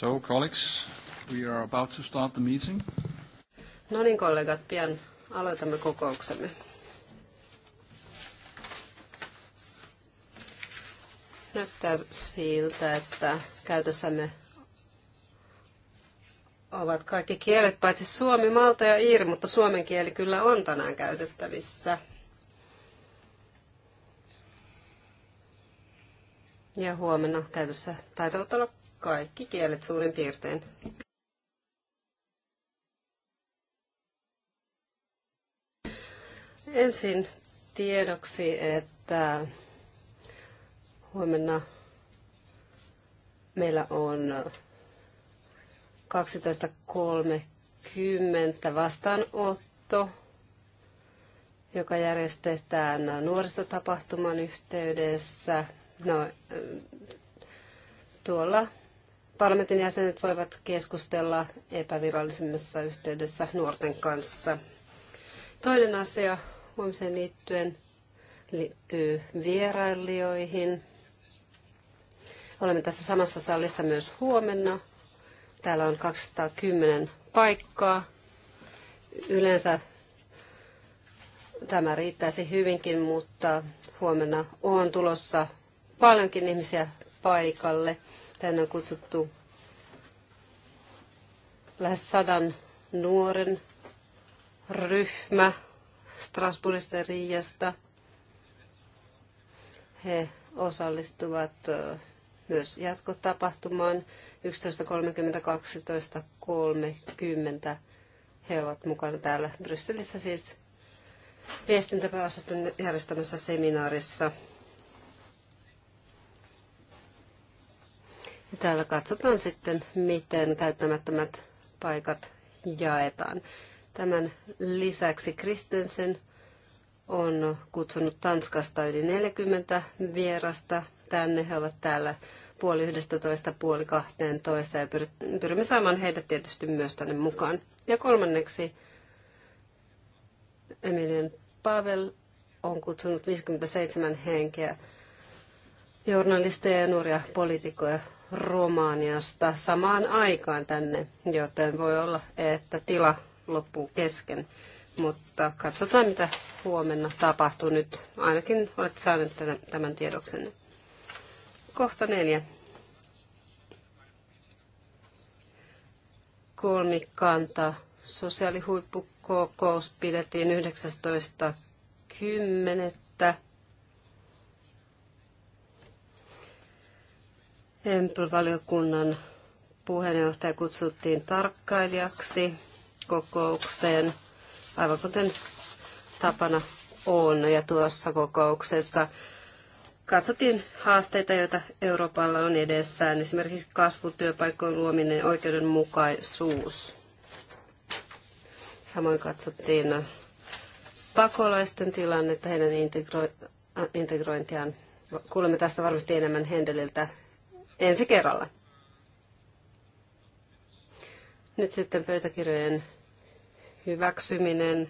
So, colleagues, we are about to start the meeting. No niin, kollegat, pian aloitamme kokouksemme. Näyttää siltä, että käytössämme ovat kaikki kielet, paitsi suomi, malta ja iiri, mutta suomen kieli kyllä on tänään käytettävissä. Ja huomenna käytössä taitavat olla kaikki kielet suurin piirtein. Ensin tiedoksi, että huomenna meillä on 12.30 vastaanotto, joka järjestetään nuorisotapahtuman yhteydessä. No, tuolla Parlamentin jäsenet voivat keskustella epävirallisemmassa yhteydessä nuorten kanssa. Toinen asia huomiseen liittyen liittyy vierailijoihin. Olemme tässä samassa salissa myös huomenna. Täällä on 210 paikkaa. Yleensä tämä riittäisi hyvinkin, mutta huomenna on tulossa paljonkin ihmisiä paikalle. Tänne on kutsuttu lähes sadan nuoren ryhmä Strasbourgista ja Riijasta. He osallistuvat myös jatkotapahtumaan 11.30-12.30. He ovat mukana täällä Brysselissä siis viestintäpääosaston järjestämässä seminaarissa Ja täällä katsotaan sitten, miten käyttämättömät paikat jaetaan. Tämän lisäksi Kristensen on kutsunut Tanskasta yli 40 vierasta tänne. He ovat täällä puoli yhdestä toista, puoli kahteen toista ja pyrimme saamaan heidät tietysti myös tänne mukaan. Ja kolmanneksi Emilian Pavel on kutsunut 57 henkeä, journalisteja ja nuoria poliitikkoja Romaniasta samaan aikaan tänne, joten voi olla, että tila loppuu kesken. Mutta katsotaan, mitä huomenna tapahtuu nyt. Ainakin olet saanut tämän tiedoksen. Kohta neljä. Kolmikanta. Sosiaalihuippukokous pidettiin 19.10 Empl-valiokunnan puheenjohtaja kutsuttiin tarkkailijaksi kokoukseen, aivan kuten tapana on. Ja tuossa kokouksessa katsottiin haasteita, joita Euroopalla on edessään, esimerkiksi kasvutyöpaikkojen luominen, oikeudenmukaisuus. Samoin katsottiin pakolaisten tilannetta, heidän integro- integrointiaan. Kuulemme tästä varmasti enemmän Hendeliltä ensi kerralla. Nyt sitten pöytäkirjojen hyväksyminen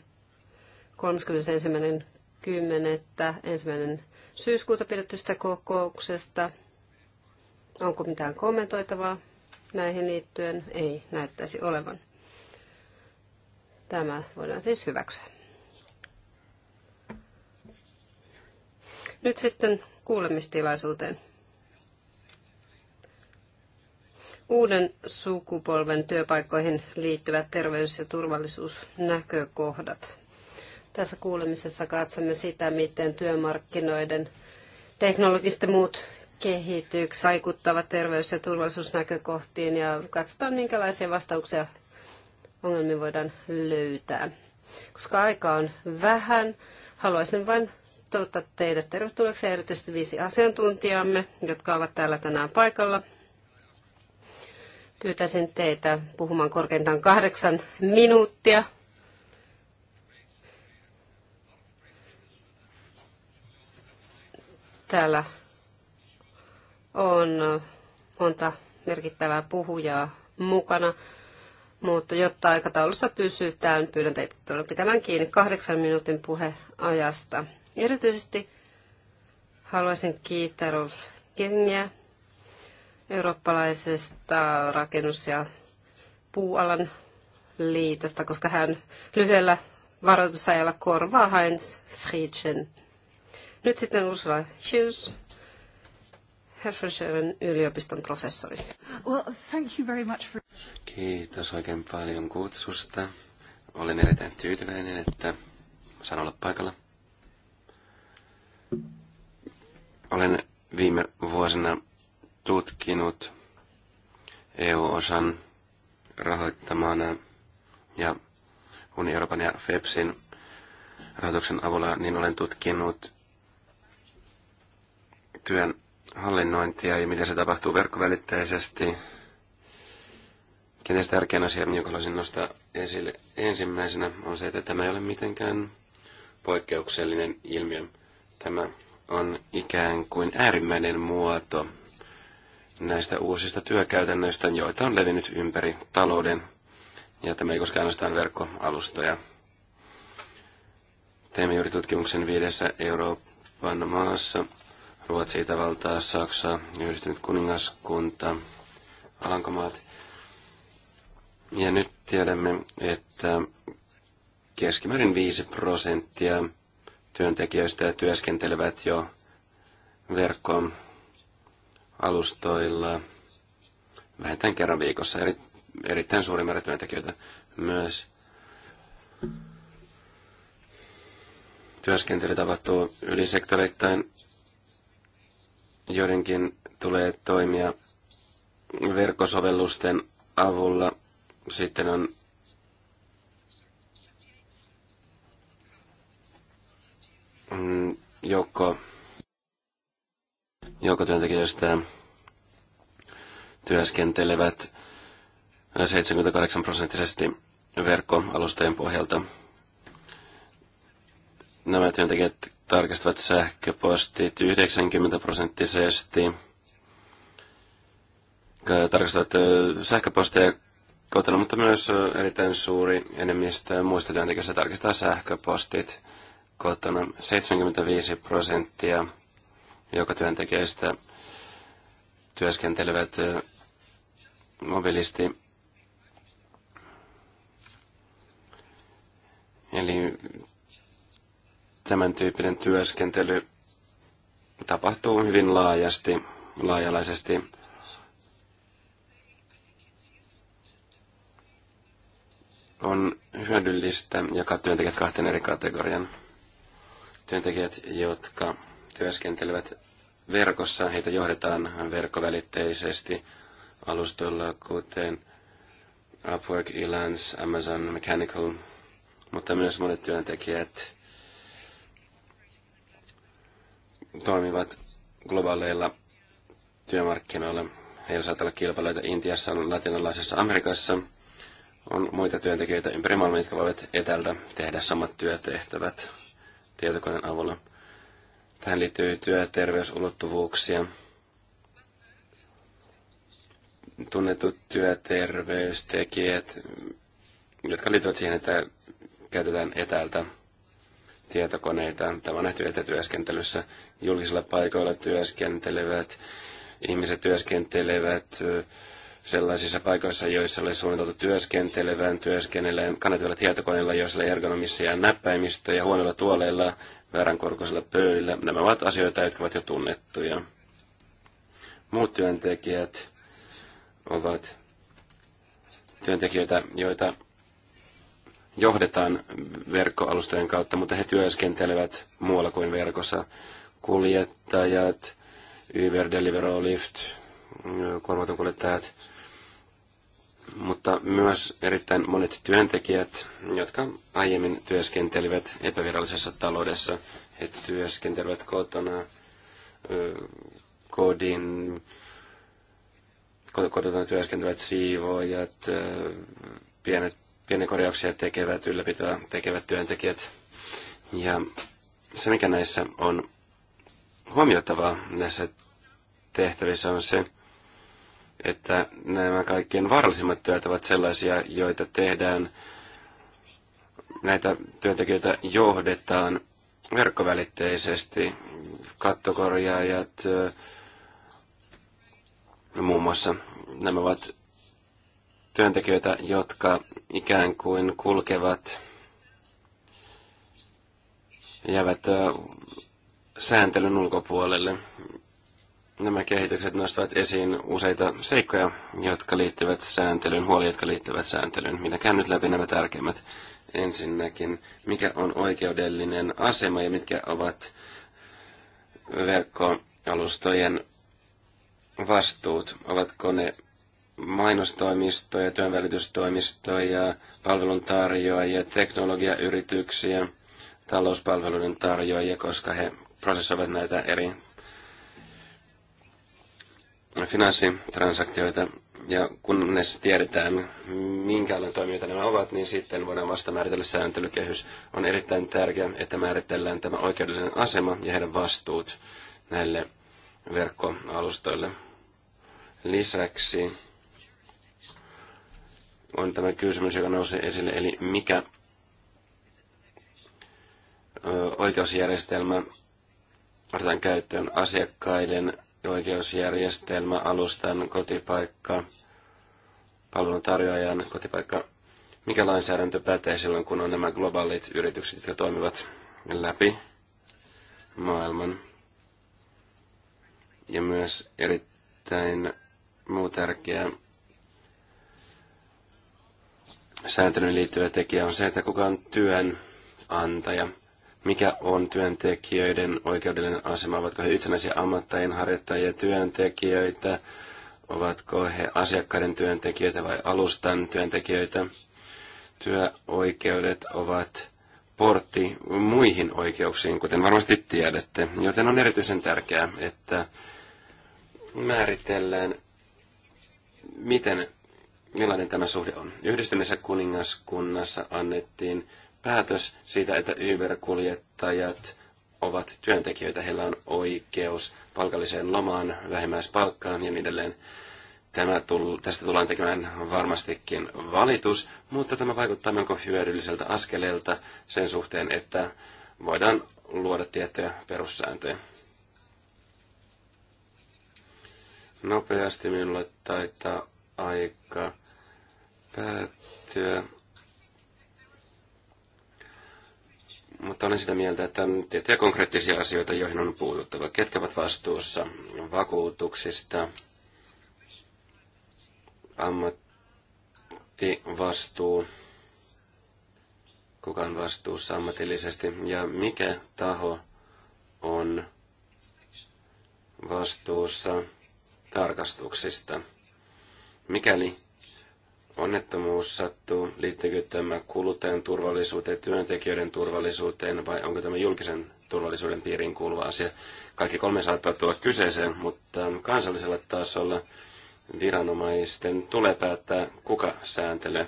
31.10. ensimmäinen syyskuuta pidettystä kokouksesta. Onko mitään kommentoitavaa näihin liittyen? Ei näyttäisi olevan. Tämä voidaan siis hyväksyä. Nyt sitten kuulemistilaisuuteen. uuden sukupolven työpaikkoihin liittyvät terveys- ja turvallisuusnäkökohdat. Tässä kuulemisessa katsomme sitä, miten työmarkkinoiden teknologiset muut kehitykset vaikuttavat terveys- ja turvallisuusnäkökohtiin ja katsotaan, minkälaisia vastauksia ongelmiin voidaan löytää. Koska aika on vähän, haluaisin vain toivottaa teidät tervetulleeksi erityisesti viisi asiantuntijamme, jotka ovat täällä tänään paikalla. Pyytäisin teitä puhumaan korkeintaan kahdeksan minuuttia. Täällä on monta merkittävää puhujaa mukana. Mutta jotta aikataulussa pysytään, niin pyydän teitä tuolla pitämään kiinni kahdeksan minuutin puheajasta. Erityisesti haluaisin kiittää Rolf Kingiä eurooppalaisesta rakennus- ja puualan liitosta, koska hän lyhyellä varoitusajalla korvaa Heinz Friedchen. Nyt sitten Ursula Hughes, Hertfordshiren yliopiston professori. Well, thank you very much for... Kiitos oikein paljon kutsusta. Olen erittäin tyytyväinen, että saan olla paikalla. Olen viime vuosina tutkinut EU-osan rahoittamana ja Uni Euroopan ja FEPSin rahoituksen avulla, niin olen tutkinut työn hallinnointia ja miten se tapahtuu verkkovälitteisesti. Kenties tärkein asia, jonka haluaisin nostaa esille ensimmäisenä, on se, että tämä ei ole mitenkään poikkeuksellinen ilmiö. Tämä on ikään kuin äärimmäinen muoto näistä uusista työkäytännöistä, joita on levinnyt ympäri talouden. Ja tämä ei koske ainoastaan verkkoalustoja. Teemme juuri tutkimuksen viidessä Euroopan maassa. Ruotsi, Itävaltaa, Saksa, Yhdistynyt kuningaskunta, Alankomaat. Ja nyt tiedämme, että keskimäärin 5 prosenttia työntekijöistä työskentelevät jo verkkoon alustoilla vähintään kerran viikossa. Eri, erittäin suuri määrä työntekijöitä myös. Työskentely tapahtuu ylisektoreittain. Joidenkin tulee toimia verkkosovellusten avulla. Sitten on mm, joukko Joukotyöntekijöistä työskentelevät 78 prosenttisesti verkkoalustojen pohjalta. Nämä työntekijät tarkistavat sähköpostit 90 prosenttisesti, tarkistavat sähköposteja kotona, mutta myös erittäin suuri enemmistö muista työntekijöistä tarkistaa sähköpostit kotona. 75 prosenttia joka työntekijöistä työskentelevät mobiilisti. Eli tämän tyyppinen työskentely tapahtuu hyvin laajasti, laajalaisesti. On hyödyllistä jakaa työntekijät kahteen eri kategorian. Työntekijät, jotka työskentelevät verkossa. Heitä johdetaan verkkovälitteisesti alustoilla, kuten Upwork, Elance, Amazon, Mechanical, mutta myös monet työntekijät toimivat globaaleilla työmarkkinoilla. Heillä saattaa olla kilpailijoita Intiassa, latinalaisessa Amerikassa. On muita työntekijöitä ympäri maailmaa, jotka voivat etältä tehdä samat työtehtävät tietokoneen avulla. Tähän liittyy terveysulottuvuuksia. Tunnetut työterveystekijät, jotka liittyvät siihen, että käytetään etäältä tietokoneita. Tämä on nähty etätyöskentelyssä. Julkisilla paikoilla työskentelevät ihmiset työskentelevät sellaisissa paikoissa, joissa oli suunniteltu työskentelevän, työskennellään kannettavilla tietokoneilla, joissa oli ergonomisia näppäimistöjä, huonoilla tuoleilla, vääränkorkoisilla pöydillä. Nämä ovat asioita, jotka ovat jo tunnettuja. Muut työntekijät ovat työntekijöitä, joita johdetaan verkkoalustojen kautta, mutta he työskentelevät muualla kuin verkossa. Kuljettajat, Uber, Deliveroo, Lyft, kuormaton kuljettajat, mutta myös erittäin monet työntekijät, jotka aiemmin työskentelivät epävirallisessa taloudessa, he työskentelivät kotona, kodin, kotona työskentelevät siivoojat, pienet, pienen korjauksia tekevät, ylläpitoa tekevät työntekijät. Ja se, mikä näissä on huomioitavaa näissä tehtävissä on se, että nämä kaikkien vaarallisimmat työt ovat sellaisia, joita tehdään, näitä työntekijöitä johdetaan verkkovälitteisesti, kattokorjaajat muun muassa. Nämä ovat työntekijöitä, jotka ikään kuin kulkevat, jäävät sääntelyn ulkopuolelle. Nämä kehitykset nostavat esiin useita seikkoja, jotka liittyvät sääntelyyn, huoli, jotka liittyvät sääntelyyn. Minä käyn nyt läpi nämä tärkeimmät. Ensinnäkin, mikä on oikeudellinen asema ja mitkä ovat verkkoalustojen vastuut? Ovatko ne mainostoimistoja, työnvälitystoimistoja, palveluntarjoajia, teknologiayrityksiä, talouspalveluiden tarjoajia, koska he prosessoivat näitä eri finanssitransaktioita, ja kunnes tiedetään, minkälainen toimijoita nämä ovat, niin sitten voidaan vasta määritellä sääntelykehys. On erittäin tärkeää, että määritellään tämä oikeudellinen asema ja heidän vastuut näille verkkoalustoille. Lisäksi on tämä kysymys, joka nousi esille, eli mikä oikeusjärjestelmä otetaan käyttöön asiakkaiden oikeusjärjestelmä, alustan, kotipaikka, palveluntarjoajan kotipaikka. Mikä lainsäädäntö pätee silloin, kun on nämä globaalit yritykset, jotka toimivat läpi maailman? Ja myös erittäin muu tärkeä sääntelyyn liittyvä tekijä on se, että kuka on työnantaja – mikä on työntekijöiden oikeudellinen asema, ovatko he itsenäisiä ammattajien työntekijöitä, ovatko he asiakkaiden työntekijöitä vai alustan työntekijöitä. Työoikeudet ovat portti muihin oikeuksiin, kuten varmasti tiedätte, joten on erityisen tärkeää, että määritellään, miten millainen tämä suhde on. Yhdistyneessä kuningaskunnassa annettiin päätös siitä, että Uber-kuljettajat ovat työntekijöitä, heillä on oikeus palkalliseen lomaan, vähimmäispalkkaan ja niin edelleen. Tämä tull, tästä tullaan tekemään varmastikin valitus, mutta tämä vaikuttaa melko hyödylliseltä askeleelta sen suhteen, että voidaan luoda tiettyjä perussääntöjä. Nopeasti minulle taitaa aika päättyä. Mutta olen sitä mieltä, että tiettyjä konkreettisia asioita, joihin on puututtava. Ketkä ovat vastuussa vakuutuksista, ammattivastuu, kuka on vastuussa ammatillisesti ja mikä taho on vastuussa tarkastuksista. Mikäli onnettomuus sattuu, liittyykö tämä kuluttajan turvallisuuteen, työntekijöiden turvallisuuteen vai onko tämä julkisen turvallisuuden piiriin kuuluva asia. Kaikki kolme saattaa tulla kyseeseen, mutta kansallisella tasolla viranomaisten tulee päättää, kuka sääntelee.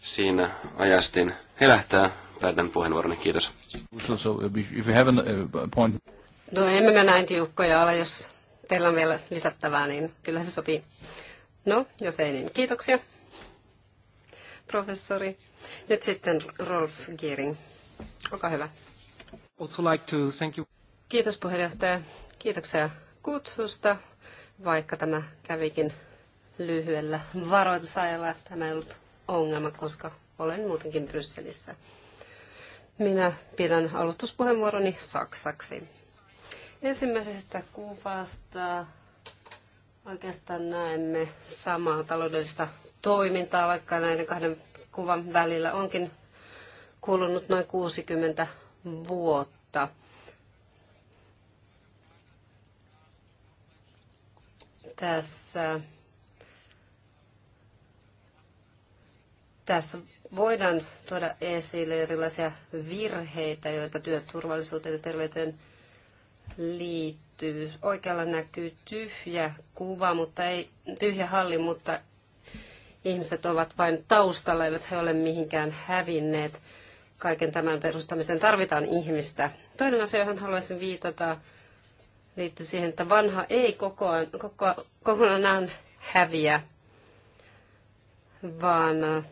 Siinä ajastin helähtää. Päätän puheenvuoroni. Kiitos. No emme me näin tiukkoja ole, jos teillä on vielä lisättävää, niin kyllä se sopii. No, jos ei, niin kiitoksia professori. Nyt sitten Rolf Giering. Olkaa hyvä. Also like to thank you. Kiitos puheenjohtaja. Kiitoksia kutsusta, vaikka tämä kävikin lyhyellä varoitusajalla. Tämä ei ollut ongelma, koska olen muutenkin Brysselissä. Minä pidän aloituspuheenvuoroni saksaksi. Ensimmäisestä kuvasta oikeastaan näemme samaa taloudellista toimintaa, vaikka näiden kahden kuvan välillä onkin kulunut noin 60 vuotta. Tässä, tässä voidaan tuoda esille erilaisia virheitä, joita työturvallisuuteen ja terveyteen liittyy. Oikealla näkyy tyhjä kuva, mutta ei, tyhjä halli, mutta ihmiset ovat vain taustalla, eivät he ole mihinkään hävinneet. Kaiken tämän perustamiseen tarvitaan ihmistä. Toinen asia, johon haluaisin viitata, liittyy siihen, että vanha ei kokoan koko, kokonaan häviä, vaan äh,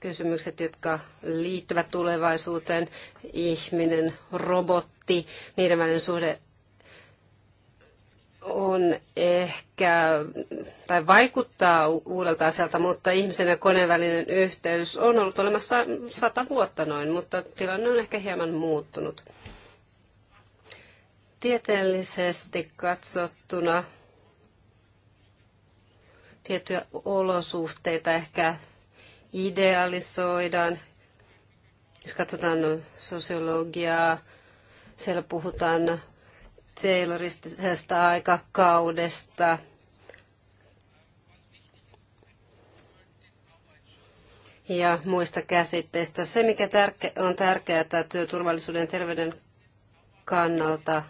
kysymykset, jotka liittyvät tulevaisuuteen, ihminen, robotti, niiden välinen suhde on ehkä, tai vaikuttaa uudelta asialta, mutta ihmisen ja koneen välinen yhteys on ollut olemassa sata vuotta noin, mutta tilanne on ehkä hieman muuttunut. Tieteellisesti katsottuna tiettyjä olosuhteita ehkä idealisoidaan. Jos katsotaan sosiologiaa, siellä puhutaan tayloristisesta aikakaudesta. ja muista käsitteistä. Se, mikä on tärkeää työturvallisuuden ja terveyden kannalta,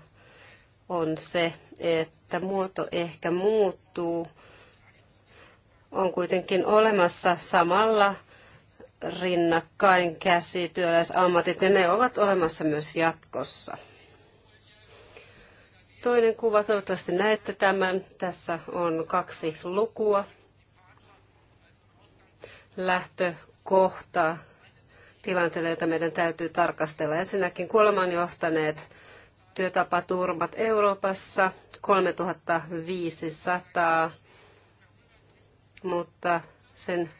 on se, että muoto ehkä muuttuu, on kuitenkin olemassa samalla rinnakkain käsityöläisammatit, ja ne ovat olemassa myös jatkossa. Toinen kuva, toivottavasti näette tämän. Tässä on kaksi lukua. Lähtökohta tilanteelle, jota meidän täytyy tarkastella. Ensinnäkin kuoleman johtaneet työtapaturmat Euroopassa 3500, mutta sen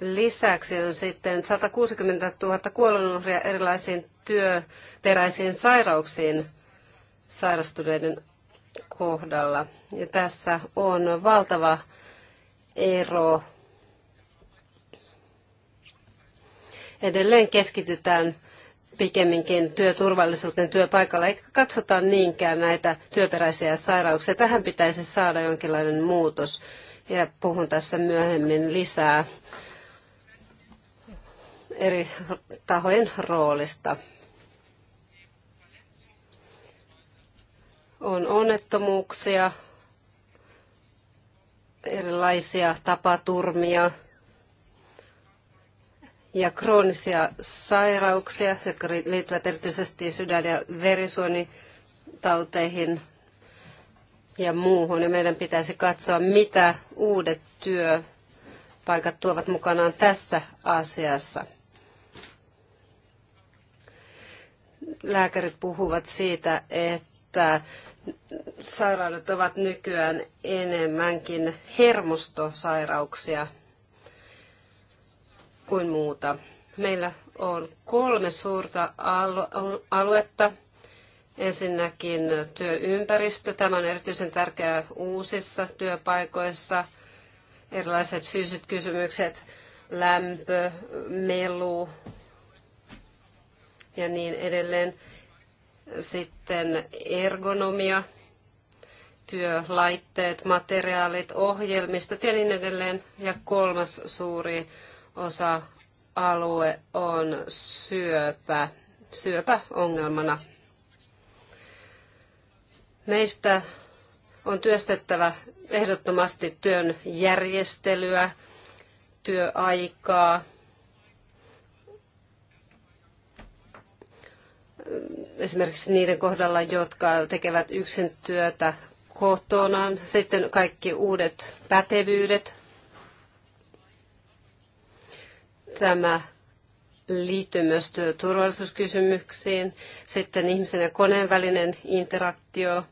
lisäksi on sitten 160 000 kuolonuhria erilaisiin työperäisiin sairauksiin sairastuneiden kohdalla. Ja tässä on valtava ero. Edelleen keskitytään pikemminkin työturvallisuuteen työpaikalla, eikä katsota niinkään näitä työperäisiä sairauksia. Tähän pitäisi saada jonkinlainen muutos, ja puhun tässä myöhemmin lisää eri tahojen roolista. on onnettomuuksia, erilaisia tapaturmia ja kroonisia sairauksia, jotka liittyvät erityisesti sydän- ja verisuonitauteihin ja muuhun. Ja meidän pitäisi katsoa, mitä uudet työpaikat tuovat mukanaan tässä asiassa. Lääkärit puhuvat siitä, että että sairaudet ovat nykyään enemmänkin hermostosairauksia kuin muuta. Meillä on kolme suurta aluetta. Ensinnäkin työympäristö. Tämä on erityisen tärkeää uusissa työpaikoissa. Erilaiset fyysiset kysymykset, lämpö, melu ja niin edelleen. Sitten ergonomia, työlaitteet, materiaalit, ohjelmistot ja niin edelleen. Ja kolmas suuri osa-alue on syöpä, syöpäongelmana. Meistä on työstettävä ehdottomasti työn järjestelyä, työaikaa, esimerkiksi niiden kohdalla, jotka tekevät yksin työtä kotonaan. Sitten kaikki uudet pätevyydet. Tämä liittyy myös turvallisuuskysymyksiin. Sitten ihmisen ja koneen välinen interaktio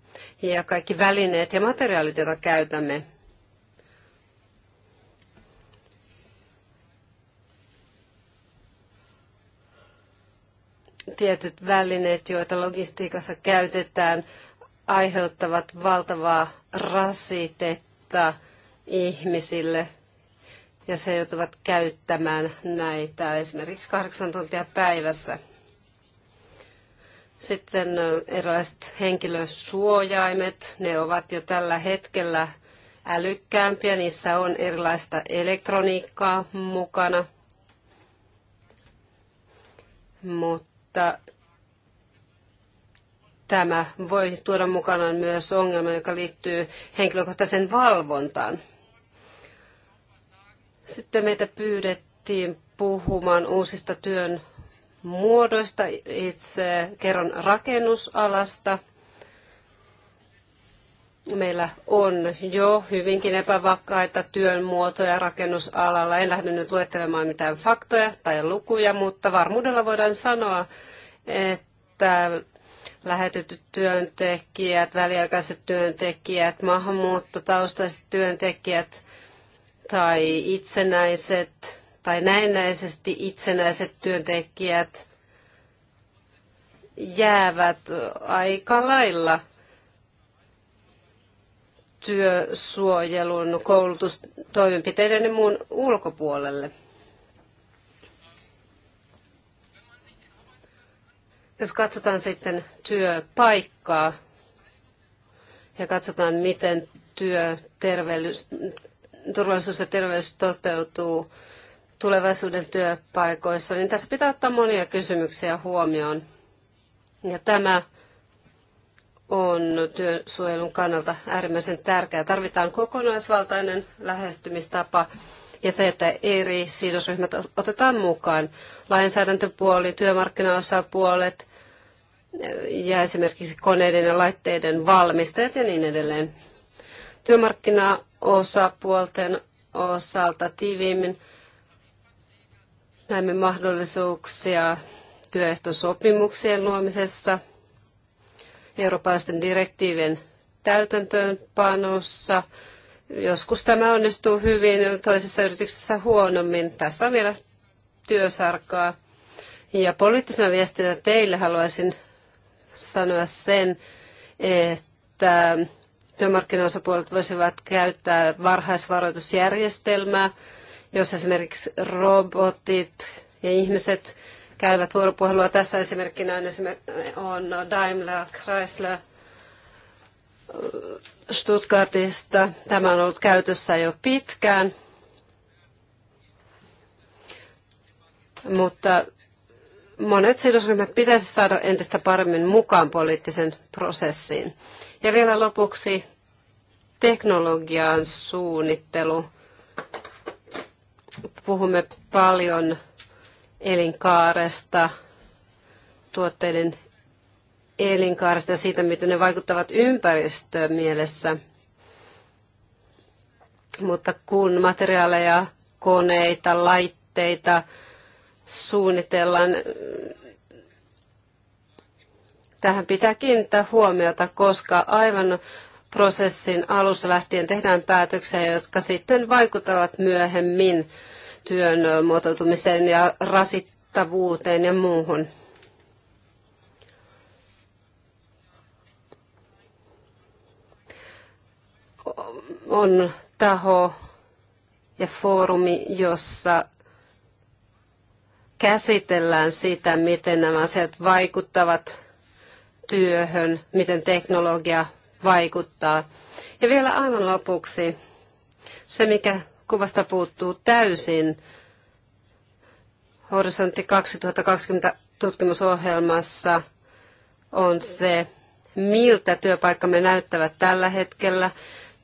ja kaikki välineet ja materiaalit, joita käytämme. tietyt välineet, joita logistiikassa käytetään, aiheuttavat valtavaa rasitetta ihmisille, jos he joutuvat käyttämään näitä esimerkiksi kahdeksan tuntia päivässä. Sitten erilaiset henkilösuojaimet, ne ovat jo tällä hetkellä älykkäämpiä, niissä on erilaista elektroniikkaa mukana, mutta mutta tämä voi tuoda mukanaan myös ongelma, joka liittyy henkilökohtaisen valvontaan. Sitten meitä pyydettiin puhumaan uusista työn muodoista. Itse kerron rakennusalasta – meillä on jo hyvinkin epävakaita työn muotoja rakennusalalla. En lähde nyt luettelemaan mitään faktoja tai lukuja, mutta varmuudella voidaan sanoa, että lähetetyt työntekijät, väliaikaiset työntekijät, maahanmuuttotaustaiset työntekijät tai itsenäiset tai näennäisesti itsenäiset työntekijät jäävät aika lailla – työsuojelun, koulutustoimenpiteiden ja muun ulkopuolelle. Jos katsotaan sitten työpaikkaa ja katsotaan, miten työ, terveys, turvallisuus ja terveys toteutuu tulevaisuuden työpaikoissa, niin tässä pitää ottaa monia kysymyksiä huomioon. Ja tämä on työsuojelun kannalta äärimmäisen tärkeää. Tarvitaan kokonaisvaltainen lähestymistapa ja se, että eri sidosryhmät otetaan mukaan. Lainsäädäntöpuoli, työmarkkinaosapuolet ja esimerkiksi koneiden ja laitteiden valmistajat ja niin edelleen. Työmarkkinaosapuolten osalta tiiviimmin näemme mahdollisuuksia työehtosopimuksien luomisessa – eurooppalaisten direktiivien täytäntöönpanossa. Joskus tämä onnistuu hyvin, toisessa yrityksessä huonommin. Tässä on vielä työsarkaa. Ja poliittisena viestinä teille haluaisin sanoa sen, että työmarkkinaosapuolet voisivat käyttää varhaisvaroitusjärjestelmää, jos esimerkiksi robotit ja ihmiset käyvät vuoropuhelua. Tässä esimerkkinä on, on Daimler, Chrysler, Stuttgartista. Tämä on ollut käytössä jo pitkään, mutta monet sidosryhmät pitäisi saada entistä paremmin mukaan poliittisen prosessiin. Ja vielä lopuksi teknologian suunnittelu. Puhumme paljon elinkaaresta, tuotteiden elinkaaresta ja siitä, miten ne vaikuttavat ympäristöön mielessä. Mutta kun materiaaleja, koneita, laitteita suunnitellaan, tähän pitää kiinnittää huomiota, koska aivan prosessin alussa lähtien tehdään päätöksiä, jotka sitten vaikuttavat myöhemmin työn muotoutumiseen ja rasittavuuteen ja muuhun. On taho ja foorumi, jossa käsitellään sitä, miten nämä asiat vaikuttavat työhön, miten teknologia vaikuttaa. Ja vielä aivan lopuksi se, mikä kuvasta puuttuu täysin Horisontti 2020 tutkimusohjelmassa on se, miltä työpaikkamme näyttävät tällä hetkellä,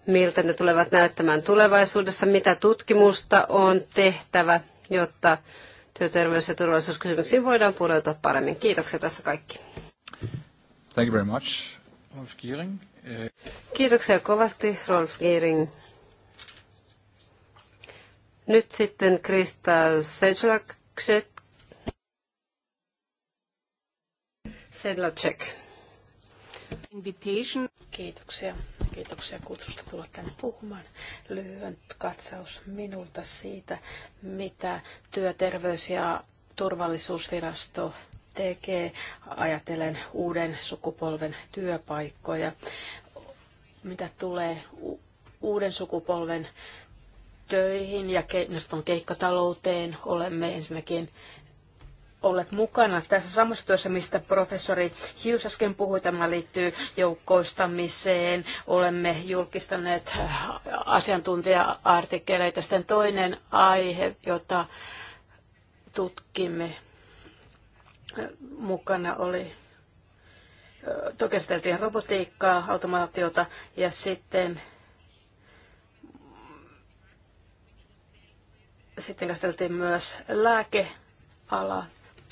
miltä ne tulevat näyttämään tulevaisuudessa, mitä tutkimusta on tehtävä, jotta työterveys- ja turvallisuuskysymyksiin voidaan pureutua paremmin. Kiitoksia tässä kaikki. Thank you very much, Rolf Kiitoksia kovasti, Rolf Giering. Nyt sitten Krista Sedlacek. Sedlacek. Invitation. Kiitoksia. Kiitoksia kutsusta tulla tänne puhumaan. Lyhyen katsaus minulta siitä, mitä työterveys- ja turvallisuusvirasto tekee. Ajatellen uuden sukupolven työpaikkoja. Mitä tulee uuden sukupolven töihin ja keinoston keikkatalouteen Olemme ensinnäkin olleet mukana tässä samassa työssä, mistä professori Hughes äsken puhui. Tämä liittyy joukkoistamiseen. Olemme julkistaneet äh, asiantuntija-artikkeleita. Sitten toinen aihe, jota tutkimme äh, mukana oli äh, tokesteltiin robotiikkaa, automaatiota ja sitten Sitten käsiteltiin myös lääkeala.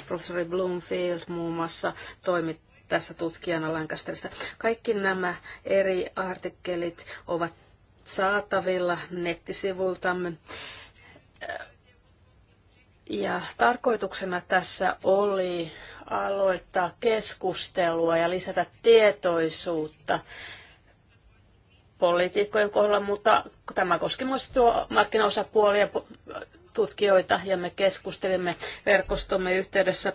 Professori Bloomfield muun muassa toimi tässä tutkijana Lancasterista. Kaikki nämä eri artikkelit ovat saatavilla nettisivultamme. Ja tarkoituksena tässä oli aloittaa keskustelua ja lisätä tietoisuutta poliitikkojen kohdalla, mutta tämä koski myös tuo markkinaosapuolia, tutkijoita, ja me keskustelimme verkostomme yhteydessä.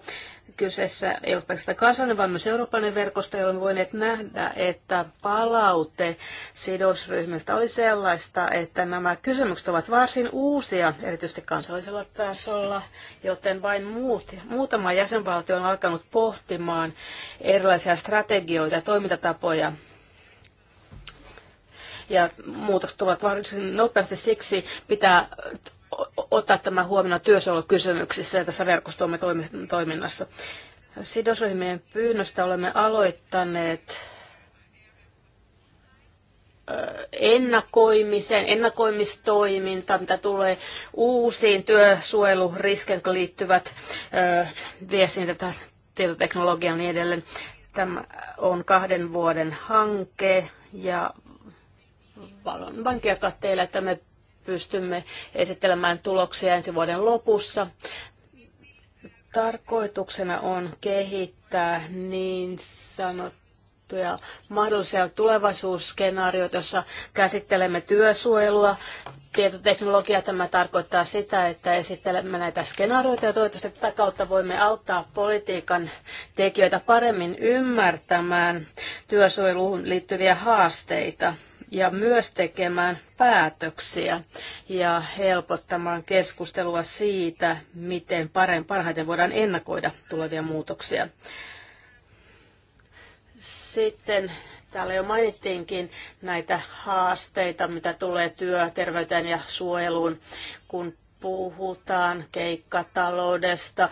Kyseessä ei ole pelkästään kansallinen, vaan myös eurooppalainen verkosto, jolloin voineet nähdä, että palaute sidosryhmiltä oli sellaista, että nämä kysymykset ovat varsin uusia, erityisesti kansallisella tasolla, joten vain muut, muutama jäsenvaltio on alkanut pohtimaan erilaisia strategioita ja toimintatapoja ja muutokset tulevat varsin nopeasti siksi pitää ottaa tämä huomioon työsuojelukysymyksissä ja tässä verkostomme toiminnassa. Sidosryhmien pyynnöstä olemme aloittaneet ennakoimisen, ennakoimistoiminta, mitä tulee uusiin työsuojeluriskeihin, jotka liittyvät viestintä, tietoteknologiaan ja niin edelleen. Tämä on kahden vuoden hanke ja Haluan vain kertoa teille, että me pystymme esittelemään tuloksia ensi vuoden lopussa. Tarkoituksena on kehittää niin sanottuja mahdollisia tulevaisuusskenaarioita, joissa käsittelemme työsuojelua, tietoteknologia. Tämä tarkoittaa sitä, että esittelemme näitä skenaarioita ja toivottavasti tätä kautta voimme auttaa politiikan tekijöitä paremmin ymmärtämään työsuojeluun liittyviä haasteita ja myös tekemään päätöksiä ja helpottamaan keskustelua siitä, miten parhaiten voidaan ennakoida tulevia muutoksia. Sitten täällä jo mainittiinkin näitä haasteita, mitä tulee työterveyteen ja suojeluun, kun puhutaan keikkataloudesta,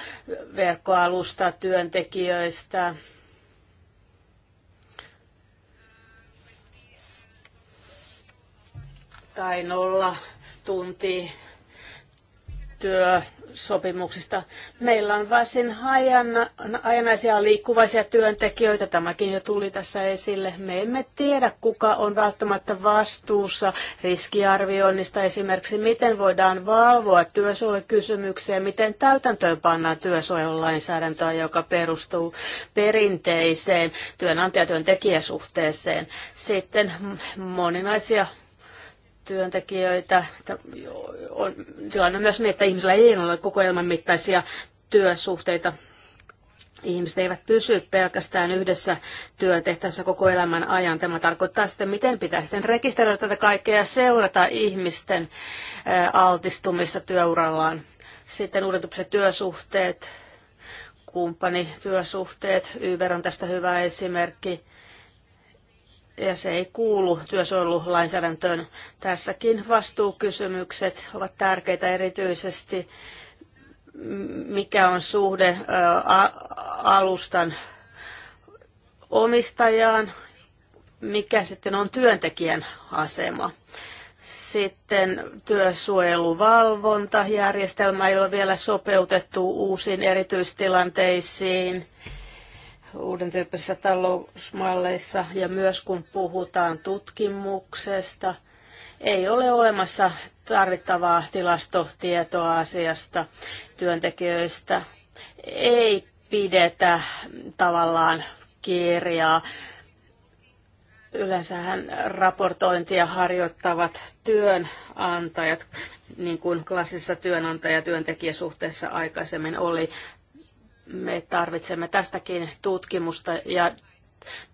verkkoalusta, työntekijöistä, tai nolla tunti työsopimuksista. Meillä on varsin hajana, hajanaisia liikkuvaisia työntekijöitä, tämäkin jo tuli tässä esille. Me emme tiedä, kuka on välttämättä vastuussa riskiarvioinnista esimerkiksi, miten voidaan valvoa työsuojelukysymyksiä, miten täytäntöön pannaan työsuojelulainsäädäntöä, joka perustuu perinteiseen työnantajatyöntekijäsuhteeseen. Sitten moninaisia työntekijöitä. On, tilanne on myös niin, että ihmisillä ei ole kokoelman mittaisia työsuhteita. Ihmiset eivät pysy pelkästään yhdessä työtehtävässä koko elämän ajan. Tämä tarkoittaa sitten, miten pitää sitten rekisteröidä tätä kaikkea ja seurata ihmisten altistumista työurallaan. Sitten uudetukset työsuhteet, kumppanityösuhteet. Uber on tästä hyvä esimerkki ja se ei kuulu työsuojelulainsäädäntöön. Tässäkin vastuukysymykset ovat tärkeitä erityisesti, mikä on suhde alustan omistajaan, mikä sitten on työntekijän asema. Sitten työsuojeluvalvontajärjestelmä ei ole vielä sopeutettu uusiin erityistilanteisiin uuden tyyppisissä talousmalleissa ja myös kun puhutaan tutkimuksesta, ei ole olemassa tarvittavaa tilastotietoa asiasta työntekijöistä. Ei pidetä tavallaan kirjaa. Yleensähän raportointia harjoittavat työnantajat, niin kuin klassisessa työnantaja-työntekijäsuhteessa aikaisemmin oli. Me tarvitsemme tästäkin tutkimusta ja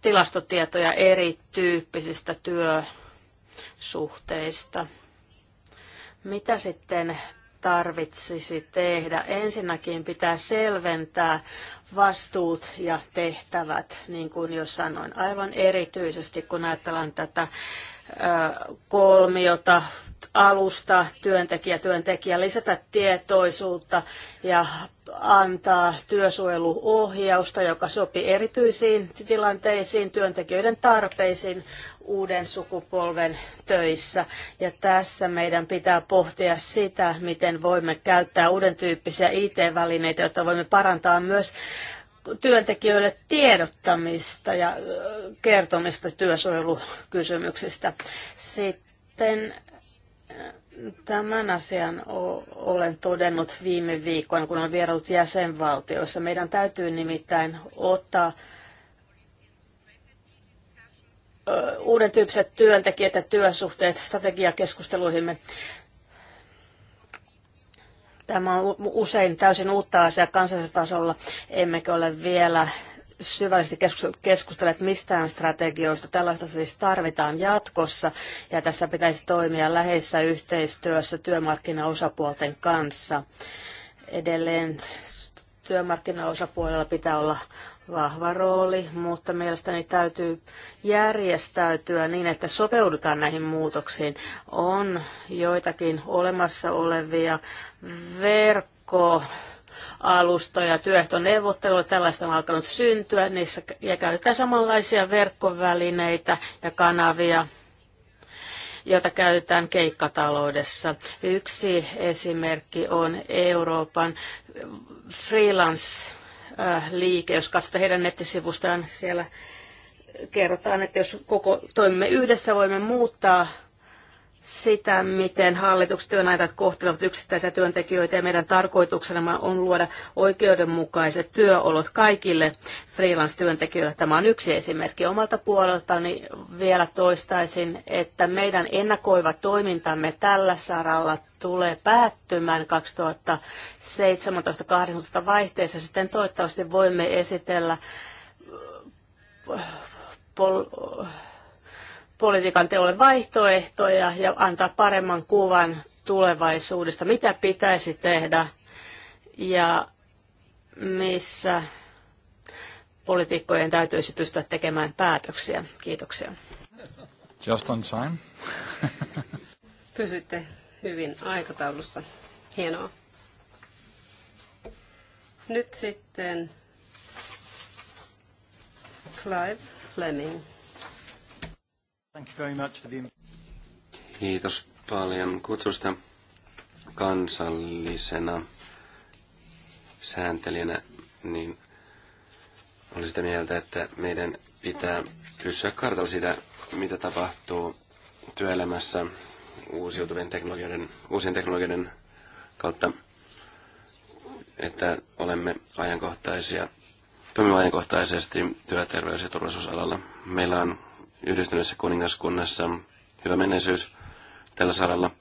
tilastotietoja erityyppisistä työsuhteista. Mitä sitten tarvitsisi tehdä? Ensinnäkin pitää selventää vastuut ja tehtävät, niin kuin jo sanoin, aivan erityisesti kun ajatellaan tätä kolmiota, alusta työntekijä, työntekijä, lisätä tietoisuutta ja antaa työsuojeluohjausta, joka sopii erityisiin tilanteisiin, työntekijöiden tarpeisiin uuden sukupolven töissä. Ja tässä meidän pitää pohtia sitä, miten voimme käyttää uuden tyyppisiä IT-välineitä, jotta voimme parantaa myös työntekijöille tiedottamista ja kertomista työsuojelukysymyksistä. Sitten tämän asian olen todennut viime viikkoina, kun olen vierailut jäsenvaltioissa. Meidän täytyy nimittäin ottaa uuden tyyppiset työntekijät ja työsuhteet strategiakeskusteluihimme. Tämä on usein täysin uutta asiaa kansallisella tasolla, emmekä ole vielä syvällisesti keskustelleet mistään strategioista. Tällaista siis tarvitaan jatkossa ja tässä pitäisi toimia läheisessä yhteistyössä työmarkkinaosapuolten kanssa. Edelleen työmarkkinaosapuolella pitää olla vahva rooli, mutta mielestäni täytyy järjestäytyä niin, että sopeudutaan näihin muutoksiin. On joitakin olemassa olevia verkko alustoja, työehtoneuvotteluja, tällaista on alkanut syntyä, niissä ja käytetään samanlaisia verkkovälineitä ja kanavia, jota käytetään keikkataloudessa. Yksi esimerkki on Euroopan freelance Äh, liike. Jos katsotaan heidän nettisivustaan, siellä kerrotaan, että jos koko toimimme yhdessä, voimme muuttaa sitä, miten hallitukset työnantajat kohtelevat yksittäisiä työntekijöitä ja meidän tarkoituksena on luoda oikeudenmukaiset työolot kaikille freelance-työntekijöille. Tämä on yksi esimerkki omalta puoleltani. Vielä toistaisin, että meidän ennakoiva toimintamme tällä saralla tulee päättymään 2017-2018 vaihteessa. Sitten toivottavasti voimme esitellä äh, pol- politiikan teolle vaihtoehtoja ja antaa paremman kuvan tulevaisuudesta, mitä pitäisi tehdä ja missä poliitikkojen täytyisi pystyä tekemään päätöksiä. Kiitoksia. Just on time. Pysytte hyvin aikataulussa. Hienoa. Nyt sitten Clive Fleming. Kiitos paljon kutsusta kansallisena sääntelijänä, niin olen sitä mieltä, että meidän pitää pysyä kartalla sitä, mitä tapahtuu työelämässä uusiutuvien teknologioiden, uusien teknologioiden kautta, että olemme ajankohtaisia, toimimme ajankohtaisesti työterveys- ja turvallisuusalalla. Meillä on yhdistyneessä kuningaskunnassa hyvä menneisyys tällä saralla,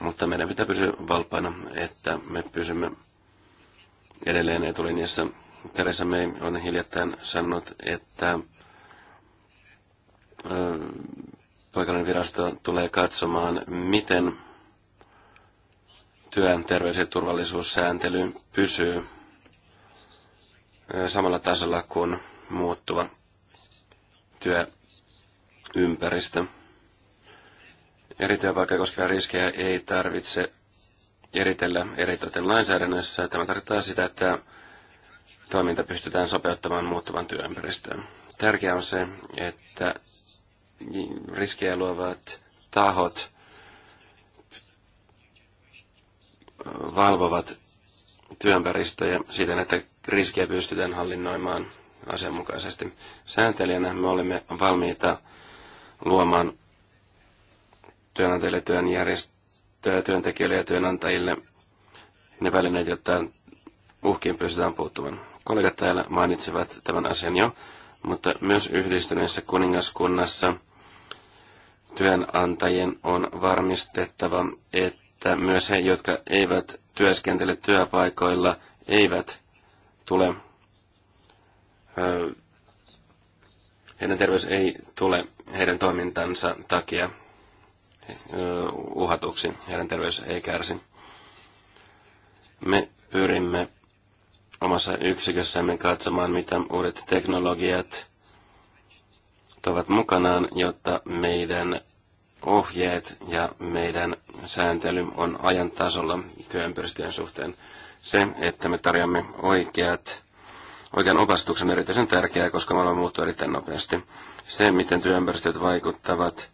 mutta meidän pitää pysyä valpaina, että me pysymme edelleen etulinjassa. Teresa May on hiljattain sanonut, että paikallinen virasto tulee katsomaan, miten työn terveys- ja turvallisuussääntely pysyy samalla tasolla kuin muuttuva työ- ympäristö. erityä työpaikkaa koskevia riskejä ei tarvitse eritellä eritoten lainsäädännössä. Tämä tarkoittaa sitä, että toiminta pystytään sopeuttamaan muuttuvan työympäristöön. Tärkeää on se, että riskejä luovat tahot valvovat työympäristöjä siten, että riskejä pystytään hallinnoimaan asianmukaisesti. Sääntelijänä me olemme valmiita luomaan työnantajille, työnjärjestö, työntekijöille ja työnantajille ne välineet, jotta uhkiin pystytään puuttumaan. Kollegat täällä mainitsevat tämän asian jo, mutta myös yhdistyneessä kuningaskunnassa työnantajien on varmistettava, että myös he, jotka eivät työskentele työpaikoilla, eivät tule, heidän terveys ei tule heidän toimintansa takia uhatuksi, heidän terveys ei kärsi. Me pyrimme omassa yksikössämme katsomaan, mitä uudet teknologiat tuovat mukanaan, jotta meidän ohjeet ja meidän sääntely on ajan tasolla työympäristöjen suhteen. Se, että me tarjoamme oikeat oikean opastuksen on erityisen tärkeää, koska maailma muuttuu erittäin nopeasti. Se, miten työympäristöt vaikuttavat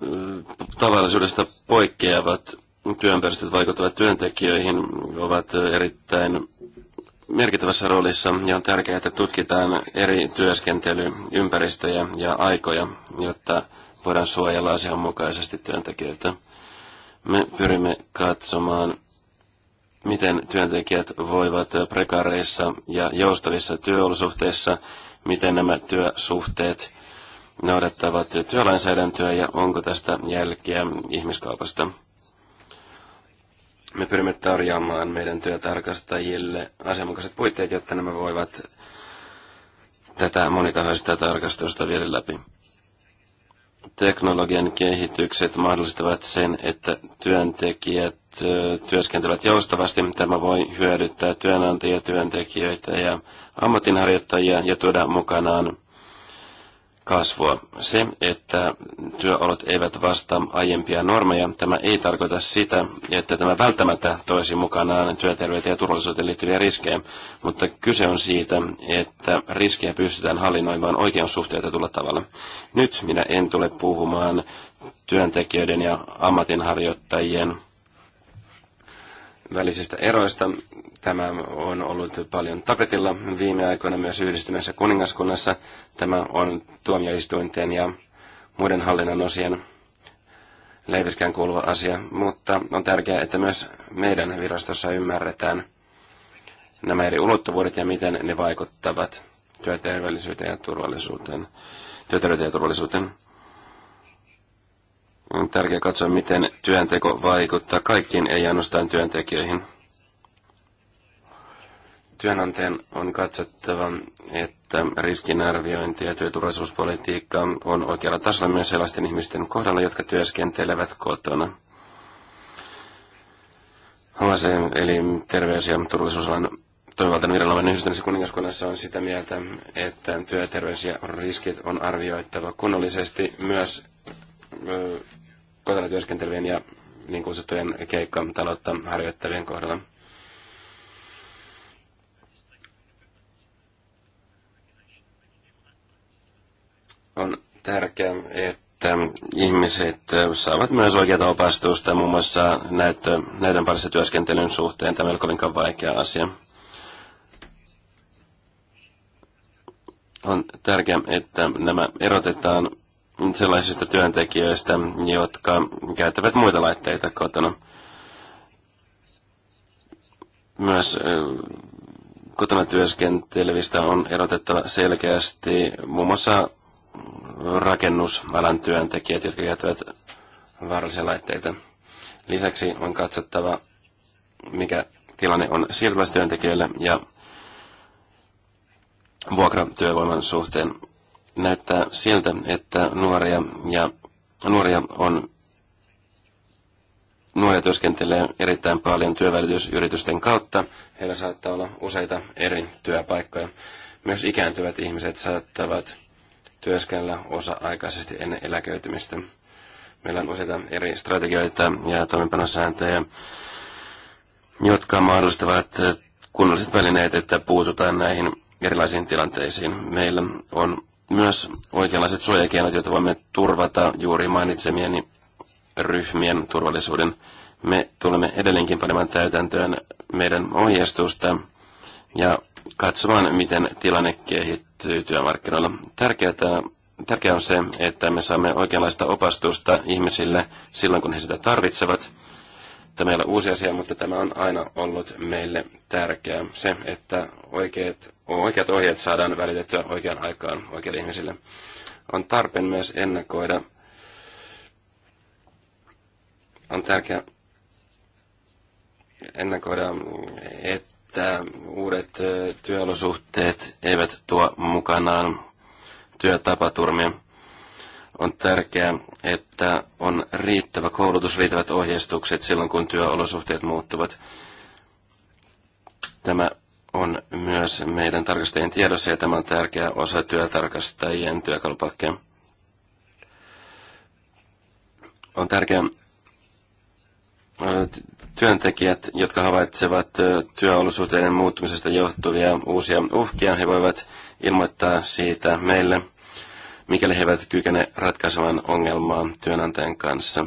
mm, tavallisuudesta poikkeavat työympäristöt vaikuttavat työntekijöihin, ovat erittäin merkittävässä roolissa ja on tärkeää, että tutkitaan eri työskentelyympäristöjä ja aikoja, jotta voidaan suojella asianmukaisesti työntekijöitä. Me pyrimme katsomaan miten työntekijät voivat prekareissa ja joustavissa työolosuhteissa, miten nämä työsuhteet noudattavat työlainsäädäntöä ja onko tästä jälkeä ihmiskaupasta. Me pyrimme tarjoamaan meidän työtarkastajille asianmukaiset puitteet, jotta nämä voivat tätä monitahoista tarkastusta viedä läpi. Teknologian kehitykset mahdollistavat sen, että työntekijät työskentelevät joustavasti. Tämä voi hyödyttää työnantajia, työntekijöitä ja ammatinharjoittajia ja tuoda mukanaan kasvua. Se, että työolot eivät vastaa aiempia normeja, tämä ei tarkoita sitä, että tämä välttämättä toisi mukanaan työterveyteen ja turvallisuuteen liittyviä riskejä, mutta kyse on siitä, että riskejä pystytään hallinnoimaan oikean tulla tavalla. Nyt minä en tule puhumaan työntekijöiden ja ammatinharjoittajien välisistä eroista. Tämä on ollut paljon tapetilla viime aikoina myös yhdistyneessä kuningaskunnassa. Tämä on tuomioistuinten ja muiden hallinnan osien leiviskään kuuluva asia, mutta on tärkeää, että myös meidän virastossa ymmärretään nämä eri ulottuvuudet ja miten ne vaikuttavat työterveellisyyteen ja turvallisuuteen, työterveyteen ja turvallisuuteen. On tärkeää katsoa, miten työnteko vaikuttaa kaikkiin, ei ainoastaan työntekijöihin. Työnantajan on katsottava, että riskinarviointi ja työturvallisuuspolitiikka on oikealla tasolla myös sellaisten ihmisten kohdalla, jotka työskentelevät kotona. Hase, eli terveys- ja turvallisuusalan toimivaltainen viranomainen yhdistämisessä kuningaskunnassa on sitä mieltä, että työterveys ja riskit on arvioittava kunnollisesti myös kotona työskentelevien ja niin kutsuttujen keikkataloutta harjoittavien kohdalla. On tärkeää, että ihmiset saavat myös oikeaa opastusta muun muassa näyttö, näytön parissa työskentelyn suhteen. Tämä ei ole kovinkaan vaikea asia. On tärkeää, että nämä erotetaan sellaisista työntekijöistä, jotka käyttävät muita laitteita kotona. Myös kotona työskentelevistä on erotettava selkeästi muun muassa rakennusalan työntekijät, jotka käyttävät vaarallisia laitteita. Lisäksi on katsottava, mikä tilanne on siirtolaistyöntekijöille ja vuokratyövoiman suhteen näyttää siltä, että nuoria, ja, nuoria on Nuoria työskentelee erittäin paljon työvälitysyritysten kautta. Heillä saattaa olla useita eri työpaikkoja. Myös ikääntyvät ihmiset saattavat työskennellä osa-aikaisesti ennen eläköitymistä. Meillä on useita eri strategioita ja toimenpanosääntöjä, jotka mahdollistavat kunnolliset välineet, että puututaan näihin erilaisiin tilanteisiin. Meillä on myös oikeanlaiset suojakeinot, joita voimme turvata juuri mainitsemieni ryhmien turvallisuuden. Me tulemme edelleenkin panemaan täytäntöön meidän ohjeistusta ja katsomaan, miten tilanne kehittyy työmarkkinoilla. Tärkeää, tärkeää on se, että me saamme oikeanlaista opastusta ihmisille silloin, kun he sitä tarvitsevat. Tämä meillä on uusi asia, mutta tämä on aina ollut meille tärkeää. Se, että oikeat, oikeat ohjeet saadaan välitettyä oikeaan aikaan oikeille ihmisille. On tarpeen myös ennakoida. On tärkeää ennakoida, että uudet työolosuhteet eivät tuo mukanaan työtapaturmia. On tärkeää että on riittävä koulutus, riittävät ohjeistukset silloin, kun työolosuhteet muuttuvat. Tämä on myös meidän tarkastajien tiedossa ja tämä on tärkeä osa työtarkastajien työkalupakkeen. On tärkeää työntekijät, jotka havaitsevat työolosuhteiden muuttumisesta johtuvia uusia uhkia, he voivat ilmoittaa siitä meille – mikäli he eivät kykene ratkaisemaan ongelmaa työnantajan kanssa.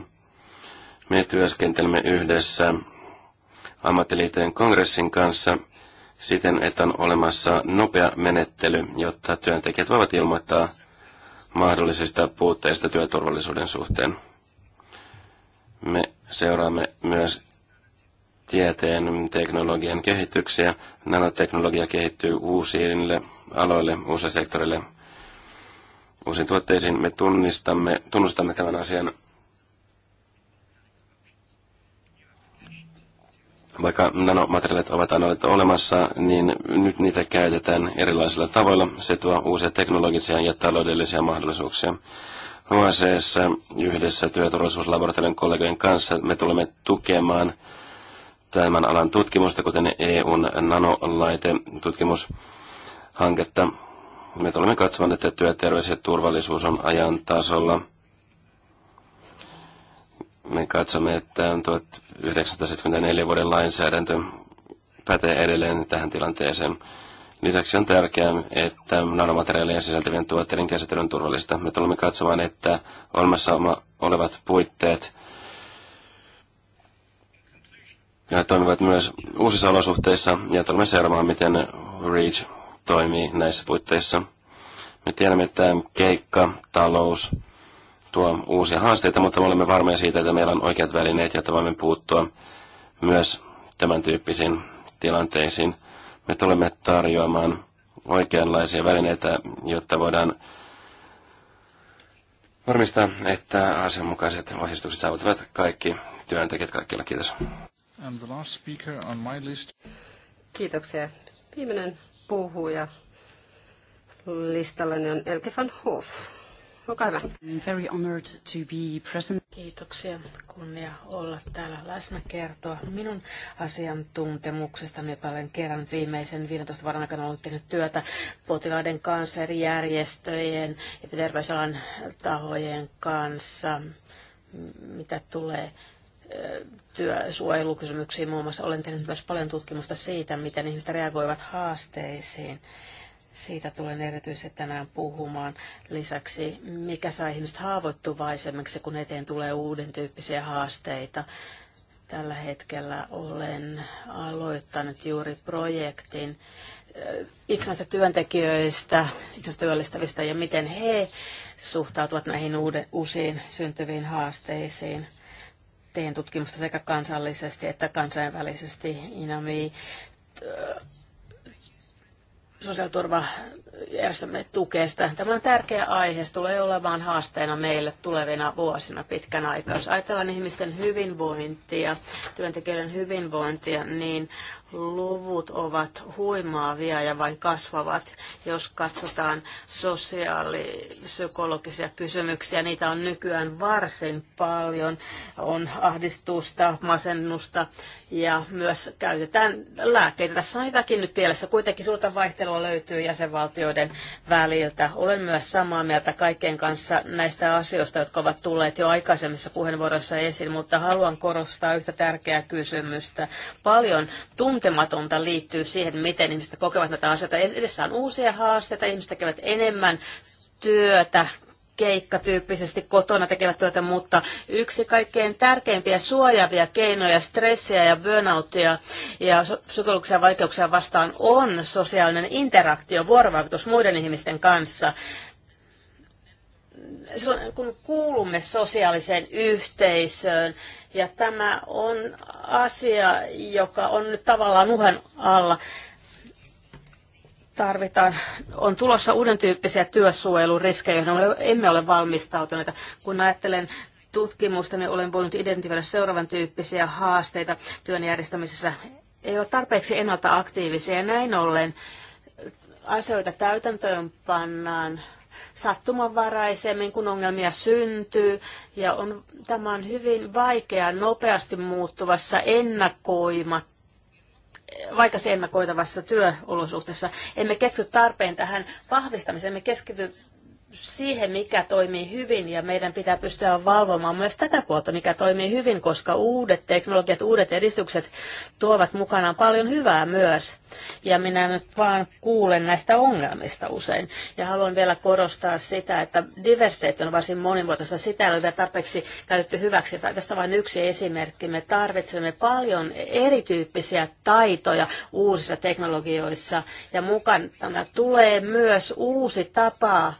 Me työskentelemme yhdessä ammattiliiteen kongressin kanssa siten, että on olemassa nopea menettely, jotta työntekijät voivat ilmoittaa mahdollisista puutteista työturvallisuuden suhteen. Me seuraamme myös tieteen teknologian kehityksiä. Nanoteknologia kehittyy uusille aloille, uusille sektoreille – uusiin tuotteisiin. Me tunnistamme, tunnustamme tämän asian, vaikka nanomateriaalit ovat aina olleet olemassa, niin nyt niitä käytetään erilaisilla tavoilla. Se tuo uusia teknologisia ja taloudellisia mahdollisuuksia. HSEssä yhdessä työturvallisuuslaboratorion kollegojen kanssa me tulemme tukemaan tämän alan tutkimusta, kuten EUn nanolaite tutkimushanketta me tulemme katsomaan, että työterveys ja turvallisuus on ajan tasolla. Me katsomme, että 1974 vuoden lainsäädäntö pätee edelleen tähän tilanteeseen. Lisäksi on tärkeää, että nanomateriaalien sisältävien tuotteiden käsittely on turvallista. Me tulemme katsomaan, että olemassa olevat puitteet ja toimivat myös uusissa olosuhteissa ja tulemme seuraamaan, miten REACH toimii näissä puitteissa. Me tiedämme, että keikka, talous tuo uusia haasteita, mutta me olemme varmoja siitä, että meillä on oikeat välineet, jotta voimme puuttua myös tämän tyyppisiin tilanteisiin. Me tulemme tarjoamaan oikeanlaisia välineitä, jotta voidaan varmistaa, että asianmukaiset ohjeistukset saavuttavat kaikki työntekijät kaikkialla. Kiitos. Kiitoksia. Viimeinen puhuja listallani on Elke van Hoff. Olkaa hyvä. I'm very honored to be present. Kiitoksia. Kunnia olla täällä läsnä kertoa minun asiantuntemuksestani, jota olen kerran viimeisen 15 vuoden aikana ollut tehnyt työtä potilaiden kanssa eri järjestöjen ja terveysalan tahojen kanssa mitä tulee työsuojelukysymyksiin muun muassa. Olen tehnyt myös paljon tutkimusta siitä, miten ihmiset reagoivat haasteisiin. Siitä tulen erityisesti tänään puhumaan. Lisäksi, mikä saa ihmiset haavoittuvaisemmiksi, kun eteen tulee uuden tyyppisiä haasteita. Tällä hetkellä olen aloittanut juuri projektin eh, itsensä työntekijöistä, itsensä työllistävistä ja miten he suhtautuvat näihin uuden, uusiin syntyviin haasteisiin teen tutkimusta sekä kansallisesti että kansainvälisesti. Inami sosiaaliturvajärjestelmä tukee sitä. Tämä on tärkeä aihe, se tulee olemaan haasteena meille tulevina vuosina pitkän aikaa. Jos ajatellaan ihmisten hyvinvointia, työntekijöiden hyvinvointia, niin luvut ovat huimaavia ja vain kasvavat. Jos katsotaan sosiaalipsykologisia kysymyksiä, niitä on nykyään varsin paljon. On ahdistusta, masennusta ja myös käytetään lääkkeitä. Tässä on jotakin nyt pielessä. Kuitenkin suurta vaihtelua löytyy jäsenvaltioiden väliltä. Olen myös samaa mieltä kaikkien kanssa näistä asioista, jotka ovat tulleet jo aikaisemmissa puheenvuoroissa esiin, mutta haluan korostaa yhtä tärkeää kysymystä. Paljon tuntematonta liittyy siihen, miten ihmiset kokevat näitä asioita. Edessä on uusia haasteita, ihmiset tekevät enemmän työtä keikkatyyppisesti kotona tekevät työtä, mutta yksi kaikkein tärkeimpiä suojaavia keinoja stressiä ja burnoutia ja psykologisia vaikeuksia vastaan on sosiaalinen interaktio, vuorovaikutus muiden ihmisten kanssa. kun kuulumme sosiaaliseen yhteisöön, ja tämä on asia, joka on nyt tavallaan uhan alla tarvitaan, on tulossa uuden tyyppisiä työsuojeluriskejä, joihin emme ole valmistautuneita. Kun ajattelen tutkimusta, niin olen voinut identifioida seuraavan tyyppisiä haasteita työn järjestämisessä. Ei ole tarpeeksi ennalta aktiivisia ja näin ollen asioita täytäntöön pannaan sattumanvaraisemmin, kun ongelmia syntyy. Ja on, tämä on hyvin vaikea nopeasti muuttuvassa ennakoimat, vaikeasti ennakoitavassa työolosuhteessa. Emme keskity tarpeen tähän vahvistamiseen, emme keskity siihen, mikä toimii hyvin, ja meidän pitää pystyä valvomaan myös tätä puolta, mikä toimii hyvin, koska uudet teknologiat, uudet edistykset tuovat mukanaan paljon hyvää myös. Ja minä nyt vaan kuulen näistä ongelmista usein. Ja haluan vielä korostaa sitä, että diversiteetti on varsin monimuotoista. Sitä ei ole vielä tarpeeksi käytetty hyväksi. Tästä vain yksi esimerkki. Me tarvitsemme paljon erityyppisiä taitoja uusissa teknologioissa, ja mukana tulee myös uusi tapa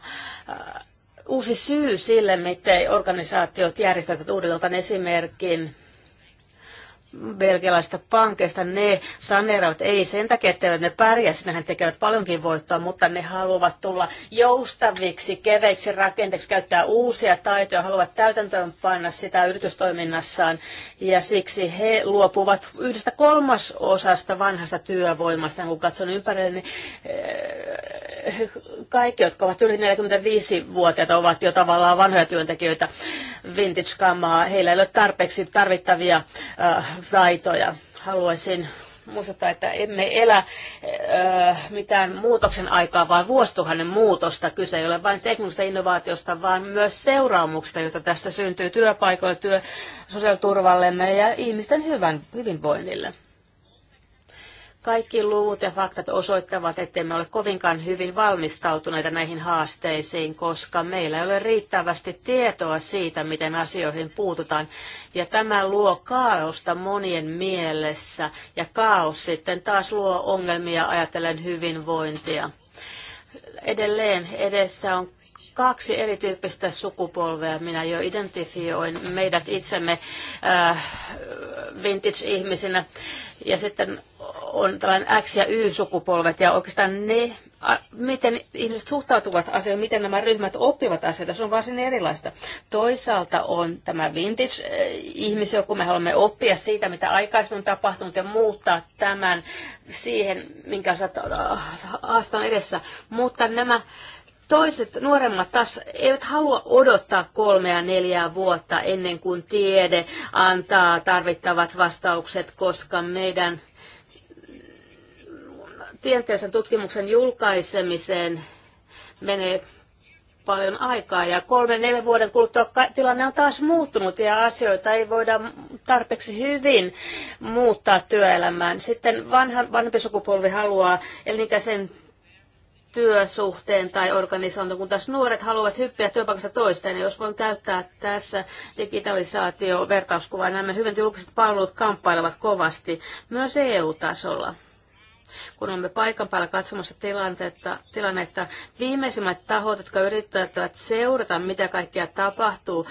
Äh, uusi syy sille, miten organisaatiot järjestävät uudelleen. Otan esimerkin belgialaisista pankeista, ne saneeraavat ei sen takia, että ne pärjää, sinähän tekevät paljonkin voittoa, mutta ne haluavat tulla joustaviksi, keveiksi rakenteiksi, käyttää uusia taitoja, haluavat täytäntöönpanna sitä yritystoiminnassaan ja siksi he luopuvat yhdestä kolmasosasta vanhasta työvoimasta. Kun katson ympärille, niin eh, kaikki, jotka ovat yli 45-vuotiaita, ovat jo tavallaan vanhoja työntekijöitä vintage-kamaa. Heillä ei ole tarpeeksi tarvittavia eh, taitoja. Haluaisin muistuttaa, että emme elä öö, mitään muutoksen aikaa, vaan vuosituhannen muutosta. Kyse ei ole vain teknisestä innovaatiosta, vaan myös seuraamuksista, joita tästä syntyy työpaikoille, työ, sosiaaliturvallemme ja ihmisten hyvän, hyvinvoinnille. Kaikki luvut ja faktat osoittavat, ettemme me ole kovinkaan hyvin valmistautuneita näihin haasteisiin, koska meillä ei ole riittävästi tietoa siitä, miten asioihin puututaan. Ja tämä luo kaaosta monien mielessä, ja kaos sitten taas luo ongelmia ajatellen hyvinvointia. Edelleen edessä on kaksi erityyppistä sukupolvea. Minä jo identifioin meidät itsemme äh, vintage-ihmisinä. Ja sitten on tällainen X- ja Y-sukupolvet ja oikeastaan ne, a, miten ihmiset suhtautuvat asioihin, miten nämä ryhmät oppivat asioita, se on varsin erilaista. Toisaalta on tämä vintage-ihmisiä, kun me haluamme oppia siitä, mitä aikaisemmin on tapahtunut ja muuttaa tämän siihen, minkä äh, haastan edessä. Mutta nämä Toiset nuoremmat taas eivät halua odottaa kolmea neljää vuotta ennen kuin tiede antaa tarvittavat vastaukset, koska meidän tieteellisen tutkimuksen julkaisemiseen menee paljon aikaa ja kolmen neljän vuoden kuluttua tilanne on taas muuttunut ja asioita ei voida tarpeeksi hyvin muuttaa työelämään. Sitten vanha, vanhempi sukupolvi haluaa elinikäisen työsuhteen tai organisaation, kun taas nuoret haluavat hyppiä työpaikasta toisteen. jos voin käyttää tässä digitalisaatio-vertauskuvaa, nämä niin hyvin julkiset palvelut kamppailevat kovasti myös EU-tasolla kun olemme paikan päällä katsomassa tilannetta, tilannetta. Viimeisimmät tahot, jotka yrittävät seurata, mitä kaikkea tapahtuu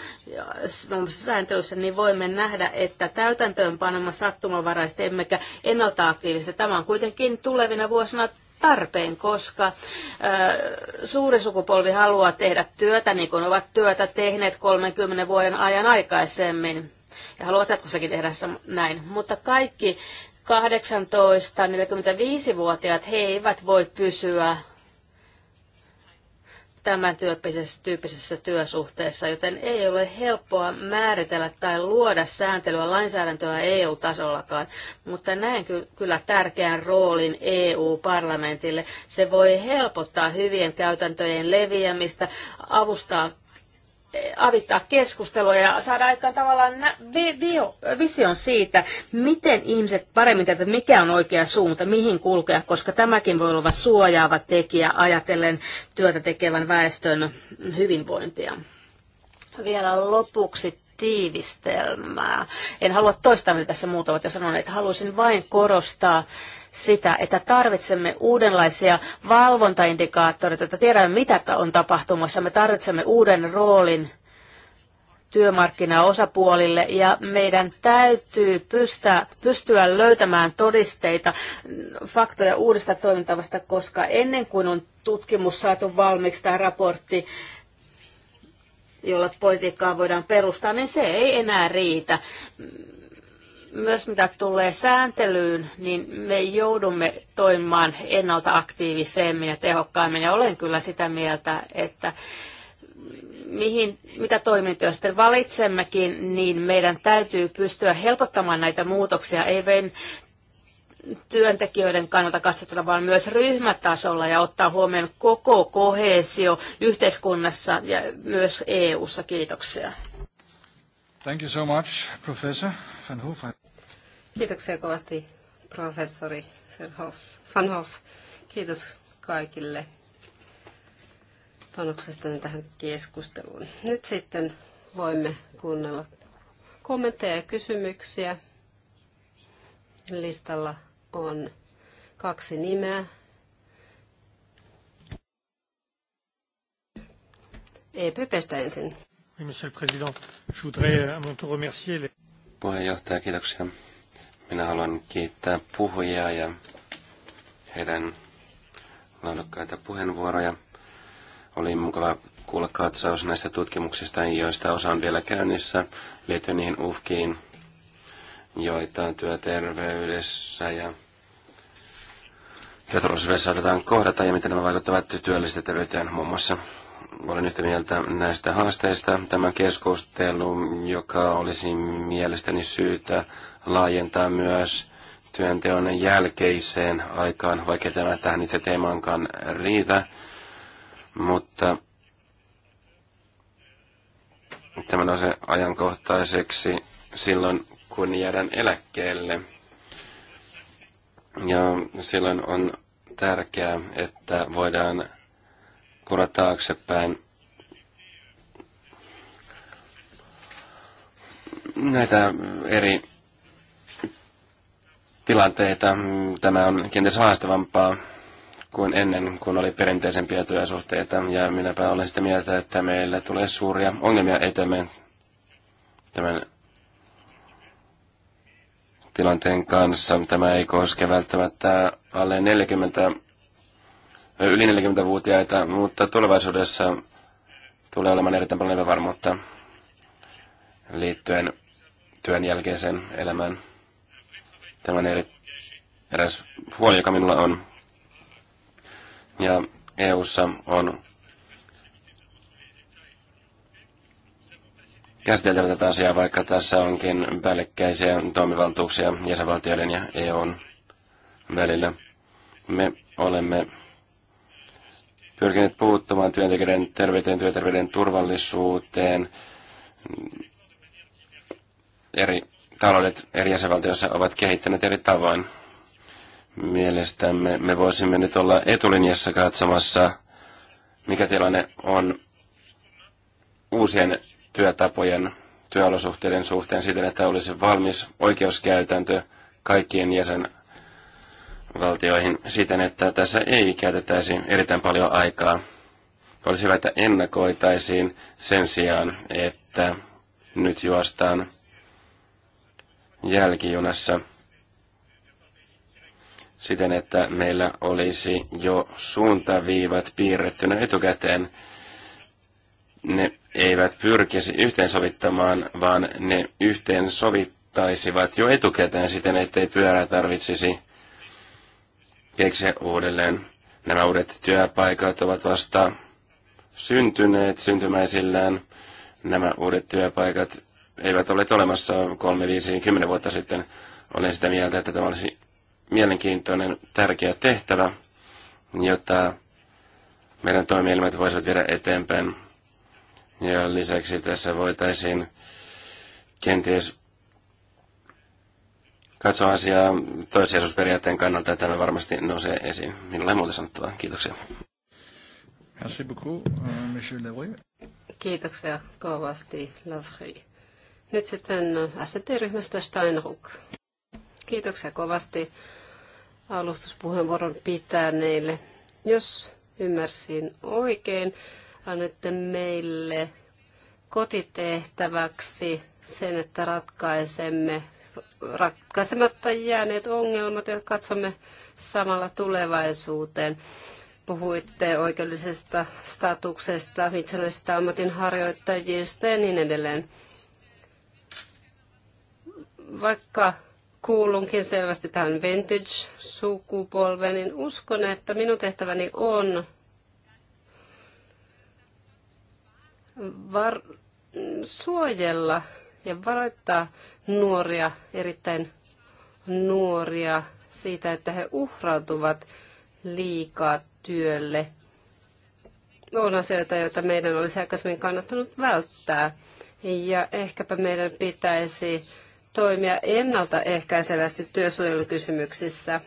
sääntelyssä, niin voimme nähdä, että täytäntöönpanema sattumanvaraisesti emmekä ennalta aktiivisesti. Tämä on kuitenkin tulevina vuosina tarpeen, koska äh, suuri sukupolvi haluaa tehdä työtä niin kuin ovat työtä tehneet 30 vuoden ajan aikaisemmin ja haluavat jatkossakin tehdä näin. Mutta kaikki 18-45-vuotiaat, he eivät voi pysyä tämän tyyppisessä, tyyppisessä työsuhteessa, joten ei ole helppoa määritellä tai luoda sääntelyä lainsäädäntöä EU-tasollakaan, mutta näen kyllä tärkeän roolin EU-parlamentille. Se voi helpottaa hyvien käytäntöjen leviämistä, avustaa Eh, avittaa keskustelua ja saada aikaan tavallaan bio, vision siitä, miten ihmiset paremmin tietävät, mikä on oikea suunta, mihin kulkea, koska tämäkin voi olla suojaava tekijä ajatellen työtä tekevän väestön hyvinvointia. Vielä lopuksi tiivistelmää. En halua toistaa, mitä tässä muut ovat jo sanoneet. Haluaisin vain korostaa, sitä, että tarvitsemme uudenlaisia valvontaindikaattoreita, että tiedämme mitä on tapahtumassa. Me tarvitsemme uuden roolin työmarkkinaosapuolille ja meidän täytyy pystyä, pystyä löytämään todisteita, faktoja uudesta toimintavasta, koska ennen kuin on tutkimus saatu valmiiksi tämä raportti, jolla politiikkaa voidaan perustaa, niin se ei enää riitä. Myös mitä tulee sääntelyyn, niin me joudumme toimimaan ennalta aktiivisemmin ja tehokkaammin. Ja olen kyllä sitä mieltä, että mihin, mitä toimintoja sitten valitsemmekin, niin meidän täytyy pystyä helpottamaan näitä muutoksia, ei vain työntekijöiden kannalta katsottuna, vaan myös ryhmätasolla ja ottaa huomioon koko kohesio yhteiskunnassa ja myös EU-ssa. Kiitoksia. Thank you so much, Professor Van Hoofen. Kiitoksia kovasti professori Fanhoff. Kiitos kaikille panoksestani tähän keskusteluun. Nyt sitten voimme kuunnella kommentteja ja kysymyksiä. Listalla on kaksi nimeä. EPPstä ensin. Puheenjohtaja, kiitoksia. Minä haluan kiittää puhujia ja heidän laadukkaita puheenvuoroja. Oli mukava kuulla katsaus näistä tutkimuksista, joista osa on vielä käynnissä, liittyen niihin uhkiin, joita työterveydessä ja työturvallisuudessa saatetaan kohdata ja miten nämä vaikuttavat työllistettävyyteen muun muassa. Olen yhtä mieltä näistä haasteista. Tämä keskustelu, joka olisi mielestäni syytä laajentaa myös työnteon jälkeiseen aikaan, vaikka tämä tähän itse teemaankaan riitä, mutta tämä se ajankohtaiseksi silloin, kun jäädään eläkkeelle. Ja silloin on tärkeää, että voidaan kuulla taaksepäin näitä eri tilanteita. Mm, tämä on kenties haastavampaa kuin ennen, kun oli perinteisempiä työsuhteita. Ja minäpä olen sitä mieltä, että meillä tulee suuria ongelmia eteemme tämän tilanteen kanssa. Tämä ei koske välttämättä alle 40, yli 40-vuotiaita, mutta tulevaisuudessa tulee olemaan erittäin paljon epävarmuutta liittyen työn jälkeiseen elämään. Tämä on eri, eräs huoli, joka minulla on. Ja EU:ssa on käsiteltävä tätä asiaa, vaikka tässä onkin päällekkäisiä toimivaltuuksia jäsenvaltioiden ja EUn välillä. Me olemme pyrkineet puuttumaan työntekijöiden terveyteen, työterveyden turvallisuuteen, eri taloudet eri jäsenvaltioissa ovat kehittäneet eri tavoin. Mielestämme me voisimme nyt olla etulinjassa katsomassa, mikä tilanne on uusien työtapojen, työolosuhteiden suhteen siten, että olisi valmis oikeuskäytäntö kaikkien jäsenvaltioihin siten, että tässä ei käytettäisi erittäin paljon aikaa. Olisi hyvä, että ennakoitaisiin sen sijaan, että nyt juostaan jälkijunassa siten, että meillä olisi jo suuntaviivat piirrettynä etukäteen. Ne eivät pyrkisi yhteensovittamaan, vaan ne yhteensovittaisivat jo etukäteen siten, ettei pyörä tarvitsisi keksiä uudelleen. Nämä uudet työpaikat ovat vasta syntyneet syntymäisillään. Nämä uudet työpaikat eivät ole olemassa 3, 5, 10 vuotta sitten. Olen sitä mieltä, että tämä olisi mielenkiintoinen, tärkeä tehtävä, jota meidän toimielimet voisivat viedä eteenpäin. Ja lisäksi tässä voitaisiin kenties katsoa asiaa toissijaisuusperiaatteen kannalta, ja tämä varmasti nousee esiin. Minulla ei muuta sanottavaa. Kiitoksia. Merci beaucoup, euh, monsieur Kiitoksia kovasti, Lavrie. Nyt sitten ST-ryhmästä Steinhook. Kiitoksia kovasti alustuspuheenvuoron pitäneille. Jos ymmärsin oikein, annette meille kotitehtäväksi sen, että ratkaisemme ratkaisematta jääneet ongelmat ja katsomme samalla tulevaisuuteen. Puhuitte oikeudellisesta statuksesta, itsellisistä ammatinharjoittajista ja niin edelleen vaikka kuulunkin selvästi tähän vintage-sukupolveen, niin uskon, että minun tehtäväni on var- suojella ja varoittaa nuoria, erittäin nuoria siitä, että he uhrautuvat liikaa työlle. On asioita, joita meidän olisi aikaisemmin kannattanut välttää. Ja ehkäpä meidän pitäisi toimia ennaltaehkäisevästi työsuojelukysymyksissä.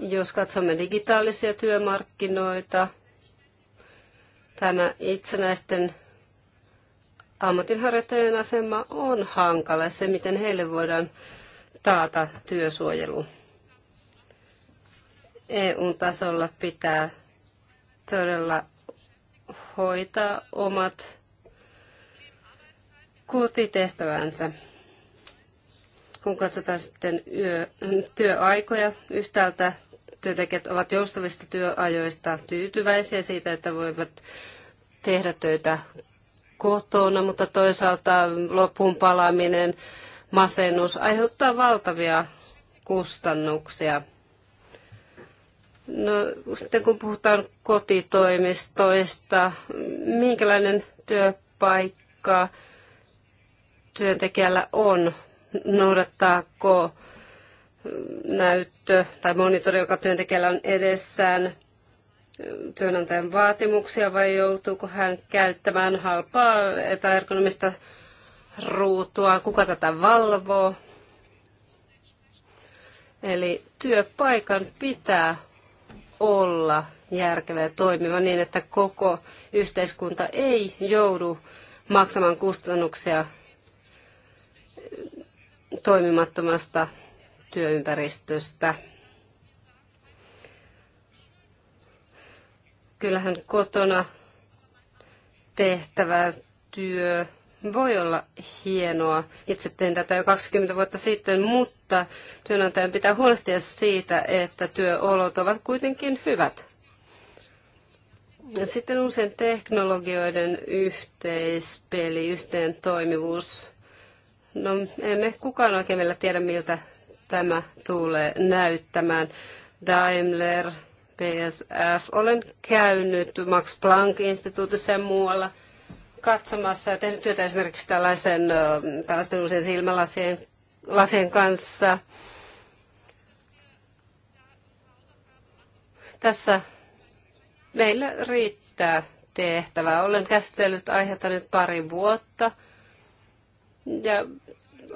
Jos katsomme digitaalisia työmarkkinoita, tämä itsenäisten ammatinharjoittajien asema on hankala. Se, miten heille voidaan taata työsuojelu. EU-tasolla pitää todella hoitaa omat kotitehtävänsä. Kun katsotaan sitten yö, työaikoja, yhtäältä työntekijät ovat joustavista työajoista tyytyväisiä siitä, että voivat tehdä töitä kotona, mutta toisaalta loppuun palaaminen, masennus aiheuttaa valtavia kustannuksia. No, sitten kun puhutaan kotitoimistoista, minkälainen työpaikka työntekijällä on, noudattaako näyttö tai monitori, joka työntekijällä on edessään, työnantajan vaatimuksia vai joutuuko hän käyttämään halpaa epäergonomista ruutua, kuka tätä valvoo. Eli työpaikan pitää olla järkevä ja toimiva niin, että koko yhteiskunta ei joudu maksamaan kustannuksia toimimattomasta työympäristöstä. Kyllähän kotona tehtävä työ voi olla hienoa. Itse tein tätä jo 20 vuotta sitten, mutta työnantajan pitää huolehtia siitä, että työolot ovat kuitenkin hyvät. sitten usein teknologioiden yhteispeli, yhteen toimivuus No, emme kukaan oikein vielä tiedä, miltä tämä tulee näyttämään. Daimler, BSF. Olen käynyt Max Planck-instituutissa ja muualla katsomassa ja tehnyt työtä esimerkiksi tällaisen, tällaisten uusien silmälasien lasien kanssa. Tässä meillä riittää tehtävää. Olen käsitellyt aihetta nyt pari vuotta ja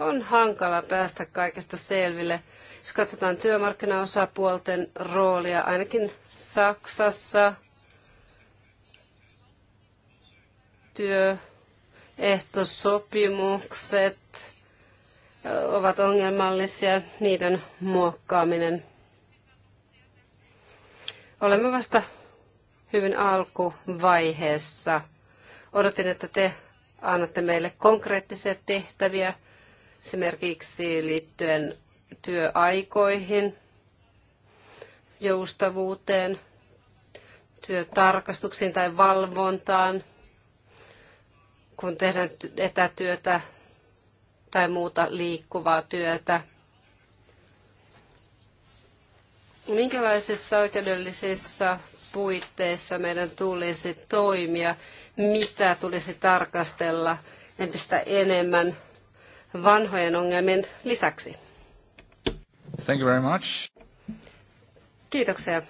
on hankala päästä kaikesta selville. Jos katsotaan työmarkkinaosapuolten roolia, ainakin Saksassa työehtosopimukset ovat ongelmallisia, niiden muokkaaminen. Olemme vasta hyvin alkuvaiheessa. Odotin, että te annatte meille konkreettisia tehtäviä – esimerkiksi liittyen työaikoihin, joustavuuteen, työtarkastuksiin tai valvontaan, kun tehdään etätyötä tai muuta liikkuvaa työtä. Minkälaisissa oikeudellisissa puitteissa meidän tulisi toimia, mitä tulisi tarkastella entistä enemmän vanhojen ongelmien lisäksi. Thank you very much. Kiitoksia.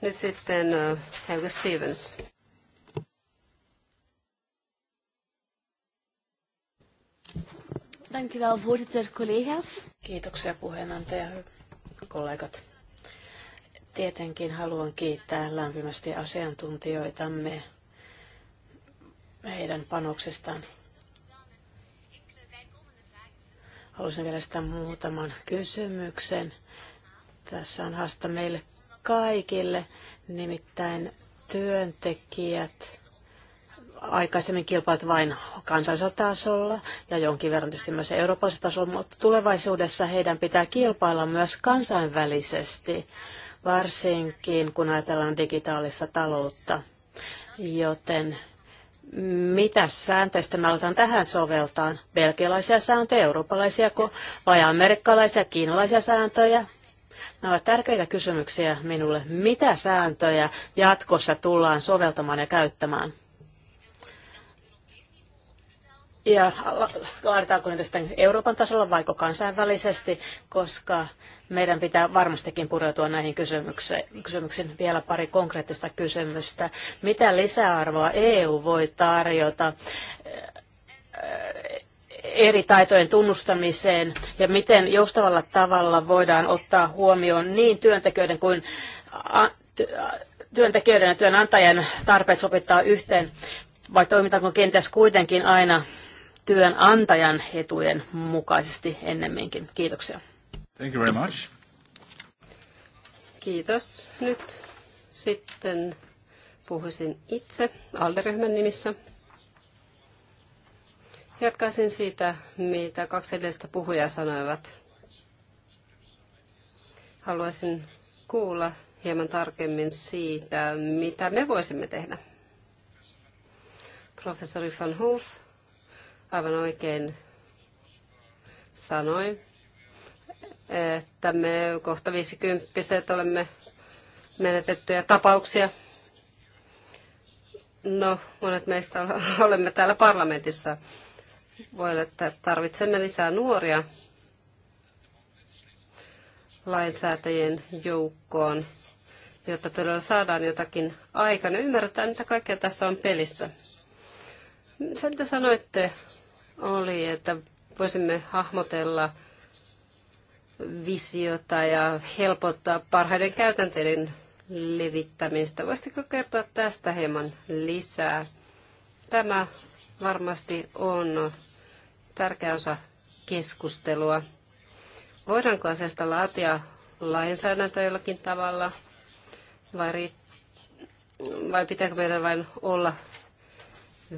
Nyt sitten Helga Stevens. Thank you wel, voorzitter, collega's. Kiitoksia puheenantaja, kollegat. Tietenkin haluan kiittää lämpimästi asiantuntijoitamme heidän panoksestaan Haluaisin vielä sitä muutaman kysymyksen. Tässä on haasta meille kaikille, nimittäin työntekijät aikaisemmin kilpailut vain kansallisella tasolla ja jonkin verran tietysti myös eurooppalaisella tasolla, mutta tulevaisuudessa heidän pitää kilpailla myös kansainvälisesti, varsinkin kun ajatellaan digitaalista taloutta. Joten mitä sääntöistä me aletaan tähän soveltaan? Belgialaisia sääntöjä, eurooppalaisia vai amerikkalaisia, kiinalaisia sääntöjä? Nämä ovat tärkeitä kysymyksiä minulle. Mitä sääntöjä jatkossa tullaan soveltamaan ja käyttämään? Ja laaditaanko niitä sitten Euroopan tasolla vaiko kansainvälisesti, koska meidän pitää varmastikin pureutua näihin kysymyksiin. Vielä pari konkreettista kysymystä. Mitä lisäarvoa EU voi tarjota eh, eri taitojen tunnustamiseen ja miten joustavalla tavalla voidaan ottaa huomioon niin työntekijöiden kuin työntekijöiden ja työnantajien tarpeet sopittaa yhteen, vai toimitaanko kenties kuitenkin aina työnantajan etujen mukaisesti ennemminkin? Kiitoksia. Thank you very much. Kiitos. Nyt sitten puhuisin itse ALDE-ryhmän nimissä. Jatkaisin siitä, mitä kaksi edellistä puhujaa sanoivat. Haluaisin kuulla hieman tarkemmin siitä, mitä me voisimme tehdä. Professori van Hoof aivan oikein sanoi, että me kohta viisikymppiset olemme menetettyjä tapauksia. No, monet meistä olemme täällä parlamentissa. Voi olla, että tarvitsemme lisää nuoria lainsäätäjien joukkoon, jotta todella saadaan jotakin aikana. Ymmärretään, mitä kaikkea tässä on pelissä. Sen mitä sanoitte, oli, että voisimme hahmotella visiota ja helpottaa parhaiden käytänteiden levittämistä. Voisitko kertoa tästä hieman lisää? Tämä varmasti on tärkeä osa keskustelua. Voidaanko asiasta laatia lainsäädäntö jollakin tavalla vai, vai pitääkö meidän vain olla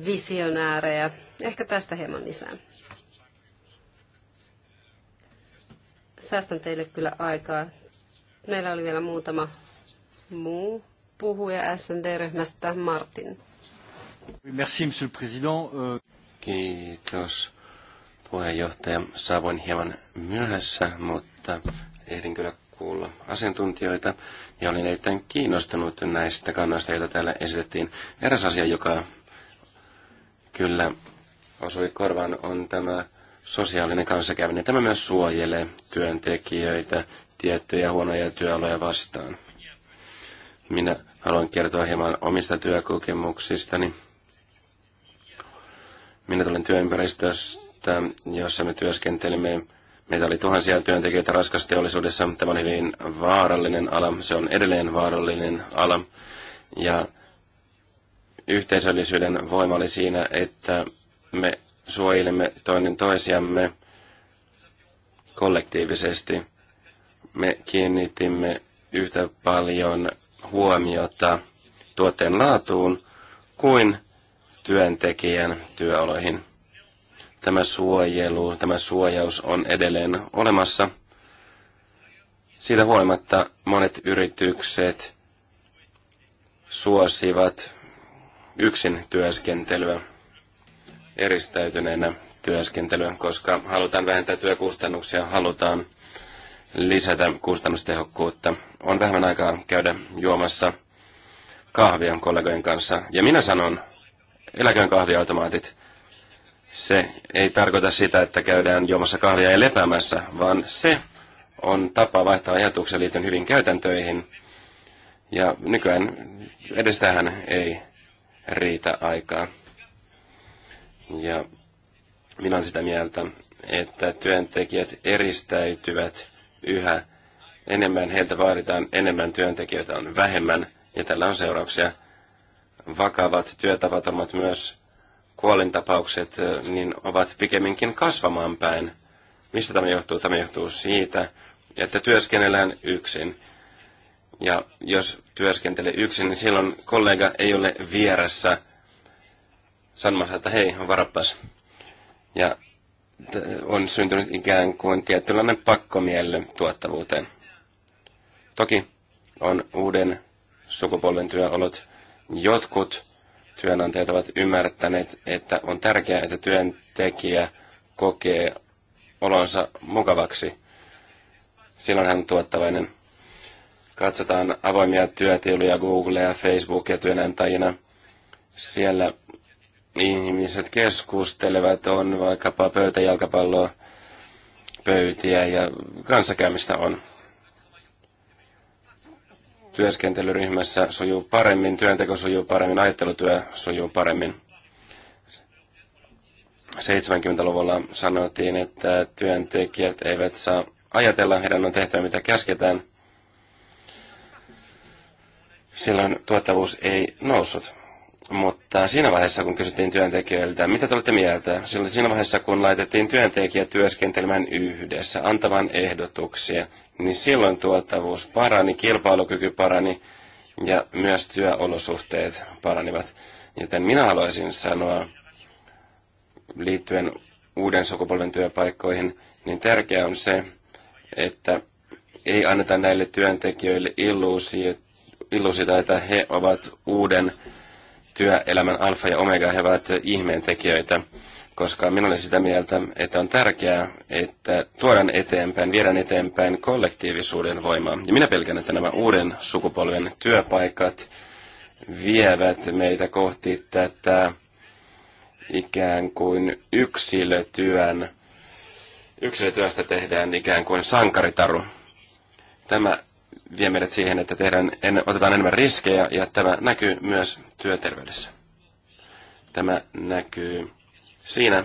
visionäärejä? Ehkä tästä hieman lisää. Säästän teille kyllä aikaa. Meillä oli vielä muutama muu puhuja SND-ryhmästä, Martin. Merci, monsieur le président. Euh, Kiitos puheenjohtaja. Saavoin hieman myöhässä, mutta ehdin kyllä kuulla asiantuntijoita ja olin erittäin kiinnostunut näistä kannoista, joita täällä esitettiin. Eräs asia, joka kyllä osui korvaan, on tämä sosiaalinen kanssakäyminen. Tämä myös suojelee työntekijöitä tiettyjä huonoja työoloja vastaan. Minä haluan kertoa hieman omista työkokemuksistani. Minä tulen työympäristöstä, jossa me työskentelimme. Meitä oli tuhansia työntekijöitä raskasteollisuudessa. Tämä on hyvin vaarallinen ala. Se on edelleen vaarallinen ala. Ja yhteisöllisyyden voima oli siinä, että me suojelemme toinen toisiamme kollektiivisesti. Me kiinnitimme yhtä paljon huomiota tuotteen laatuun kuin työntekijän työoloihin. Tämä suojelu, tämä suojaus on edelleen olemassa. Siitä huolimatta monet yritykset suosivat yksin työskentelyä eristäytyneenä työskentelyä, koska halutaan vähentää työkustannuksia, halutaan lisätä kustannustehokkuutta. On vähemmän aikaa käydä juomassa kahvia kollegojen kanssa. Ja minä sanon, eläköön kahviautomaatit. Se ei tarkoita sitä, että käydään juomassa kahvia ja lepäämässä, vaan se on tapa vaihtaa ajatuksia liittyen hyvin käytäntöihin. Ja nykyään edes tähän ei riitä aikaa. Ja minä olen sitä mieltä, että työntekijät eristäytyvät yhä enemmän, heiltä vaaditaan enemmän, työntekijöitä on vähemmän, ja tällä on seurauksia. Vakavat työtapatomat myös kuolintapaukset niin ovat pikemminkin kasvamaan päin. Mistä tämä johtuu? Tämä johtuu siitä, että työskennellään yksin. Ja jos työskentelee yksin, niin silloin kollega ei ole vieressä sanomassa, että hei, on varapas. Ja on syntynyt ikään kuin tietynlainen pakkomielle tuottavuuteen. Toki on uuden sukupolven työolot. Jotkut työnantajat ovat ymmärtäneet, että on tärkeää, että työntekijä kokee olonsa mukavaksi. Silloin hän on tuottavainen. Katsotaan avoimia työtiluja Google ja Facebook ja työnantajina. Siellä ihmiset keskustelevat, on vaikkapa pöytäjalkapalloa, pöytiä ja kanssakäymistä on. Työskentelyryhmässä sujuu paremmin, työnteko sujuu paremmin, ajattelutyö sujuu paremmin. 70-luvulla sanottiin, että työntekijät eivät saa ajatella, heidän on tehtävä mitä käsketään. Silloin tuottavuus ei noussut mutta siinä vaiheessa, kun kysyttiin työntekijöiltä, mitä te olette mieltä? Silloin siinä vaiheessa, kun laitettiin työntekijät työskentelemään yhdessä, antamaan ehdotuksia, niin silloin tuottavuus parani, kilpailukyky parani ja myös työolosuhteet paranivat. Joten minä haluaisin sanoa liittyen uuden sukupolven työpaikkoihin, niin tärkeää on se, että ei anneta näille työntekijöille illuusiota, että he ovat uuden työelämän alfa ja omega, he ovat tekijöitä, koska minä olen sitä mieltä, että on tärkeää, että tuodaan eteenpäin, viedään eteenpäin kollektiivisuuden voimaa. Ja minä pelkään, että nämä uuden sukupolven työpaikat vievät meitä kohti tätä ikään kuin yksilötyön, yksilötyöstä tehdään ikään kuin sankaritaru. Tämä vie meidät siihen, että tehdään, en, otetaan enemmän riskejä ja tämä näkyy myös työterveydessä. Tämä näkyy siinä,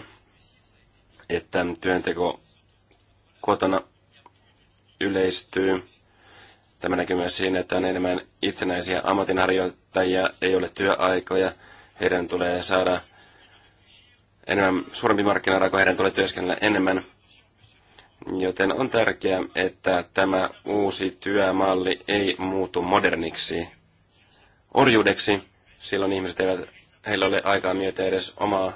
että työnteko kotona yleistyy. Tämä näkyy myös siinä, että on enemmän itsenäisiä ammatinharjoittajia, ei ole työaikoja, heidän tulee saada enemmän suurempi markkinarako, heidän tulee työskennellä enemmän Joten on tärkeää, että tämä uusi työmalli ei muutu moderniksi orjuudeksi. Silloin ihmiset eivät, heillä ole aikaa miettiä edes omaa,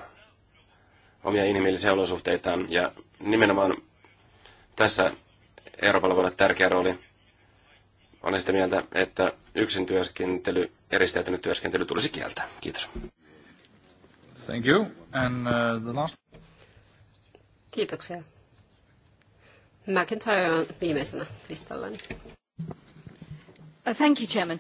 omia inhimillisiä olosuhteitaan. Ja nimenomaan tässä Euroopalla voi olla tärkeä rooli. Olen sitä mieltä, että yksin työskentely, eristäytynyt työskentely tulisi kieltää. Kiitos. Thank you. And, uh, the last... Kiitoksia. McIntyre on viimeisenä listallani. Uh, thank you, Chairman.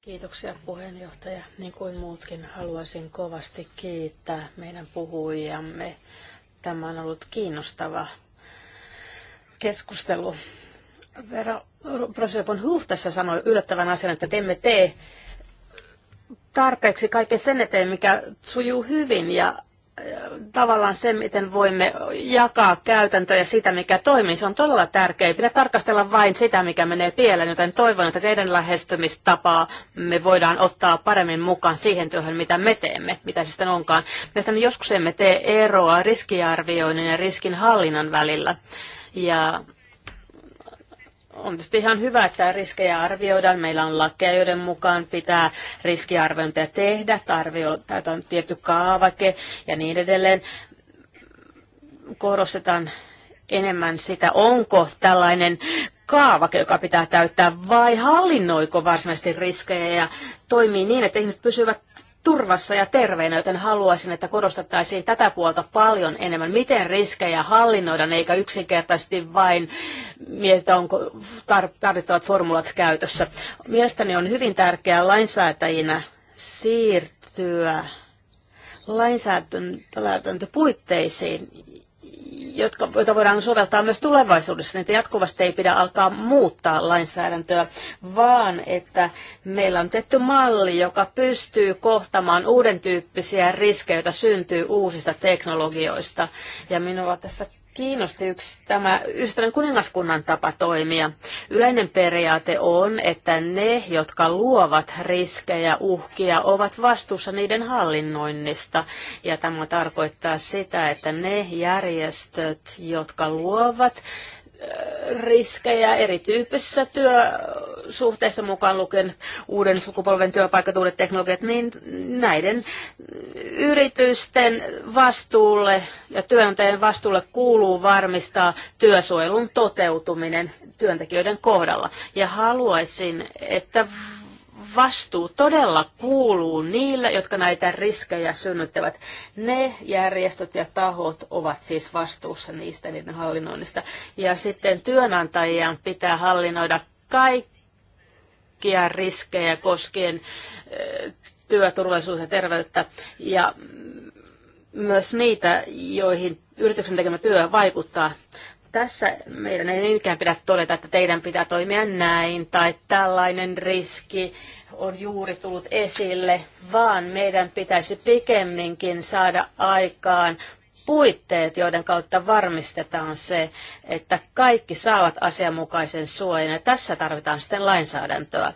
Kiitoksia puheenjohtaja. Niin kuin muutkin haluaisin kovasti kiittää meidän puhujiamme. Tämä on ollut kiinnostava keskustelu. Vera Prosepon huhtassa tässä sanoi yllättävän asian, että emme tee tarpeeksi kaiken sen eteen, mikä sujuu hyvin ja tavallaan se, miten voimme jakaa käytäntöjä sitä, mikä toimii. Se on todella tärkeää. pidä tarkastella vain sitä, mikä menee pieleen, joten toivon, että teidän lähestymistapaa me voidaan ottaa paremmin mukaan siihen työhön, mitä me teemme, mitä se sitten onkaan. Mielestäni joskus emme tee eroa riskiarvioinnin ja riskin hallinnan välillä. Ja on tietysti ihan hyvä, että riskejä arvioidaan. Meillä on lakeja, joiden mukaan pitää riskiarviointia tehdä, tarvitaan on tietty kaavake ja niin edelleen. Korostetaan enemmän sitä, onko tällainen kaavake, joka pitää täyttää, vai hallinnoiko varsinaisesti riskejä ja toimii niin, että ihmiset pysyvät turvassa ja terveinä, joten haluaisin, että korostettaisiin tätä puolta paljon enemmän. Miten riskejä hallinnoidaan, eikä yksinkertaisesti vain mietitä, onko tarvittavat formulat käytössä. Mielestäni on hyvin tärkeää lainsäätäjinä siirtyä lainsäädäntöpuitteisiin, jotka, joita voidaan soveltaa myös tulevaisuudessa. Niitä jatkuvasti ei pidä alkaa muuttaa lainsäädäntöä, vaan että meillä on tehty malli, joka pystyy kohtamaan uuden tyyppisiä riskejä, joita syntyy uusista teknologioista. Ja minua tässä kiinnosti yksi tämä ystävän kuningaskunnan tapa toimia. Yleinen periaate on, että ne, jotka luovat riskejä, uhkia, ovat vastuussa niiden hallinnoinnista. Ja tämä tarkoittaa sitä, että ne järjestöt, jotka luovat riskejä erityyppisissä työsuhteissa mukaan lukien uuden sukupolven työpaikat, uudet teknologiat, niin näiden yritysten vastuulle ja työnantajien vastuulle kuuluu varmistaa työsuojelun toteutuminen työntekijöiden kohdalla. Ja haluaisin, että vastuu todella kuuluu niille, jotka näitä riskejä synnyttävät. Ne järjestöt ja tahot ovat siis vastuussa niistä niiden hallinnoinnista. Ja sitten työnantajien pitää hallinnoida kaikkia riskejä koskien työturvallisuutta ja terveyttä ja myös niitä, joihin yrityksen tekemä työ vaikuttaa. Tässä meidän ei niinkään pidä todeta, että teidän pitää toimia näin tai tällainen riski on juuri tullut esille, vaan meidän pitäisi pikemminkin saada aikaan puitteet, joiden kautta varmistetaan se, että kaikki saavat asianmukaisen suojan. Ja tässä tarvitaan sitten lainsäädäntöä.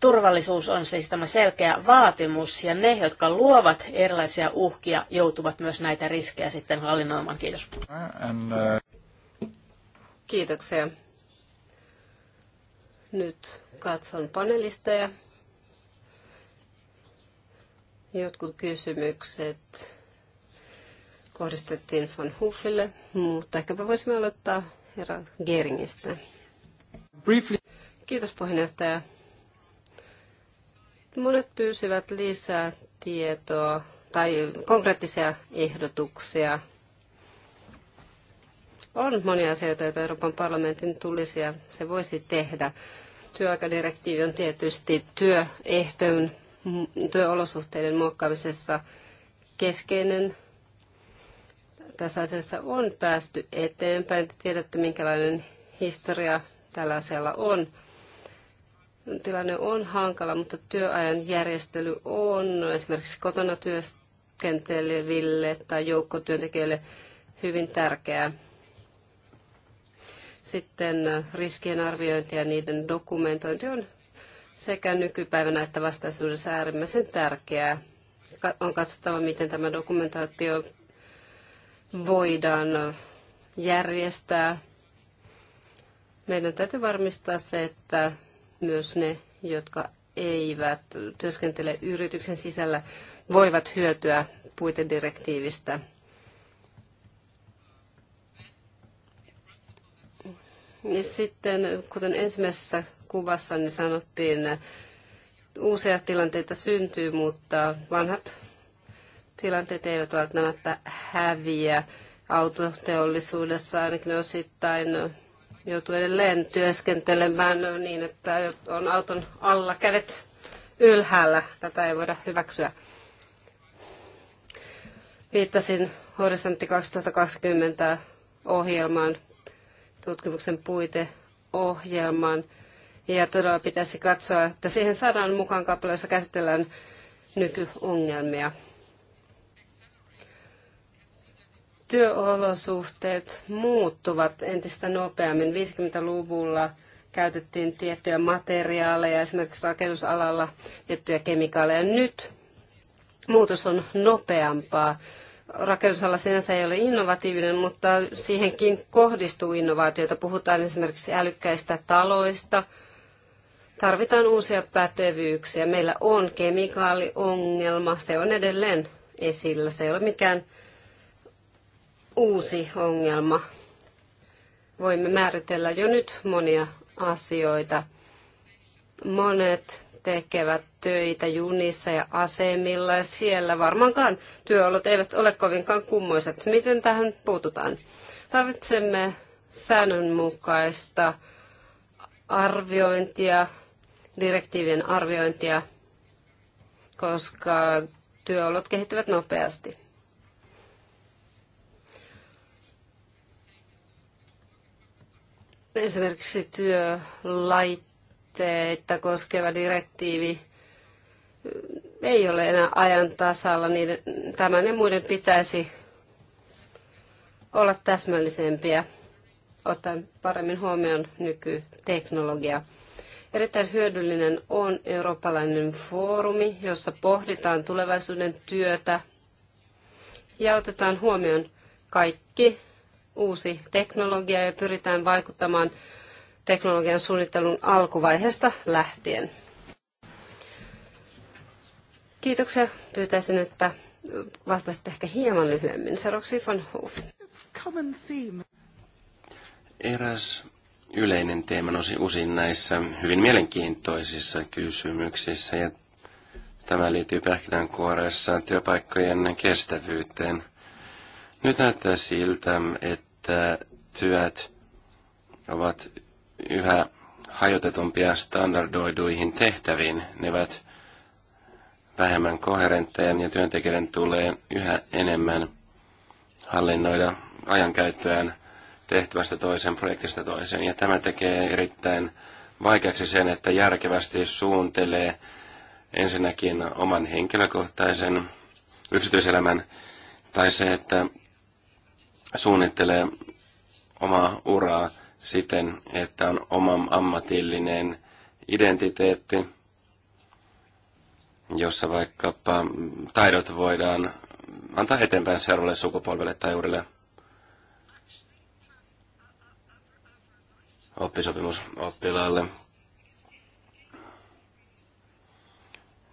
Turvallisuus on siis tämä selkeä vaatimus, ja ne, jotka luovat erilaisia uhkia, joutuvat myös näitä riskejä sitten hallinnoimaan. Kiitos. Uh, Kiitoksia. Nyt katson panelisteja. Jotkut kysymykset kohdistettiin von Huffille, mutta ehkäpä voisimme aloittaa herra Geringistä. Briefly. Kiitos puheenjohtaja. Monet pyysivät lisää tietoa tai konkreettisia ehdotuksia. On monia asioita, joita Euroopan parlamentin tulisi ja se voisi tehdä. Työaikadirektiivi on tietysti työehtojen, työolosuhteiden muokkaamisessa keskeinen. Tässä asiassa on päästy eteenpäin. Te tiedätte, minkälainen historia tällä on tilanne on hankala, mutta työajan järjestely on esimerkiksi kotona työskenteleville tai joukkotyöntekijöille hyvin tärkeää. Sitten äh, riskien arviointi ja niiden dokumentointi on sekä nykypäivänä että vastaisuudessa äärimmäisen tärkeää. On katsottava, miten tämä dokumentaatio voidaan äh, järjestää. Meidän täytyy varmistaa se, että myös ne, jotka eivät työskentele yrityksen sisällä, voivat hyötyä puitedirektiivistä. Ja sitten, kuten ensimmäisessä kuvassa, niin sanottiin, uusia tilanteita syntyy, mutta vanhat tilanteet eivät välttämättä häviä autoteollisuudessa ainakin osittain joutuu edelleen työskentelemään niin, että on auton alla kädet ylhäällä. Tätä ei voida hyväksyä. Viittasin Horisontti 2020 ohjelmaan, tutkimuksen puiteohjelmaan. Ja todella pitäisi katsoa, että siihen saadaan mukaan kappale, jossa käsitellään nykyongelmia. Työolosuhteet muuttuvat entistä nopeammin. 50-luvulla käytettiin tiettyjä materiaaleja, esimerkiksi rakennusalalla tiettyjä kemikaaleja. Nyt muutos on nopeampaa. Rakennusala sinänsä ei ole innovatiivinen, mutta siihenkin kohdistuu innovaatioita. Puhutaan esimerkiksi älykkäistä taloista. Tarvitaan uusia pätevyyksiä. Meillä on kemikaaliongelma. Se on edelleen esillä. Se ei ole mikään uusi ongelma. Voimme määritellä jo nyt monia asioita. Monet tekevät töitä junissa ja asemilla ja siellä varmaankaan työolot eivät ole kovinkaan kummoiset. Miten tähän puututaan? Tarvitsemme säännönmukaista arviointia, direktiivien arviointia, koska työolot kehittyvät nopeasti. Esimerkiksi työlaitteita koskeva direktiivi ei ole enää ajan tasalla. Niiden, tämän ja muiden pitäisi olla täsmällisempiä, ottaen paremmin huomioon nykyteknologia. Erittäin hyödyllinen on eurooppalainen foorumi, jossa pohditaan tulevaisuuden työtä ja otetaan huomioon kaikki uusi teknologia ja pyritään vaikuttamaan teknologian suunnittelun alkuvaiheesta lähtien. Kiitoksia. Pyytäisin, että vastasit ehkä hieman lyhyemmin. Seuraavaksi von Hoof. Eräs yleinen teema nousi usein näissä hyvin mielenkiintoisissa kysymyksissä ja tämä liittyy pähkinänkuoreessa työpaikkojen kestävyyteen. Nyt näyttää siltä, että että työt ovat yhä hajotetumpia standardoiduihin tehtäviin. Ne ovat vähemmän koherentteja ja työntekijöiden tulee yhä enemmän hallinnoida ajankäyttöään tehtävästä toiseen, projektista toiseen. Ja tämä tekee erittäin vaikeaksi sen, että järkevästi suuntelee ensinnäkin oman henkilökohtaisen yksityiselämän tai se, että suunnittelee omaa uraa siten, että on oma ammatillinen identiteetti, jossa vaikkapa taidot voidaan antaa eteenpäin seuraavalle sukupolvelle tai uudelle oppisopimusoppilaalle.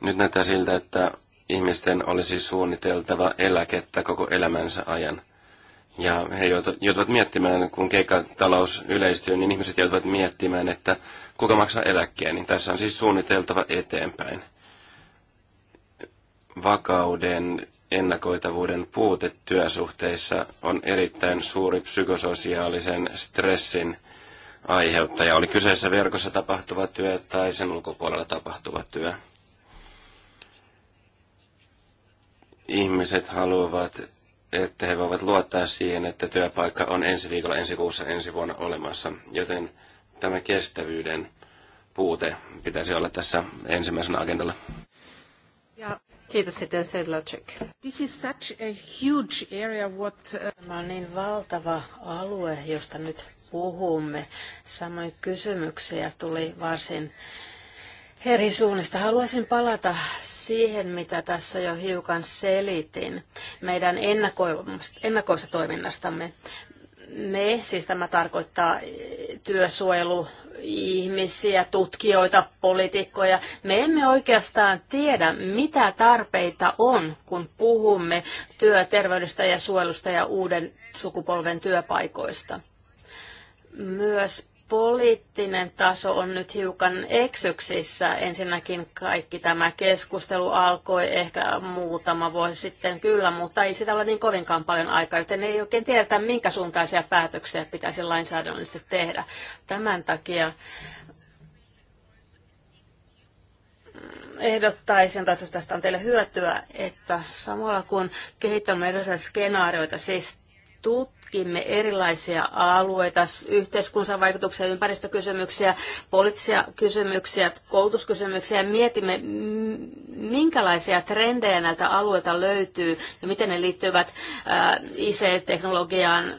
Nyt näyttää siltä, että ihmisten olisi suunniteltava eläkettä koko elämänsä ajan – ja he joutuvat miettimään, kun keikkatalous yleistyy, niin ihmiset joutuvat miettimään, että kuka maksaa niin Tässä on siis suunniteltava eteenpäin. Vakauden ennakoitavuuden puute työsuhteissa on erittäin suuri psykososiaalisen stressin aiheuttaja. Oli kyseessä verkossa tapahtuva työ tai sen ulkopuolella tapahtuva työ. Ihmiset haluavat että he voivat luottaa siihen, että työpaikka on ensi viikolla, ensi kuussa, ensi vuonna olemassa. Joten tämä kestävyyden puute pitäisi olla tässä ensimmäisenä agendalla. Ja Kiitos sitten Sedlacek. This is such a huge area what... Uh, tämä on niin valtava alue, josta nyt puhumme. Samoin kysymyksiä tuli varsin eri suunnista. Haluaisin palata siihen, mitä tässä jo hiukan selitin meidän ennakoista toiminnastamme. Me, siis tämä tarkoittaa työsuojelu, ihmisiä, tutkijoita, poliitikkoja. Me emme oikeastaan tiedä, mitä tarpeita on, kun puhumme työterveydestä ja suojelusta ja uuden sukupolven työpaikoista. Myös poliittinen taso on nyt hiukan eksyksissä. Ensinnäkin kaikki tämä keskustelu alkoi ehkä muutama vuosi sitten kyllä, mutta ei sitä ole niin kovinkaan paljon aikaa, joten ei oikein tiedetä, minkä suuntaisia päätöksiä pitäisi lainsäädännöllisesti tehdä. Tämän takia ehdottaisin, että tästä on teille hyötyä, että samalla kun kehitämme erilaisia skenaarioita, siis tut tutkimme erilaisia alueita, yhteiskunnan vaikutuksia, ympäristökysymyksiä, poliittisia kysymyksiä, koulutuskysymyksiä ja mietimme, minkälaisia trendejä näiltä alueilta löytyy ja miten ne liittyvät ICT-teknologiaan,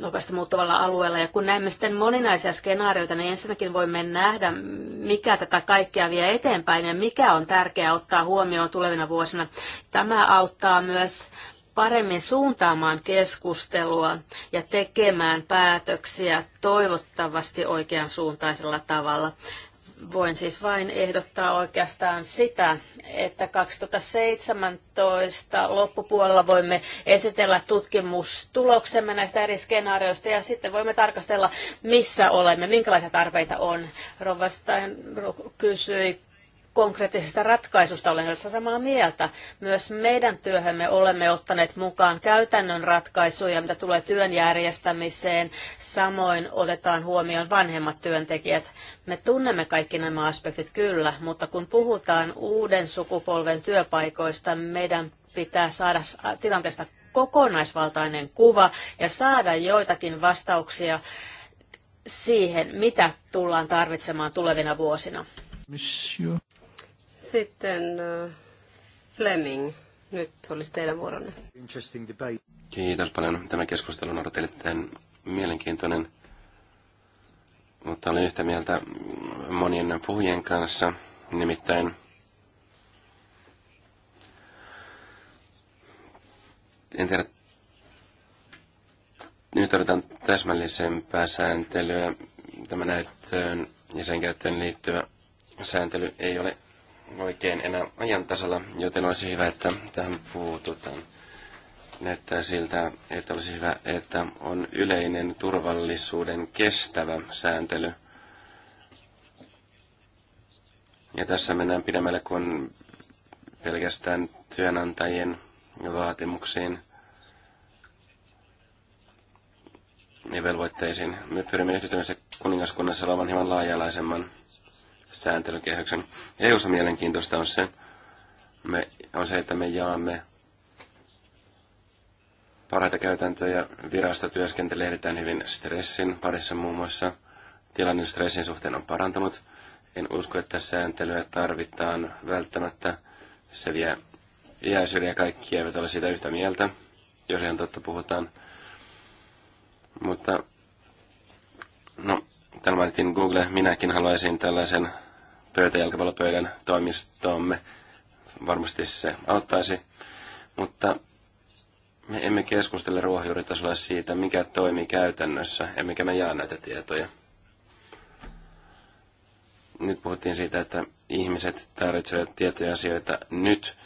nopeasti muuttuvalla alueella. Ja kun näemme sitten moninaisia skenaarioita, niin ensinnäkin voimme nähdä, mikä tätä kaikkea vie eteenpäin ja mikä on tärkeää ottaa huomioon tulevina vuosina. Tämä auttaa myös paremmin suuntaamaan keskustelua ja tekemään päätöksiä toivottavasti oikean suuntaisella tavalla. Voin siis vain ehdottaa oikeastaan sitä, että 2017 loppupuolella voimme esitellä tutkimustuloksemme näistä eri skenaarioista ja sitten voimme tarkastella, missä olemme, minkälaisia tarpeita on. Rovastain kysyi konkreettisesta ratkaisusta olen tässä samaa mieltä. Myös meidän työhömme olemme ottaneet mukaan käytännön ratkaisuja, mitä tulee työn järjestämiseen. Samoin otetaan huomioon vanhemmat työntekijät. Me tunnemme kaikki nämä aspektit kyllä, mutta kun puhutaan uuden sukupolven työpaikoista, meidän pitää saada tilanteesta kokonaisvaltainen kuva ja saada joitakin vastauksia siihen, mitä tullaan tarvitsemaan tulevina vuosina. Monsieur. Sitten äh, Fleming, nyt olisi teidän vuoronne. Kiitos paljon. Tämä keskustelu on ollut erittäin mielenkiintoinen, mutta olen yhtä mieltä monien puhujien kanssa, nimittäin en tiedä, nyt tarvitaan täsmällisempää sääntelyä. Tämä näyttöön ja sen käyttöön liittyvä sääntely ei ole oikein enää ajan tasalla, joten olisi hyvä, että tähän puututaan. Näyttää siltä, että olisi hyvä, että on yleinen turvallisuuden kestävä sääntely. Ja tässä mennään pidemmälle kuin pelkästään työnantajien vaatimuksiin ja velvoitteisiin. Me pyrimme yhteydessä kuningaskunnassa olevan hieman laajalaisemman sääntelykehyksen. EU-ssa mielenkiintoista on se, me, on se, että me jaamme parhaita käytäntöjä. Virastotyöskentely erittäin hyvin stressin parissa muun muassa. Tilanne stressin suhteen on parantunut. En usko, että sääntelyä tarvitaan välttämättä. Se vie iäisyyden ja kaikki eivät ole siitä yhtä mieltä, jos ihan totta puhutaan. Mutta no, Täällä mainittiin Google. Minäkin haluaisin tällaisen pöytäjalkapallopöydän toimistoomme. Varmasti se auttaisi. Mutta me emme keskustele ruohonjuuritasolla siitä, mikä toimii käytännössä, emmekä me jaa näitä tietoja. Nyt puhuttiin siitä, että ihmiset tarvitsevat tietoja asioita nyt,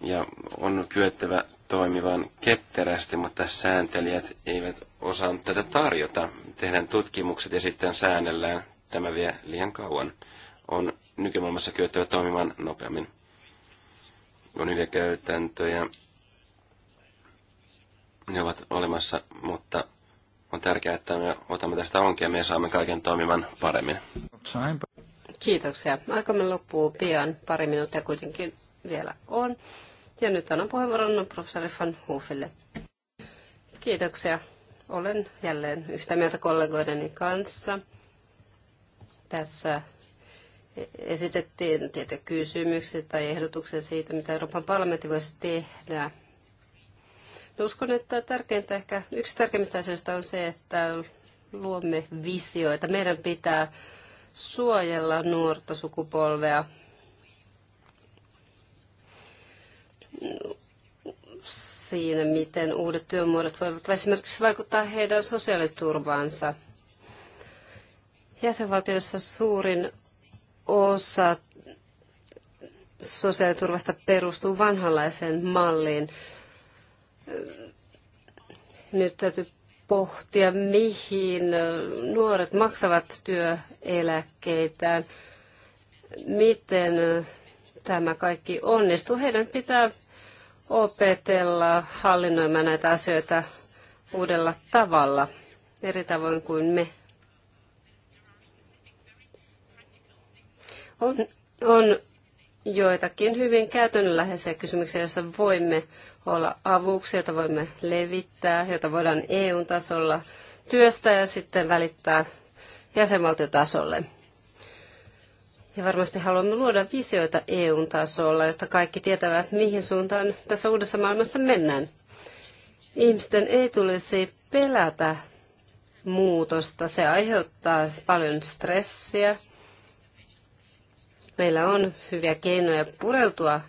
ja on kyettävä toimivan ketterästi, mutta sääntelijät eivät osaan tätä tarjota. Tehdään tutkimukset ja sitten säännellään. Tämä vie liian kauan. On nykymaailmassa kyettävä toimimaan nopeammin. On hyviä käytäntöjä. Ne ovat olemassa, mutta on tärkeää, että me otamme tästä onkia ja me saamme kaiken toimimaan paremmin. Kiitoksia. Aikamme loppuu pian. Pari minuuttia kuitenkin vielä on. Ja nyt annan puheenvuoron professori Van Hoofille. Kiitoksia olen jälleen yhtä mieltä kollegoideni kanssa. Tässä esitettiin tietyt kysymyksiä tai ehdotuksia siitä, mitä Euroopan parlamentti voisi tehdä. Uskon, että tärkeintä ehkä, yksi tärkeimmistä asioista on se, että luomme visioita. Meidän pitää suojella nuorta sukupolvea siinä, miten uudet työmuodot voivat esimerkiksi vaikuttaa heidän sosiaaliturvaansa. Jäsenvaltioissa suurin osa sosiaaliturvasta perustuu vanhanlaiseen malliin. Nyt täytyy pohtia, mihin nuoret maksavat työeläkkeitään, miten tämä kaikki onnistuu. Heidän pitää opetella hallinnoimaan näitä asioita uudella tavalla, eri tavoin kuin me. On, on joitakin hyvin käytännönläheisiä kysymyksiä, joissa voimme olla avuksi, joita voimme levittää, joita voidaan EU-tasolla työstää ja sitten välittää jäsenvaltiotasolle. Ja varmasti haluamme luoda visioita EUn tasolla, jotta kaikki tietävät, mihin suuntaan tässä uudessa maailmassa mennään. Ihmisten ei tulisi pelätä muutosta. Se aiheuttaa paljon stressiä. Meillä on hyviä keinoja pureutua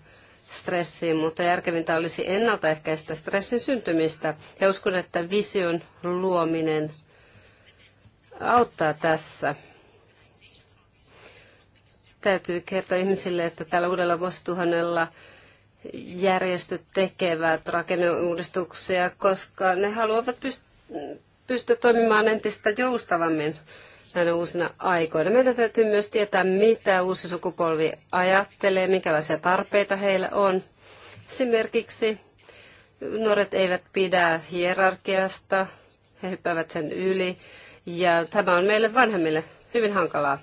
stressiin, mutta järkevintä olisi ennaltaehkäistä stressin syntymistä. Ja uskon, että vision luominen auttaa tässä täytyy kertoa ihmisille, että tällä uudella vuosituhannella järjestöt tekevät rakenneuudistuksia, koska ne haluavat pystyä toimimaan entistä joustavammin näinä uusina aikoina. Meidän täytyy myös tietää, mitä uusi sukupolvi ajattelee, minkälaisia tarpeita heillä on. Esimerkiksi nuoret eivät pidä hierarkiasta, he hyppäävät sen yli, ja tämä on meille vanhemmille hyvin hankalaa.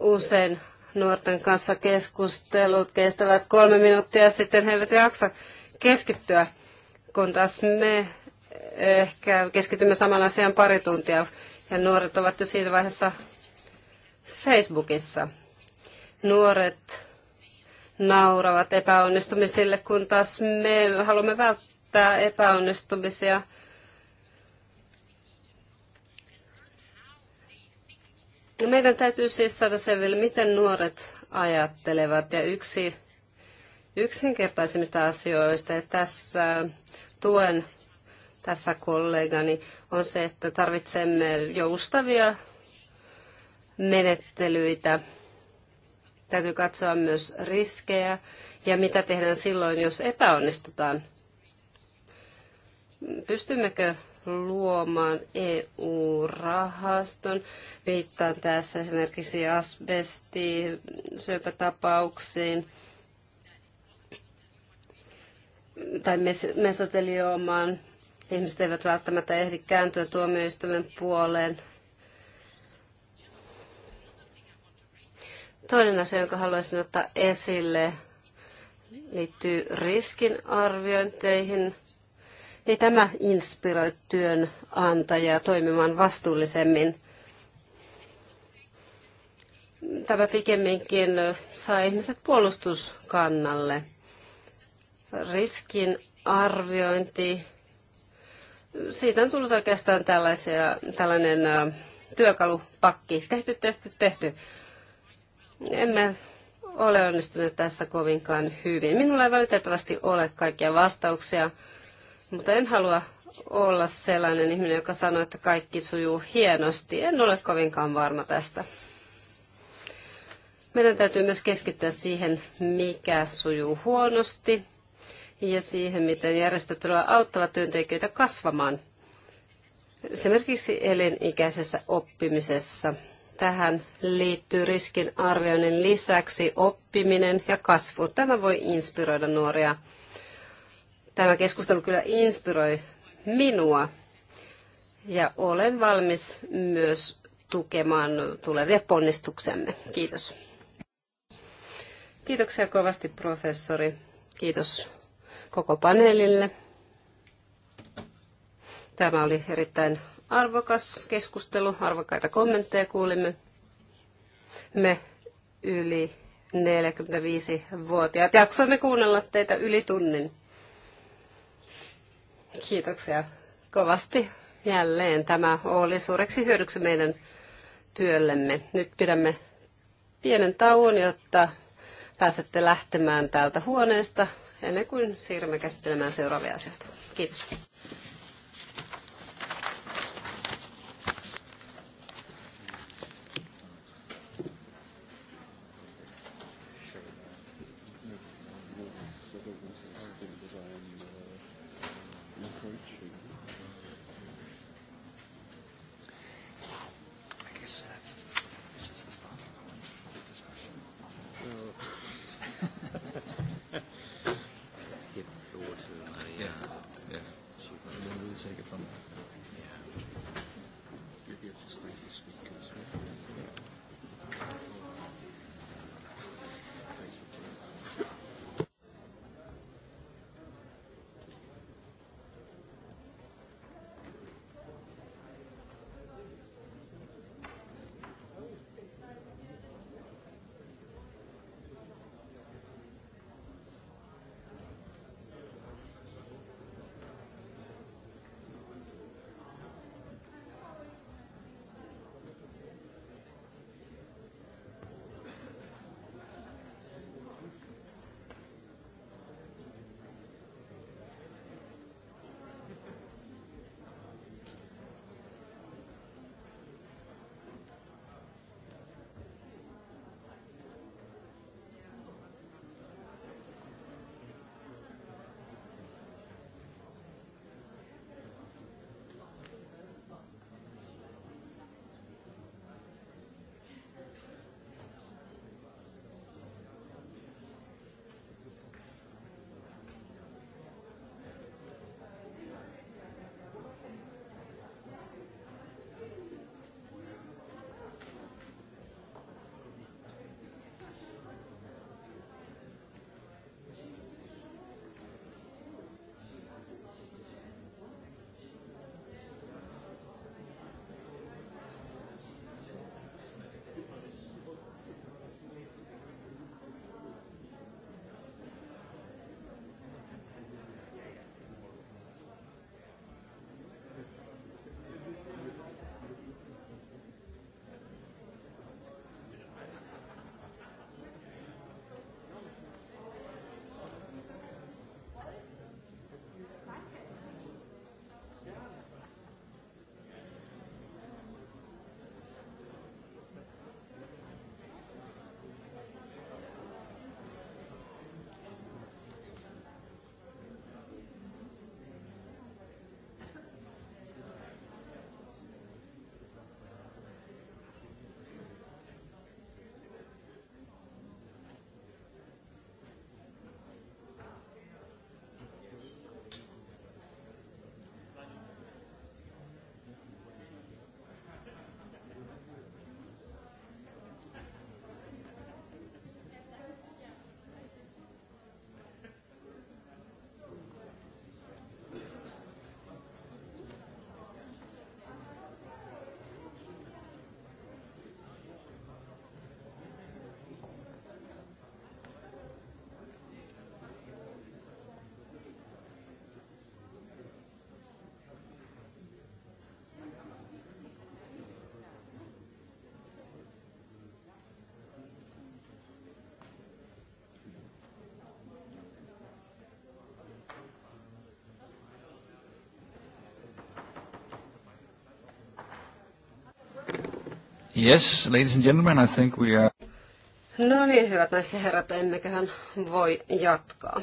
usein nuorten kanssa keskustelut kestävät kolme minuuttia ja sitten he eivät jaksa keskittyä, kun taas me eh, ehkä keskitymme saman asian pari tuntia ja nuoret ovat jo siinä vaiheessa Facebookissa. Nuoret nauravat epäonnistumisille, kun taas me haluamme välttää epäonnistumisia – No, meidän täytyy siis saada selville, miten nuoret ajattelevat. Ja yksi yksinkertaisimmista asioista, että tässä tuen tässä kollegani, on se, että tarvitsemme joustavia menettelyitä. Täytyy katsoa myös riskejä ja mitä tehdään silloin, jos epäonnistutaan. Pystymmekö luomaan EU-rahaston. Viittaan tässä esimerkiksi asbesti, syöpätapauksiin tai mes- mesoteliomaan. Ihmiset eivät välttämättä ehdi kääntyä tuomioistuimen puoleen. Toinen asia, jonka haluaisin ottaa esille, liittyy riskinarviointeihin – ei niin tämä inspiroi työnantajaa toimimaan vastuullisemmin. Tämä pikemminkin saa ihmiset puolustuskannalle. Riskin arviointi, siitä on tullut oikeastaan tällaisia, tällainen työkalupakki. Tehty, tehty, tehty. Emme ole onnistuneet tässä kovinkaan hyvin. Minulla ei valitettavasti ole kaikkia vastauksia mutta en halua olla sellainen ihminen, joka sanoo, että kaikki sujuu hienosti. En ole kovinkaan varma tästä. Meidän täytyy myös keskittyä siihen, mikä sujuu huonosti ja siihen, miten järjestöt auttavat työntekijöitä kasvamaan. Esimerkiksi elinikäisessä oppimisessa. Tähän liittyy riskin arvioinnin lisäksi oppiminen ja kasvu. Tämä voi inspiroida nuoria Tämä keskustelu kyllä inspiroi minua ja olen valmis myös tukemaan tulevia ponnistuksemme. Kiitos. Kiitoksia kovasti professori. Kiitos koko paneelille. Tämä oli erittäin arvokas keskustelu, arvokkaita kommentteja kuulimme. Me yli 45-vuotiaat jaksoimme kuunnella teitä yli tunnin. Kiitoksia kovasti jälleen. Tämä oli suureksi hyödyksi meidän työllemme. Nyt pidämme pienen tauon, jotta pääsette lähtemään täältä huoneesta ennen kuin siirrymme käsittelemään seuraavia asioita. Kiitos. Yes, ladies and gentlemen, I think we are... No niin, hyvät naiset ja herrat, emmeköhän voi jatkaa.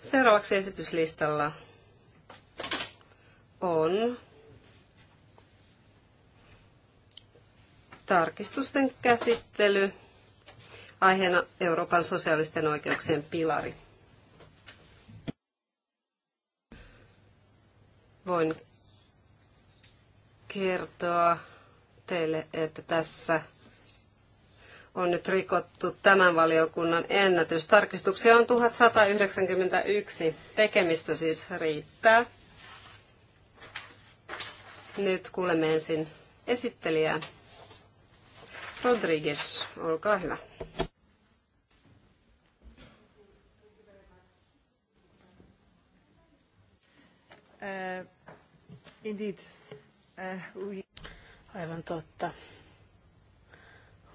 Seuraavaksi esityslistalla on tarkistusten käsittely. Aiheena Euroopan sosiaalisten oikeuksien pilari. Voin kertoa teille, että tässä on nyt rikottu tämän valiokunnan ennätys. Tarkistuksia on 1191. Tekemistä siis riittää. Nyt kuulemme ensin esittelijää. Rodriguez, olkaa hyvä. Indeed. Uh, Aivan totta.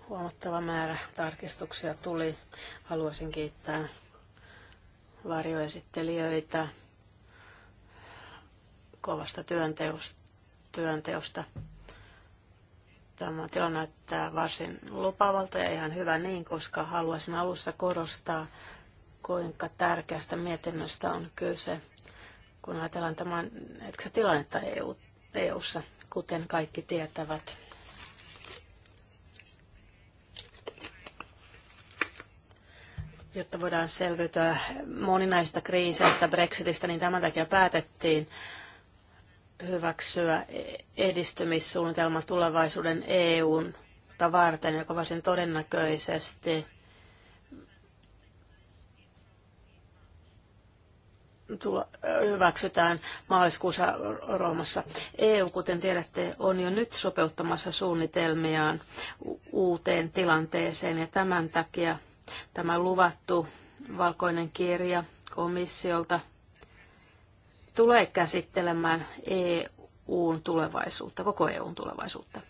Huomattava määrä tarkistuksia tuli. Haluaisin kiittää varjoesittelijöitä kovasta työnteosta. Tämä tilanne näyttää varsin lupavalta ja ihan hyvä niin, koska haluaisin alussa korostaa, kuinka tärkeästä mietinnöstä on kyse kun ajatellaan tämän hetkisen tilannetta EU, EU-ssa, kuten kaikki tietävät. Jotta voidaan selviytyä moninaisista kriiseistä, Brexitistä, niin tämän takia päätettiin hyväksyä edistymissuunnitelma tulevaisuuden EUn varten, joka varsin todennäköisesti – tulla, hyväksytään maaliskuussa Roomassa. EU, kuten tiedätte, on jo nyt sopeuttamassa suunnitelmiaan uuteen tilanteeseen ja tämän takia tämä luvattu valkoinen kirja komissiolta tulee käsittelemään EUn tulevaisuutta, koko EUn tulevaisuutta.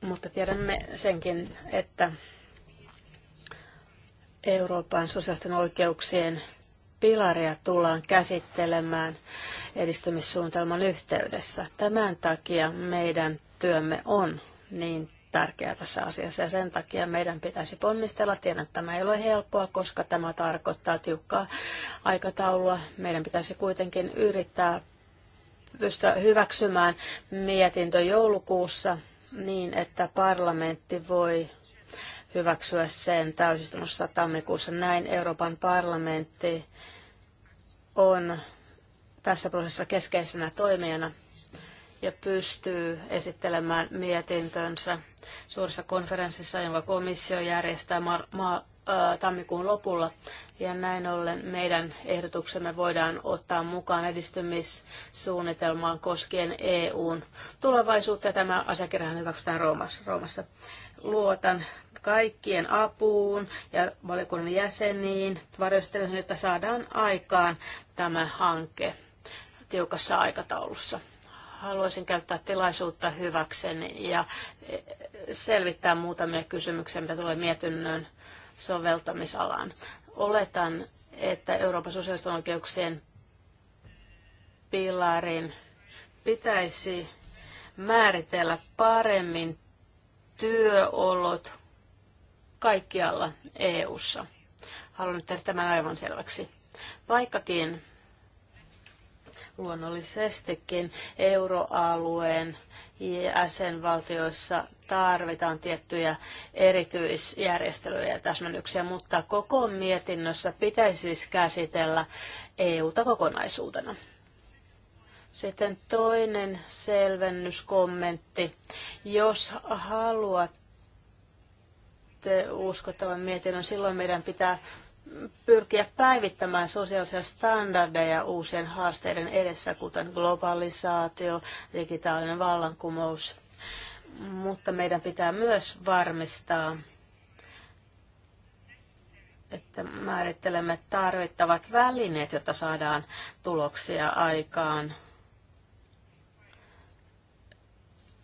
Mutta tiedämme senkin, että Euroopan sosiaalisten oikeuksien pilaria tullaan käsittelemään edistymissuunnitelman yhteydessä. Tämän takia meidän työmme on niin tärkeää tässä asiassa ja sen takia meidän pitäisi ponnistella. Tiedän, että tämä ei ole helppoa, koska tämä tarkoittaa tiukkaa aikataulua. Meidän pitäisi kuitenkin yrittää pystyä hyväksymään mietintö joulukuussa niin, että parlamentti voi hyväksyä sen täysistunnossa tammikuussa. Näin Euroopan parlamentti on tässä prosessissa keskeisenä toimijana ja pystyy esittelemään mietintönsä suuressa konferenssissa, jonka komissio järjestää ma- ma- tammikuun lopulla. Ja näin ollen meidän ehdotuksemme voidaan ottaa mukaan edistymissuunnitelmaan koskien EUn tulevaisuutta. tämä asiakirja hyväksytään Roomassa. Roomassa. Luotan kaikkien apuun ja valiokunnan jäseniin, varjostelemaan, että saadaan aikaan tämä hanke tiukassa aikataulussa. Haluaisin käyttää tilaisuutta hyväkseni ja e, selvittää muutamia kysymyksiä, mitä tulee mietinnön soveltamisalaan. Oletan, että Euroopan sosiaalisten oikeuksien pilarin pitäisi määritellä paremmin työolot, kaikkialla EU:ssa. Haluan nyt tehdä tämän aivan selväksi. Vaikkakin luonnollisestikin euroalueen jäsenvaltioissa tarvitaan tiettyjä erityisjärjestelyjä ja täsmennyksiä, mutta koko mietinnössä pitäisi siis käsitellä EUta kokonaisuutena. Sitten toinen selvennyskommentti. Jos haluat esititte uskottavan mietinnön, silloin meidän pitää pyrkiä päivittämään sosiaalisia standardeja uusien haasteiden edessä, kuten globalisaatio, digitaalinen vallankumous. Mutta meidän pitää myös varmistaa, että määrittelemme tarvittavat välineet, jotta saadaan tuloksia aikaan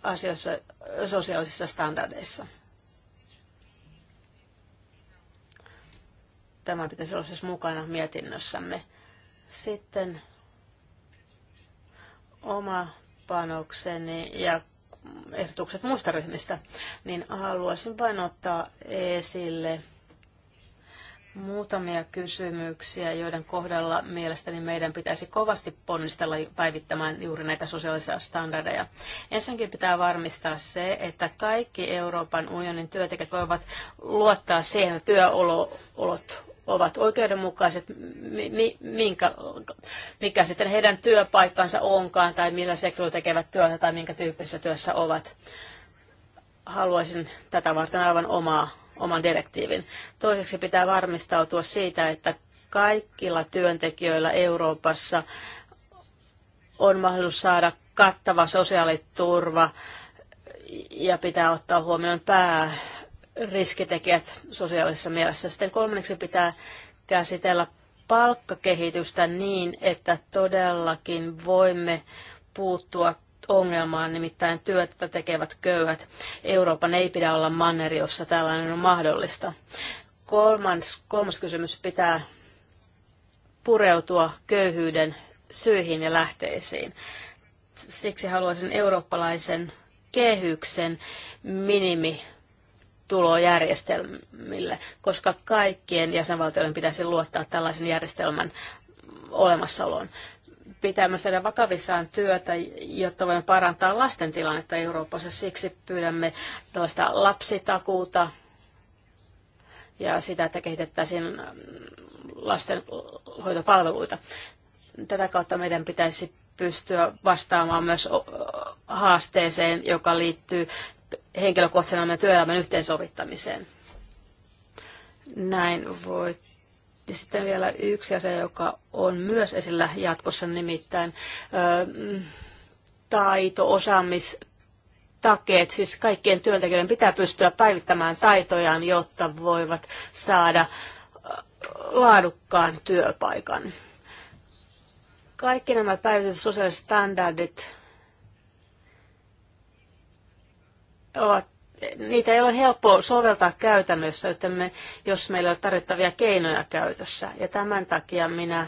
asioissa, sosiaalisissa standardeissa. Tämä pitäisi olla siis mukana mietinnössämme. Sitten oma panokseni ja ehdotukset muista ryhmistä, niin haluaisin vain ottaa esille muutamia kysymyksiä, joiden kohdalla mielestäni meidän pitäisi kovasti ponnistella päivittämään juuri näitä sosiaalisia standardeja. Ensinnäkin pitää varmistaa se, että kaikki Euroopan unionin työntekijät voivat luottaa siihen, että työolot ovat oikeudenmukaiset, minkä, mikä sitten heidän työpaikkansa onkaan tai millä sektorilla tekevät työtä tai minkä tyyppisessä työssä ovat. Haluaisin tätä varten aivan omaa, oman direktiivin. Toiseksi pitää varmistautua siitä, että kaikilla työntekijöillä Euroopassa on mahdollisuus saada kattava sosiaaliturva ja pitää ottaa huomioon pää riskitekijät sosiaalisessa mielessä. Sitten kolmanneksi pitää käsitellä palkkakehitystä niin, että todellakin voimme puuttua ongelmaan, nimittäin työtä tekevät köyhät. Euroopan ei pidä olla manneri, jossa tällainen on mahdollista. Kolmas, kolmas kysymys pitää pureutua köyhyyden syihin ja lähteisiin. Siksi haluaisin eurooppalaisen kehyksen minimi tulojärjestelmille, koska kaikkien jäsenvaltioiden pitäisi luottaa tällaisen järjestelmän olemassaoloon. Pitää myös tehdä vakavissaan työtä, jotta voimme parantaa lasten tilannetta Euroopassa. Siksi pyydämme tällaista lapsitakuuta ja sitä, että kehitettäisiin lastenhoitopalveluita. Tätä kautta meidän pitäisi pystyä vastaamaan myös haasteeseen, joka liittyy henkilökohtaisen ja työelämän yhteensovittamiseen. Näin voi. Ja sitten vielä yksi asia, joka on myös esillä jatkossa, nimittäin ö, mm, taito, osaamis, takeet, siis kaikkien työntekijöiden pitää pystyä päivittämään taitojaan, jotta voivat saada laadukkaan työpaikan. Kaikki nämä päivitetyt sosiaaliset standardit ovat niitä ei ole helppo soveltaa käytännössä, joten me, jos meillä on tarvittavia keinoja käytössä. Ja tämän takia minä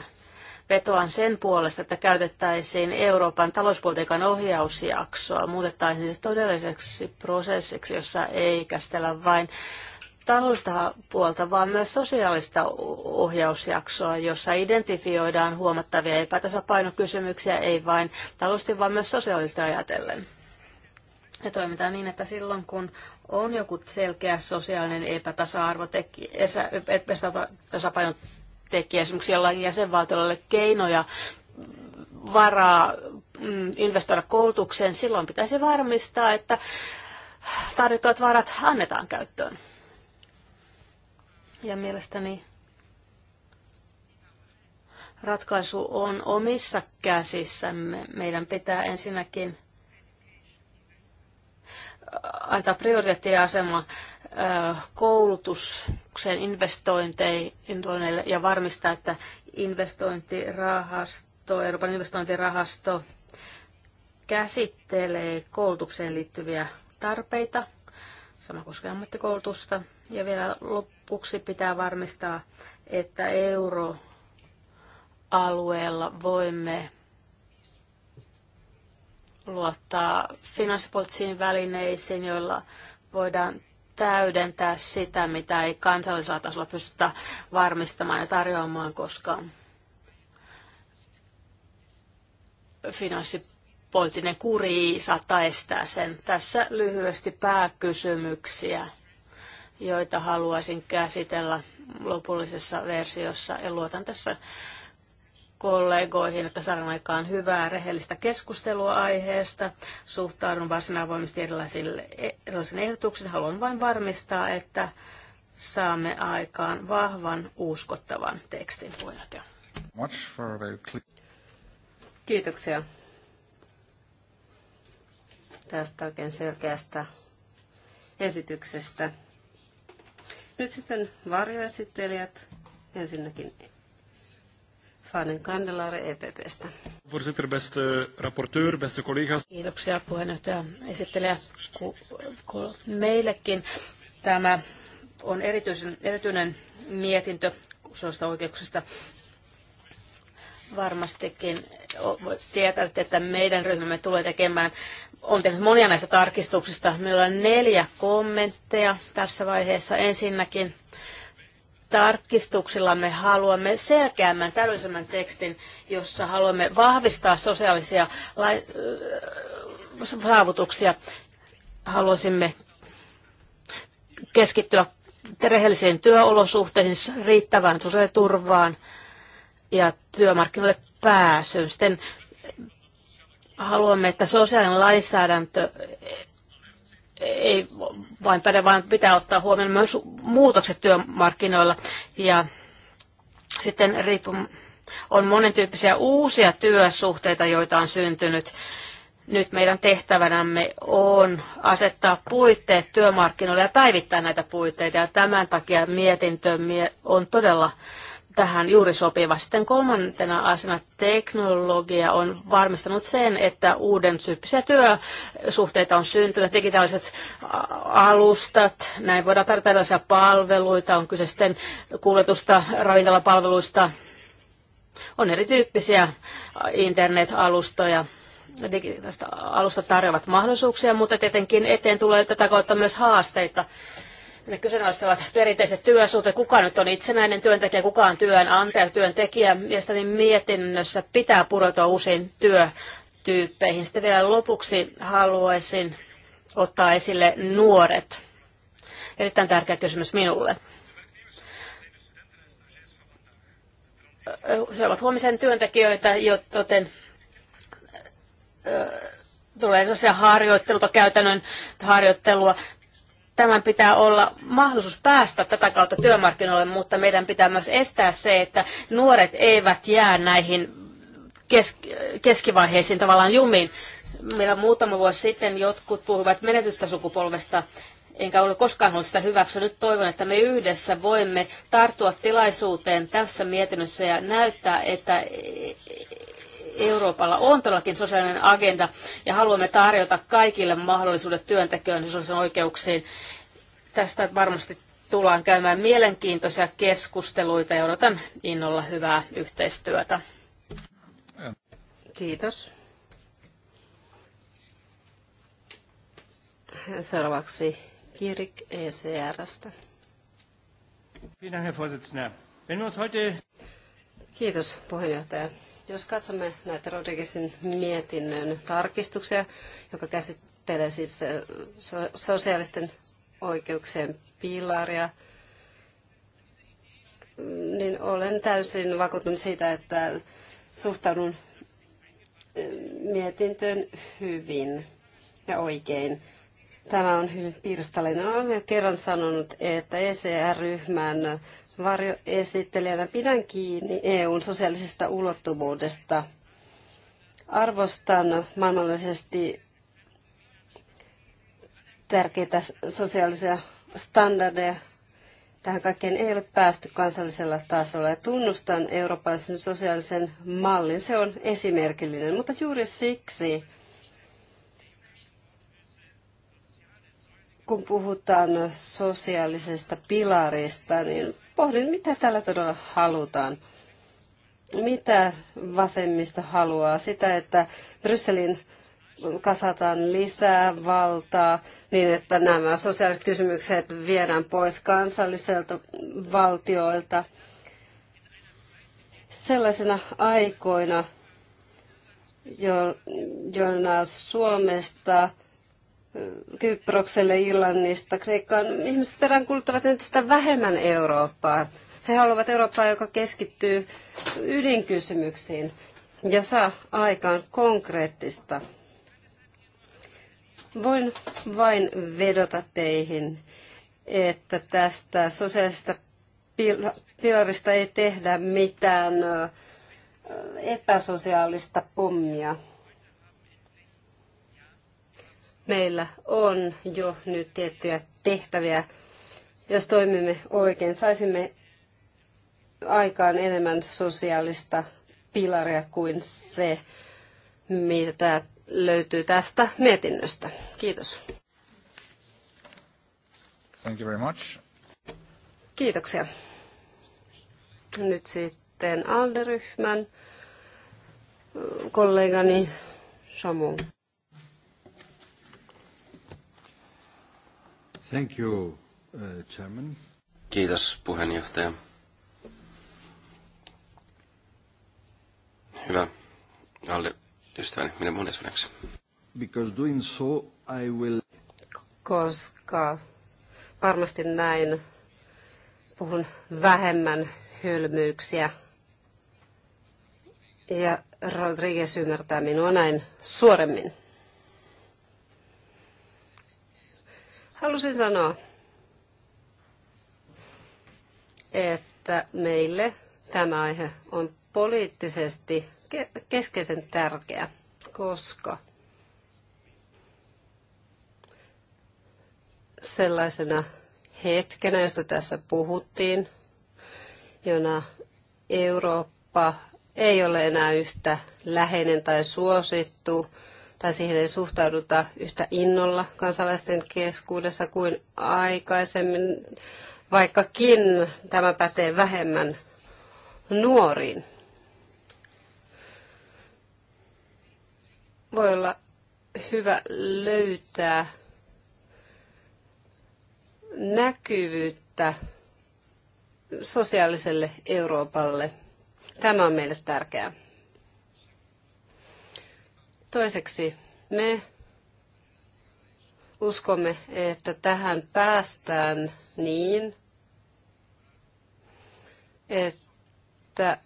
vetoan sen puolesta, että käytettäisiin Euroopan talouspolitiikan ohjausjaksoa, muutettaisiin se siis todelliseksi prosessiksi, jossa ei käsitellä vain taloudellista puolta, vaan myös sosiaalista ohjausjaksoa, jossa identifioidaan huomattavia epätasapainokysymyksiä, ei vain taloudellisesti, vaan myös sosiaalista ajatellen. Ja toimitaan niin, että silloin kun on joku selkeä sosiaalinen epätasa-arvo, tekijä, esimerkiksi jollain jäsenvaltiolle keinoja varaa mm, investoida koulutukseen, silloin pitäisi varmistaa, että tarvittavat varat annetaan käyttöön. Ja mielestäni ratkaisu on omissa käsissämme. Meidän pitää ensinnäkin antaa prioriteettiasema koulutuksen investointeille ja varmistaa, että investointirahasto, Euroopan investointirahasto käsittelee koulutukseen liittyviä tarpeita. Sama koskee ammattikoulutusta. Ja vielä lopuksi pitää varmistaa, että euroalueella voimme luottaa finanssipoliittisiin välineisiin, joilla voidaan täydentää sitä, mitä ei kansallisella tasolla pystytä varmistamaan ja tarjoamaan, koska finanssipoliittinen kuri saattaa estää sen. Tässä lyhyesti pääkysymyksiä, joita haluaisin käsitellä lopullisessa versiossa ja luotan tässä kollegoihin, että saadaan aikaan hyvää rehellistä keskustelua aiheesta. Suhtaudun varsin avoimesti erilaisiin ehdotuksiin. Haluan vain varmistaa, että saamme aikaan vahvan, uskottavan tekstin puheenjohtaja. Kiitoksia tästä oikein selkeästä esityksestä. Nyt sitten varjoesittelijät. Ensinnäkin Fanen Kandelare EPPstä. Voorzitter, beste rapporteur, beste collega's. Kiitoksia puheenjohtaja esittelijä. meillekin tämä on erityisen, erityinen mietintö sosiaalista oikeuksista. Varmastikin tietävät, että meidän ryhmämme tulee tekemään, on tehnyt monia näistä tarkistuksista. Meillä on neljä kommentteja tässä vaiheessa. Ensinnäkin tarkistuksilla me haluamme selkeämmän, täydellisemmän tekstin, jossa haluamme vahvistaa sosiaalisia lai- äh, saavutuksia. Haluaisimme keskittyä rehellisiin työolosuhteisiin, riittävään sosiaaliturvaan ja työmarkkinoille pääsyyn. Sitten haluamme, että sosiaalinen lainsäädäntö ei vain päde, vaan pitää ottaa huomioon myös muutokset työmarkkinoilla. Ja sitten riippu, on monen uusia työsuhteita, joita on syntynyt. Nyt meidän tehtävänämme on asettaa puitteet työmarkkinoille ja päivittää näitä puitteita. Ja tämän takia mietintö on todella tähän juuri sopiva. Sitten kolmantena asiana teknologia on varmistanut sen, että uuden tyyppisiä työsuhteita on syntynyt, digitaaliset alustat, näin voidaan tarjota erilaisia palveluita, on kyse sitten kuljetusta, ravintolapalveluista, on erityyppisiä internet-alustoja, digitaalista alusta tarjoavat mahdollisuuksia, mutta tietenkin eteen tulee tätä kautta myös haasteita ne kyseenalaistavat perinteiset työsuhteet, kuka nyt on itsenäinen työntekijä, kuka on työnantaja, työntekijä. Mielestäni mietinnössä pitää pureutua usein työtyyppeihin. Sitten vielä lopuksi haluaisin ottaa esille nuoret. Erittäin tärkeä kysymys minulle. Se ovat huomisen työntekijöitä, joten tulee sellaisia harjoitteluta, käytännön harjoittelua tämän pitää olla mahdollisuus päästä tätä kautta työmarkkinoille, mutta meidän pitää myös estää se, että nuoret eivät jää näihin kes- keskivaiheisiin tavallaan jumiin. Meillä muutama vuosi sitten jotkut puhuvat menetystä sukupolvesta, enkä ole koskaan ollut sitä hyväksynyt. Toivon, että me yhdessä voimme tarttua tilaisuuteen tässä mietinnössä ja näyttää, että Euroopalla on todellakin sosiaalinen agenda ja haluamme tarjota kaikille mahdollisuudet työntekijöiden siis sosiaalisiin oikeuksiin. Tästä varmasti tullaan käymään mielenkiintoisia keskusteluita ja odotan innolla hyvää yhteistyötä. Kiitos. Seuraavaksi Kirik ECRstä. Kiitos puheenjohtaja. Jos katsomme näitä Rodriguezin mietinnön tarkistuksia, joka käsittelee siis sosiaalisten oikeuksien pilaria, niin olen täysin vakuuttunut siitä, että suhtaudun mietintöön hyvin ja oikein. Tämä on hyvin pirstallinen. Olen jo kerran sanonut, että ECR-ryhmän varjoesittelijänä pidän kiinni EUn sosiaalisesta ulottuvuudesta. Arvostan maailmallisesti tärkeitä sosiaalisia standardeja. Tähän kaikkeen ei ole päästy kansallisella tasolla ja tunnustan eurooppalaisen sosiaalisen mallin. Se on esimerkillinen, mutta juuri siksi kun puhutaan sosiaalisesta pilarista, niin pohdin, mitä tällä todella halutaan. Mitä vasemmisto haluaa? Sitä, että Brysselin kasataan lisää valtaa niin, että nämä sosiaaliset kysymykset viedään pois kansalliselta valtioilta. Sellaisena aikoina, jo, jona Suomesta Kyprokselle Irlannista Kreikkaan, ihmiset peräänkuluttavat entistä vähemmän Eurooppaa. He haluavat Eurooppaa, joka keskittyy ydinkysymyksiin ja saa aikaan konkreettista. Voin vain vedota teihin, että tästä sosiaalisesta pilarista ei tehdä mitään epäsosiaalista pommia. Meillä on jo nyt tiettyjä tehtäviä. Jos toimimme oikein, saisimme aikaan enemmän sosiaalista pilaria kuin se, mitä löytyy tästä mietinnöstä. Kiitos. Thank you very much. Kiitoksia. Nyt sitten Alderyhmän kollegani Samu. Thank you, uh, chairman. Kiitos puheenjohtaja. Hyvä. Alle ystäväni, minä mun esimerkiksi. Because doing so, I will... Koska varmasti näin puhun vähemmän hölmyyksiä. Ja Rodriguez ymmärtää minua näin suoremmin. Halusin sanoa, että meille tämä aihe on poliittisesti keskeisen tärkeä, koska sellaisena hetkenä, josta tässä puhuttiin, jona Eurooppa ei ole enää yhtä läheinen tai suosittu, tai siihen ei suhtauduta yhtä innolla kansalaisten keskuudessa kuin aikaisemmin, vaikkakin tämä pätee vähemmän nuoriin. Voi olla hyvä löytää näkyvyyttä sosiaaliselle Euroopalle. Tämä on meille tärkeää. Toiseksi me uskomme, että tähän päästään niin, että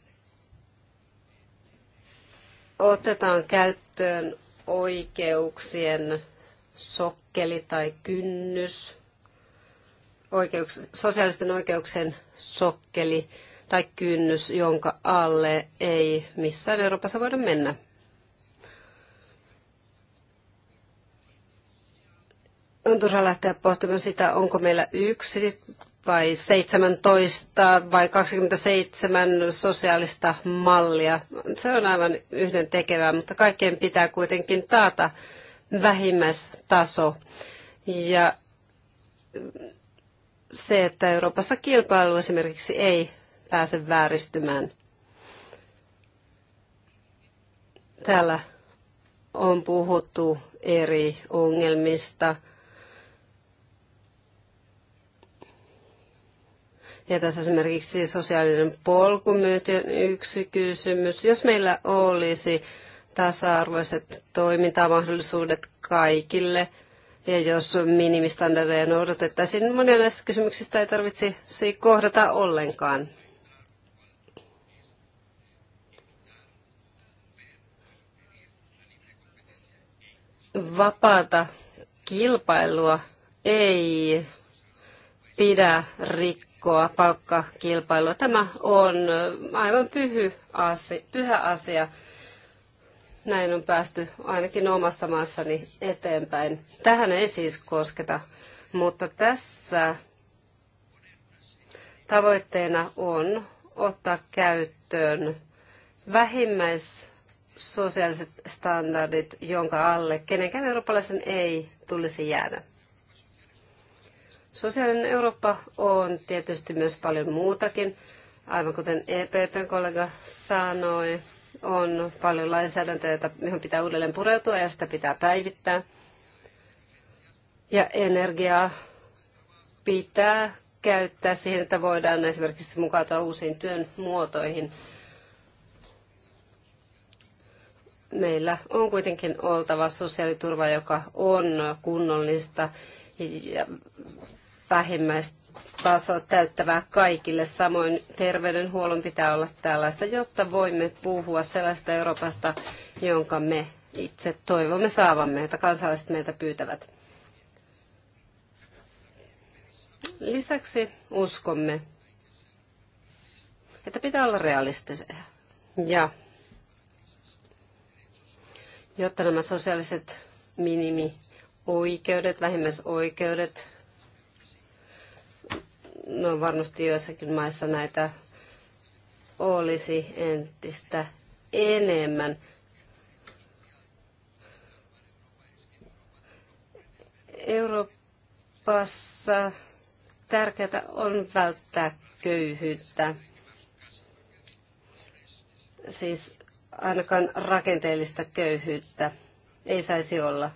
otetaan käyttöön oikeuksien sokkeli tai kynnys, oikeuks, sosiaalisten oikeuksien sokkeli tai kynnys, jonka alle ei missään Euroopassa voida mennä. on turha lähteä pohtimaan sitä, onko meillä yksi vai 17 vai 27 sosiaalista mallia. Se on aivan yhden tekevää, mutta kaikkien pitää kuitenkin taata vähimmäistaso. Ja se, että Euroopassa kilpailu esimerkiksi ei pääse vääristymään. Täällä on puhuttu eri ongelmista – Ja tässä esimerkiksi sosiaalinen polku on yksi kysymys. Jos meillä olisi tasa-arvoiset toimintamahdollisuudet kaikille, ja jos minimistandardeja noudatettaisiin, niin monia näistä kysymyksistä ei tarvitsisi kohdata ollenkaan. Vapaata kilpailua ei pidä rikkoa rikkoa palkkakilpailua. Tämä on aivan pyhy asia, pyhä asia. Näin on päästy ainakin omassa maassani eteenpäin. Tähän ei siis kosketa, mutta tässä tavoitteena on ottaa käyttöön sosiaaliset standardit, jonka alle kenenkään eurooppalaisen ei tulisi jäädä. Sosiaalinen Eurooppa on tietysti myös paljon muutakin. Aivan kuten EPPn kollega sanoi, on paljon lainsäädäntöä, johon pitää uudelleen pureutua ja sitä pitää päivittää. Ja energiaa pitää käyttää siihen, että voidaan esimerkiksi mukautua uusiin työn muotoihin. Meillä on kuitenkin oltava sosiaaliturva, joka on kunnollista ja vähimmäistaso täyttävää kaikille. Samoin terveydenhuollon pitää olla tällaista, jotta voimme puhua sellaista Euroopasta, jonka me itse toivomme saavamme, jota kansalaiset meiltä pyytävät. Lisäksi uskomme, että pitää olla realistisia. Ja jotta nämä sosiaaliset minimioikeudet, vähimmäisoikeudet no varmasti joissakin maissa näitä olisi entistä enemmän. Euroopassa tärkeää on välttää köyhyyttä. Siis ainakaan rakenteellista köyhyyttä ei saisi olla.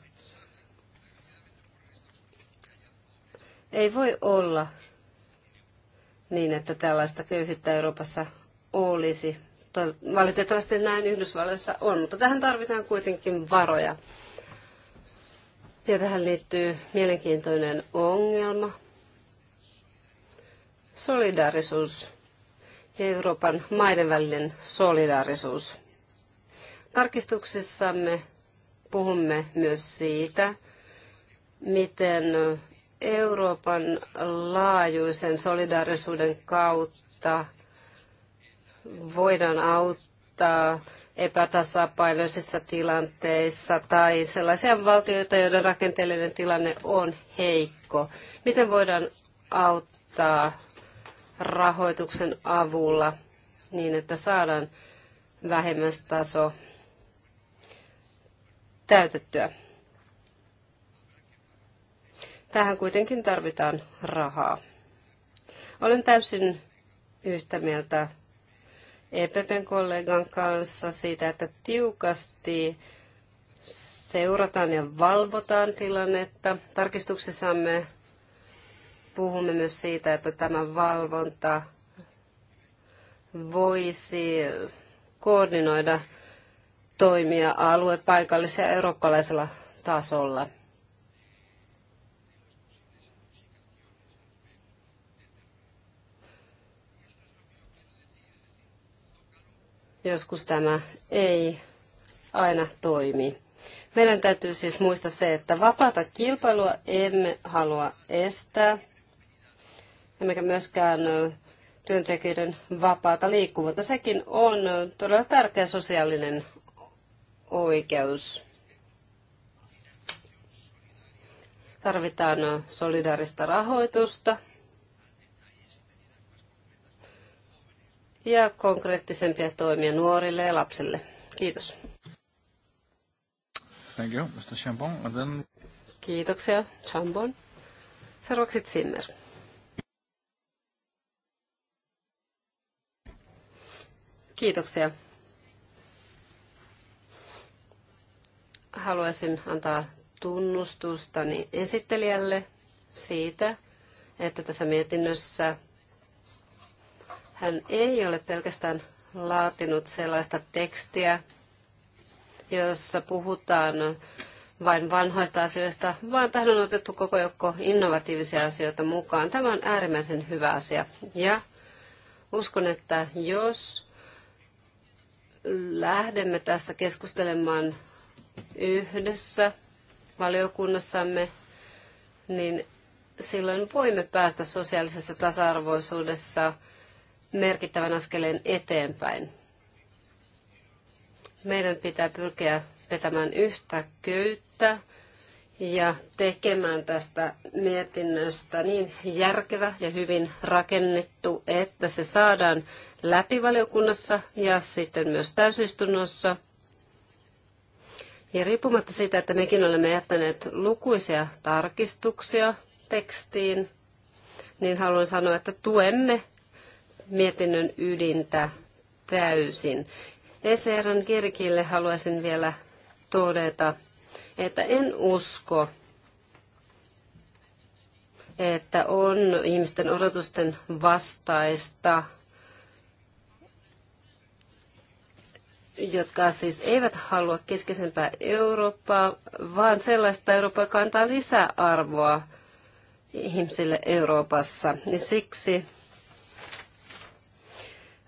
Ei voi olla niin, että tällaista köyhyyttä Euroopassa olisi. Valitettavasti näin Yhdysvalloissa on, mutta tähän tarvitaan kuitenkin varoja. Ja tähän liittyy mielenkiintoinen ongelma. Solidaarisuus ja Euroopan maiden välinen solidaarisuus. Tarkistuksissamme puhumme myös siitä, miten Euroopan laajuisen solidaarisuuden kautta voidaan auttaa epätasapainoisissa tilanteissa tai sellaisia valtioita, joiden rakenteellinen tilanne on heikko. Miten voidaan auttaa rahoituksen avulla niin, että saadaan vähemmästaso täytettyä? Tähän kuitenkin tarvitaan rahaa. Olen täysin yhtä mieltä EPPn kollegan kanssa siitä, että tiukasti seurataan ja valvotaan tilannetta. Tarkistuksessamme puhumme myös siitä, että tämä valvonta voisi koordinoida toimia alue paikallisella ja eurooppalaisella tasolla. joskus tämä ei aina toimi. Meidän täytyy siis muistaa se, että vapaata kilpailua emme halua estää, emmekä myöskään työntekijöiden vapaata liikkuvuutta. Sekin on todella tärkeä sosiaalinen oikeus. Tarvitaan solidaarista rahoitusta ja konkreettisempia toimia nuorille ja lapsille. Kiitos. Thank you, Mr. Chambon. And then... Kiitoksia, Chambon. Seuraavaksi Zimmer. Kiitoksia. Haluaisin antaa tunnustustani esittelijälle siitä, että tässä mietinnössä hän ei ole pelkästään laatinut sellaista tekstiä, jossa puhutaan vain vanhoista asioista, vaan tähän on otettu koko joukko innovatiivisia asioita mukaan. Tämä on äärimmäisen hyvä asia. Ja uskon, että jos lähdemme tästä keskustelemaan yhdessä valiokunnassamme, niin silloin voimme päästä sosiaalisessa tasa-arvoisuudessa merkittävän askeleen eteenpäin. Meidän pitää pyrkiä vetämään yhtä köyttä ja tekemään tästä mietinnöstä niin järkevä ja hyvin rakennettu, että se saadaan läpivaliokunnassa ja sitten myös täysistunnossa. Ja riippumatta siitä, että mekin olemme jättäneet lukuisia tarkistuksia tekstiin, niin haluan sanoa, että tuemme mietinnön ydintä täysin. ECRn Kirkille haluaisin vielä todeta, että en usko, että on ihmisten odotusten vastaista, jotka siis eivät halua keskeisempää Eurooppaa, vaan sellaista Eurooppaa, joka antaa lisäarvoa ihmisille Euroopassa. Ja niin siksi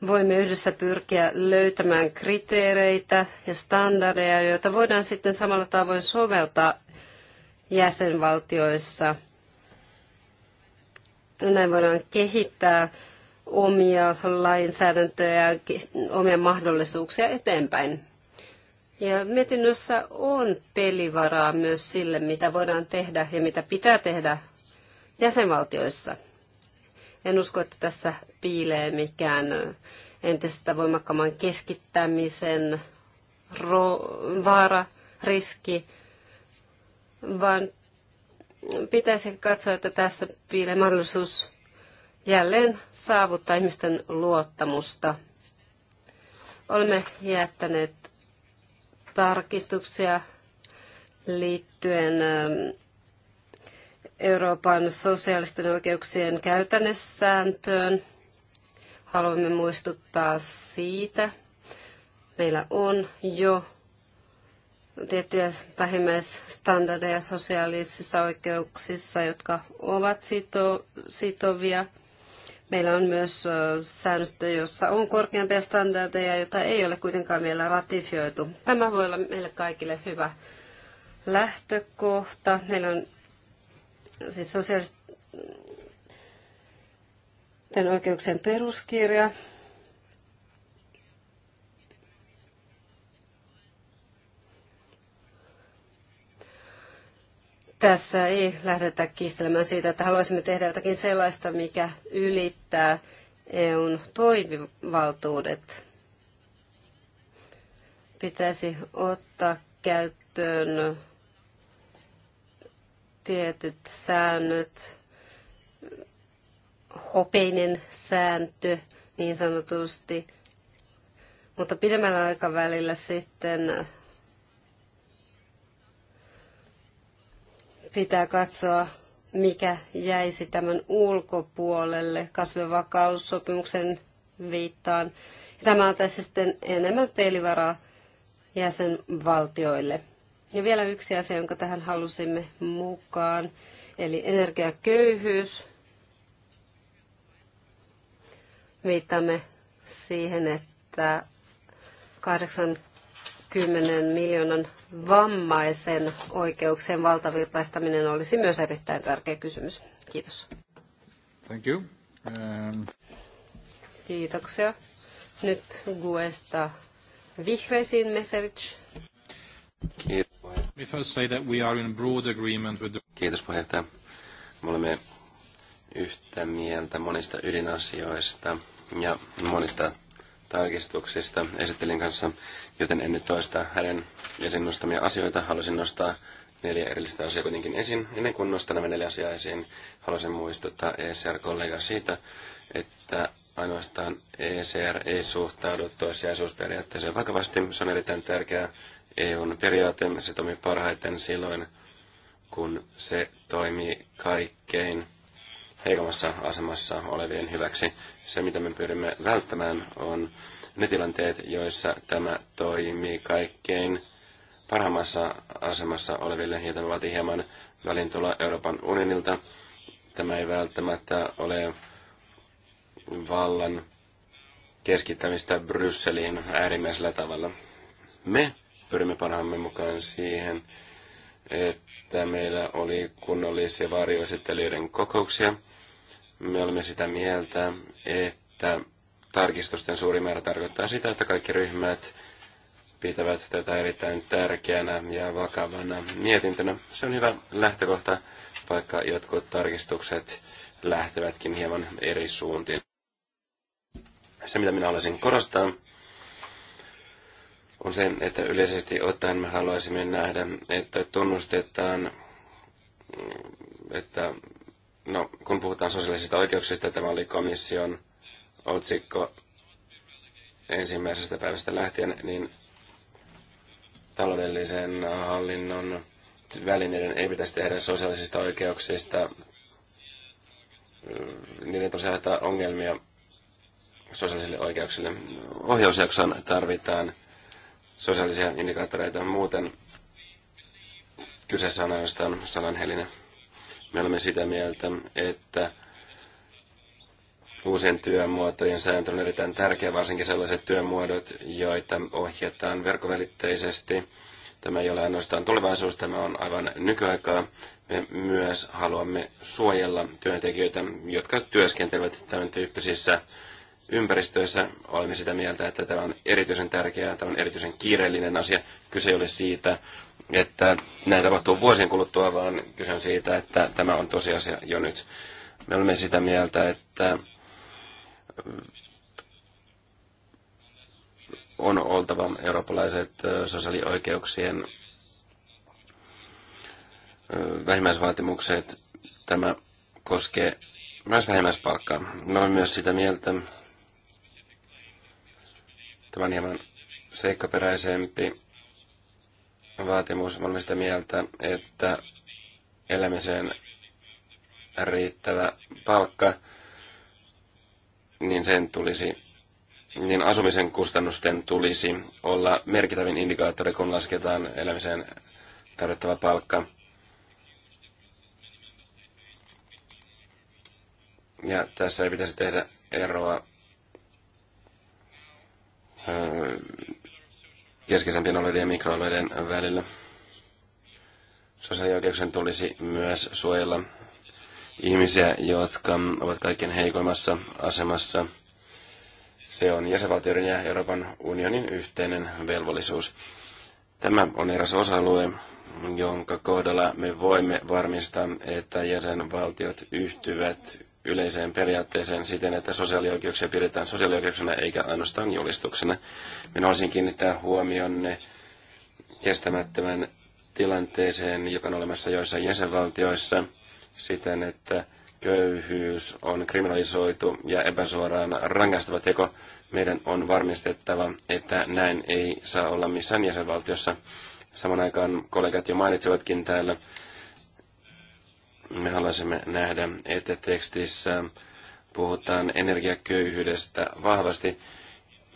voimme yhdessä pyrkiä löytämään kriteereitä ja standardeja, joita voidaan sitten samalla tavoin soveltaa jäsenvaltioissa. Näin voidaan kehittää omia lainsäädäntöjä, omia mahdollisuuksia eteenpäin. Ja mietinnössä on pelivaraa myös sille, mitä voidaan tehdä ja mitä pitää tehdä jäsenvaltioissa. En usko, että tässä piilee mikään entistä voimakkaamman keskittämisen ro- vaara, riski, vaan pitäisi katsoa, että tässä piilee mahdollisuus jälleen saavuttaa ihmisten luottamusta. Olemme jättäneet tarkistuksia liittyen ähm, Euroopan sosiaalisten oikeuksien käytännessääntöön. Haluamme muistuttaa siitä. Meillä on jo tiettyjä vähimmäisstandardeja sosiaalisissa oikeuksissa, jotka ovat sito, sitovia. Meillä on myös säännöstö, jossa on korkeampia standardeja, joita ei ole kuitenkaan vielä ratifioitu. Tämä voi olla meille kaikille hyvä lähtökohta. Meillä on siis sosiaalisten oikeuksien peruskirja. Tässä ei lähdetä kiistelemään siitä, että haluaisimme tehdä jotakin sellaista, mikä ylittää EUn toimivaltuudet. Pitäisi ottaa käyttöön tietyt säännöt, hopeinen sääntö niin sanotusti, mutta pidemmällä aikavälillä sitten pitää katsoa, mikä jäisi tämän ulkopuolelle kasvivakaussopimuksen viittaan. Tämä tässä sitten enemmän pelivaraa jäsenvaltioille. Ja vielä yksi asia, jonka tähän halusimme mukaan, eli energiaköyhyys. Viittaamme siihen, että 80 miljoonan vammaisen oikeuksien valtavirtaistaminen olisi myös erittäin tärkeä kysymys. Kiitos. Thank you. Um... Kiitoksia. Nyt Guesta vihreisiin message. Kiitos puheenjohtaja. Kiitos puheenjohtaja. Me olemme yhtä mieltä monista ydinasioista ja monista tarkistuksista esittelin kanssa, joten en nyt toista hänen esiin nostamia asioita. Haluaisin nostaa neljä erillistä asiaa kuitenkin esiin. Ennen kuin nostan nämä neljä asiaa esiin, haluaisin muistuttaa ECR-kollega siitä, että ainoastaan ECR ei suhtaudu toissijaisuusperiaatteeseen vakavasti. Se on erittäin tärkeää EUn periaate, se toimii parhaiten silloin, kun se toimii kaikkein heikommassa asemassa olevien hyväksi. Se, mitä me pyrimme välttämään, on ne tilanteet, joissa tämä toimii kaikkein parhaimmassa asemassa oleville, ja tämä vaatii hieman välintuloa Euroopan unionilta. Tämä ei välttämättä ole vallan keskittämistä Brysseliin äärimmäisellä tavalla. Me pyrimme parhaamme mukaan siihen, että meillä oli kunnollisia varjoesittelijöiden kokouksia. Me olemme sitä mieltä, että tarkistusten suuri määrä tarkoittaa sitä, että kaikki ryhmät pitävät tätä erittäin tärkeänä ja vakavana mietintönä. Se on hyvä lähtökohta, vaikka jotkut tarkistukset lähtevätkin hieman eri suuntiin. Se, mitä minä haluaisin korostaa, on se, että yleisesti ottaen me haluaisimme nähdä, että tunnustetaan, että no, kun puhutaan sosiaalisista oikeuksista, tämä oli komission otsikko ensimmäisestä päivästä lähtien, niin taloudellisen hallinnon välineiden ei pitäisi tehdä sosiaalisista oikeuksista, niiden tosiaan ongelmia sosiaalisille oikeuksille. Ohjausjakson tarvitaan sosiaalisia indikaattoreita. Muuten kyseessä on ainoastaan sananhelinä. Me olemme sitä mieltä, että uusien työmuotojen sääntö on erittäin tärkeä, varsinkin sellaiset työmuodot, joita ohjataan verkkovälitteisesti. Tämä ei ole ainoastaan tulevaisuus, tämä on aivan nykyaikaa. Me myös haluamme suojella työntekijöitä, jotka työskentelevät tämän tyyppisissä ympäristöissä olemme sitä mieltä, että tämä on erityisen tärkeää, tämä on erityisen kiireellinen asia. Kyse ei ole siitä, että näin tapahtuu vuosien kuluttua, vaan kyse on siitä, että tämä on tosiasia jo nyt. Me olemme sitä mieltä, että on oltava eurooppalaiset sosiaalioikeuksien vähimmäisvaatimukset. Tämä koskee myös vähimmäispalkkaa. Me olemme myös sitä mieltä, Tämä on hieman seikkaperäisempi vaatimus. Me olemme sitä mieltä, että elämiseen riittävä palkka, niin sen tulisi niin asumisen kustannusten tulisi olla merkittävin indikaattori, kun lasketaan elämiseen tarvittava palkka. Ja tässä ei pitäisi tehdä eroa keskeisempien alueiden ja mikroalueiden välillä. Sosiaalioikeuksien tulisi myös suojella ihmisiä, jotka ovat kaikkein heikoimmassa asemassa. Se on jäsenvaltioiden ja Euroopan unionin yhteinen velvollisuus. Tämä on eräs osa-alue, jonka kohdalla me voimme varmistaa, että jäsenvaltiot yhtyvät yleiseen periaatteeseen siten, että sosiaalioikeuksia pidetään sosiaalioikeuksena eikä ainoastaan julistuksena. Minä haluaisin kiinnittää huomionne kestämättömän tilanteeseen, joka on olemassa joissain jäsenvaltioissa siten, että köyhyys on kriminalisoitu ja epäsuoraan rangaistava teko. Meidän on varmistettava, että näin ei saa olla missään jäsenvaltiossa. Saman aikaan kollegat jo mainitsevatkin täällä, me haluaisimme nähdä, että tekstissä puhutaan energiaköyhyydestä vahvasti.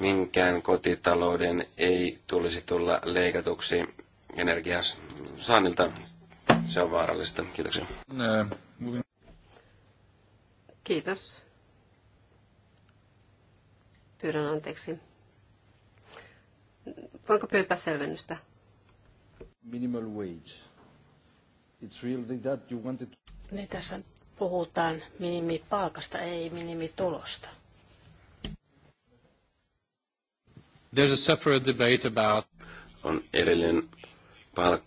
Minkään kotitalouden ei tulisi tulla leikatuksi energiasaannilta. Se on vaarallista. Kiitoksia. Kiitos. Pyydän anteeksi. Voinko pyytää selvennystä? Minimal wage. It's really that you wanted to... Niin tässä puhutaan minimipalkasta, ei minimitulosta. There's a separate debate about... On erillinen palk-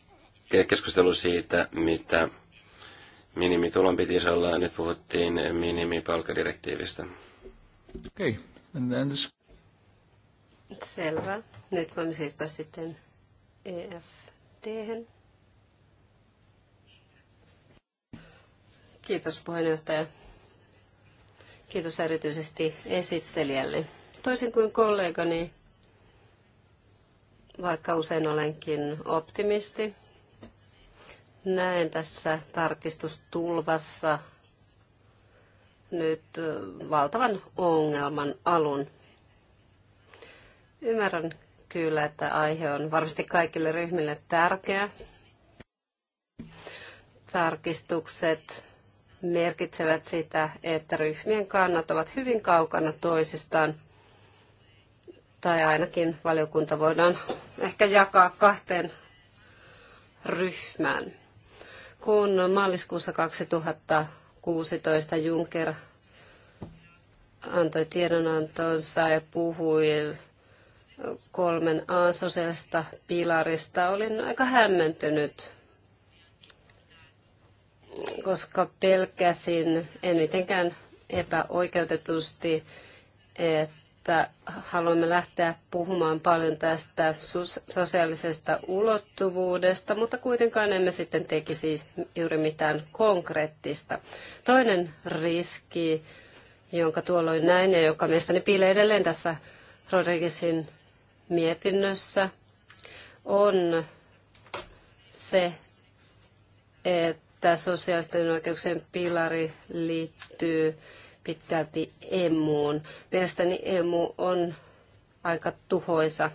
keskustelu siitä, mitä minimitulon piti olla. Nyt puhuttiin minimipalkkadirektiivistä. Okei. Okay. And then this... Selvä. Nyt voimme siirtyä sitten EFD. -hän. Kiitos puheenjohtaja. Kiitos erityisesti esittelijälle. Toisin kuin kollegani, vaikka usein olenkin optimisti, näen tässä tarkistustulvassa nyt valtavan ongelman alun. Ymmärrän kyllä, että aihe on varmasti kaikille ryhmille tärkeä. Tarkistukset merkitsevät sitä, että ryhmien kannat ovat hyvin kaukana toisistaan. Tai ainakin valiokunta voidaan ehkä jakaa kahteen ryhmään. Kun maaliskuussa 2016 Juncker antoi tiedonantonsa ja puhui kolmen A-sosiaalista pilarista, olin aika hämmentynyt koska pelkäsin, en mitenkään epäoikeutetusti, että haluamme lähteä puhumaan paljon tästä sosiaalisesta ulottuvuudesta, mutta kuitenkaan emme sitten tekisi juuri mitään konkreettista. Toinen riski, jonka tuolloin näin ja joka mielestäni piilee edelleen tässä Rodriguezin mietinnössä, on se, että että sosiaalisten oikeuksien pilari liittyy pitkälti emuun. Mielestäni emu on aika tuhoisa.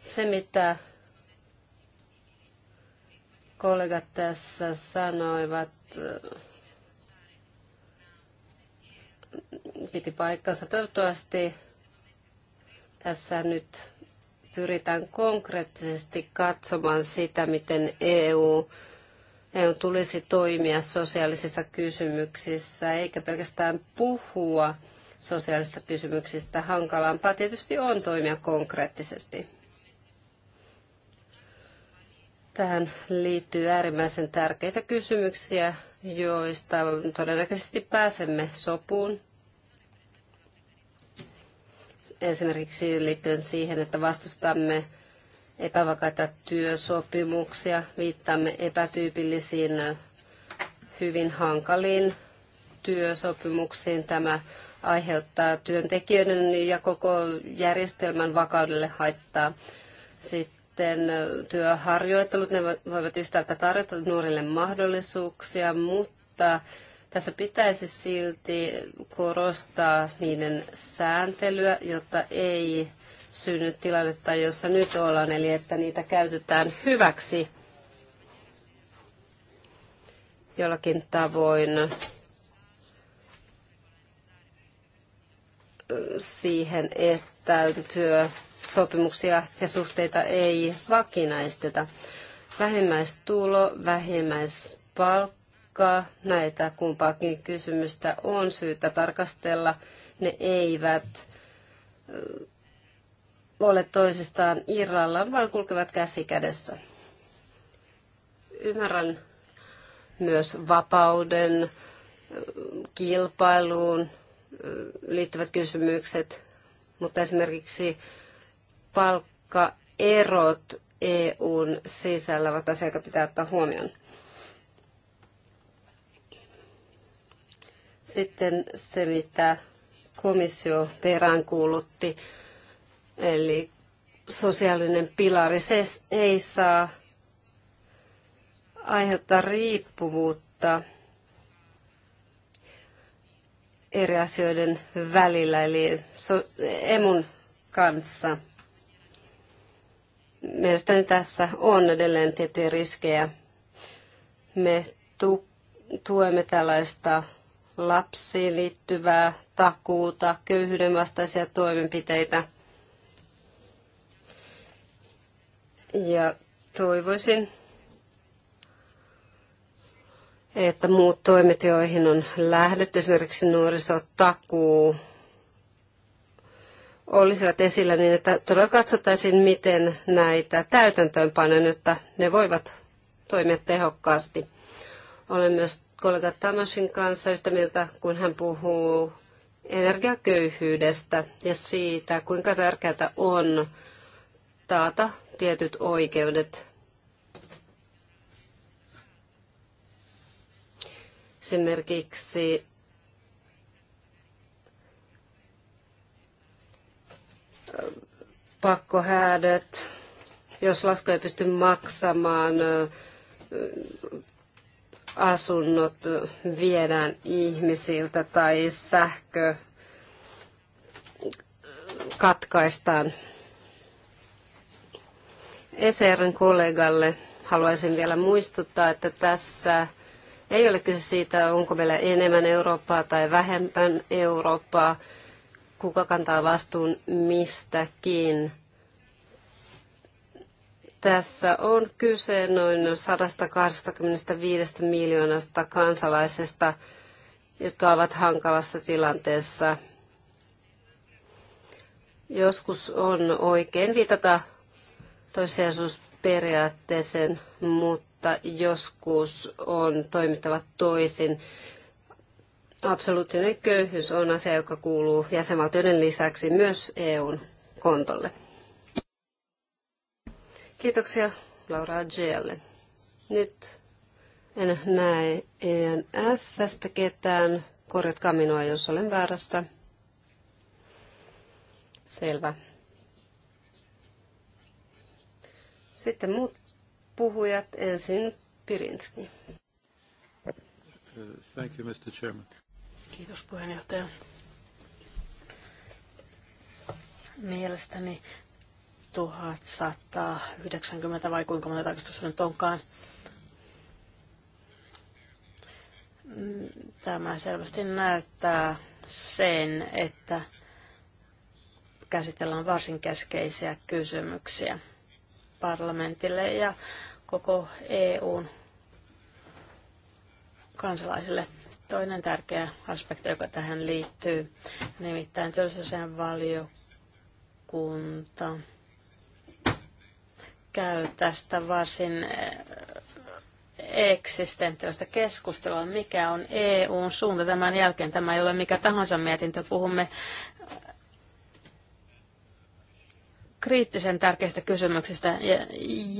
Se, mitä kollegat tässä sanoivat, piti paikkansa. Toivottavasti tässä nyt pyritään konkreettisesti katsomaan sitä, miten EU, EU tulisi toimia sosiaalisissa kysymyksissä, eikä pelkästään puhua sosiaalista kysymyksistä. Hankalampaa tietysti on toimia konkreettisesti. Tähän liittyy äärimmäisen tärkeitä kysymyksiä, joista todennäköisesti pääsemme sopuun esimerkiksi liittyen siihen, että vastustamme epävakaita työsopimuksia, viittaamme epätyypillisiin, hyvin hankaliin työsopimuksiin. Tämä aiheuttaa työntekijöiden ja koko järjestelmän vakaudelle haittaa. Sitten työharjoittelut, ne voivat yhtäältä tarjota nuorille mahdollisuuksia, mutta tässä pitäisi silti korostaa niiden sääntelyä, jotta ei synny tilannetta, jossa nyt ollaan, eli että niitä käytetään hyväksi jollakin tavoin siihen, että työsopimuksia ja suhteita ei vakinaisteta. Vähimmäistulo, vähimmäispalkka tarkkaa. Näitä kumpaakin kysymystä on syytä tarkastella. Ne eivät ole toisistaan irrallaan, vaan kulkevat käsi kädessä. Ymmärrän myös vapauden, kilpailuun liittyvät kysymykset, mutta esimerkiksi palkkaerot EUn sisällä ovat asia, pitää ottaa huomioon. Sitten se, mitä komissio peräänkuulutti, eli sosiaalinen pilari, se ei saa aiheuttaa riippuvuutta eri asioiden välillä, eli emun kanssa. Mielestäni tässä on edelleen tiettyjä riskejä. Me tuemme tällaista lapsiin liittyvää takuuta, köyhyyden vastaisia toimenpiteitä. Ja toivoisin, että muut toimet, joihin on lähdetty, esimerkiksi nuorisotakuu, olisivat esillä niin, että todella katsottaisiin, miten näitä täytäntöönpanoja, jotta ne voivat toimia tehokkaasti. Olen myös kollega Tamasin kanssa yhtä mieltä, kun hän puhuu energiaköyhyydestä ja siitä, kuinka tärkeää on taata tietyt oikeudet. Esimerkiksi pakkohäädöt, jos laskuja ei pysty maksamaan, asunnot viedään ihmisiltä tai sähkö katkaistaan. ECRn kollegalle haluaisin vielä muistuttaa, että tässä ei ole kyse siitä, onko meillä enemmän Eurooppaa tai vähemmän Eurooppaa, kuka kantaa vastuun mistäkin. Tässä on kyse noin 125 miljoonasta kansalaisesta, jotka ovat hankalassa tilanteessa. Joskus on oikein viitata toissijaisuusperiaatteeseen, mutta joskus on toimittava toisin. Absoluuttinen köyhyys on asia, joka kuuluu jäsenvaltioiden lisäksi myös EUn kontolle. Kiitoksia Laura Agealle. Nyt en näe ENFstä ketään. Korjatkaa minua, jos olen väärässä. Selvä. Sitten muut puhujat. Ensin Pirinski. Thank you, Mr. Chairman. Kiitos puheenjohtaja. Mielestäni 1190 vai kuinka monta tarkistusta nyt onkaan. Tämä selvästi näyttää sen, että käsitellään varsin keskeisiä kysymyksiä parlamentille ja koko EUn kansalaisille. Toinen tärkeä aspekti, joka tähän liittyy, nimittäin työllisyysasian valiokunta käy tästä varsin eh, eksistentiaalista keskustelua, mikä on EUn suunta tämän jälkeen. Tämä ei ole mikä tahansa mietintö. Puhumme kriittisen tärkeistä kysymyksistä ja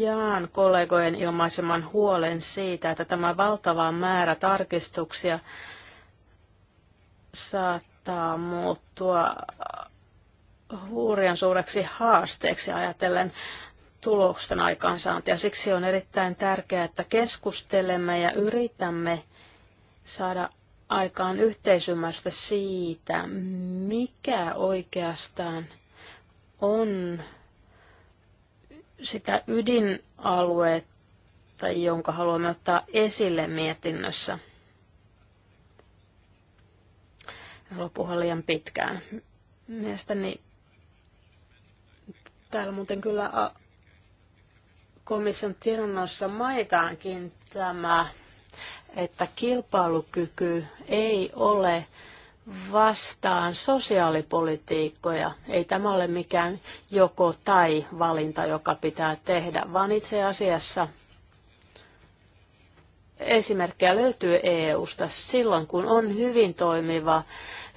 jaan kollegojen ilmaiseman huolen siitä, että tämä valtava määrä tarkistuksia saattaa muuttua hurjan suureksi haasteeksi ajatellen tulosten ja Siksi on erittäin tärkeää, että keskustelemme ja yritämme saada aikaan yhteisymmärrystä siitä, mikä oikeastaan on sitä ydinaluetta, jonka haluamme ottaa esille mietinnössä. En puhua liian pitkään. Mielestäni täällä muuten kyllä komission tiedonnossa mainitaankin tämä, että kilpailukyky ei ole vastaan sosiaalipolitiikkoja. Ei tämä ole mikään joko tai valinta, joka pitää tehdä, vaan itse asiassa esimerkkejä löytyy EUsta silloin, kun on hyvin toimiva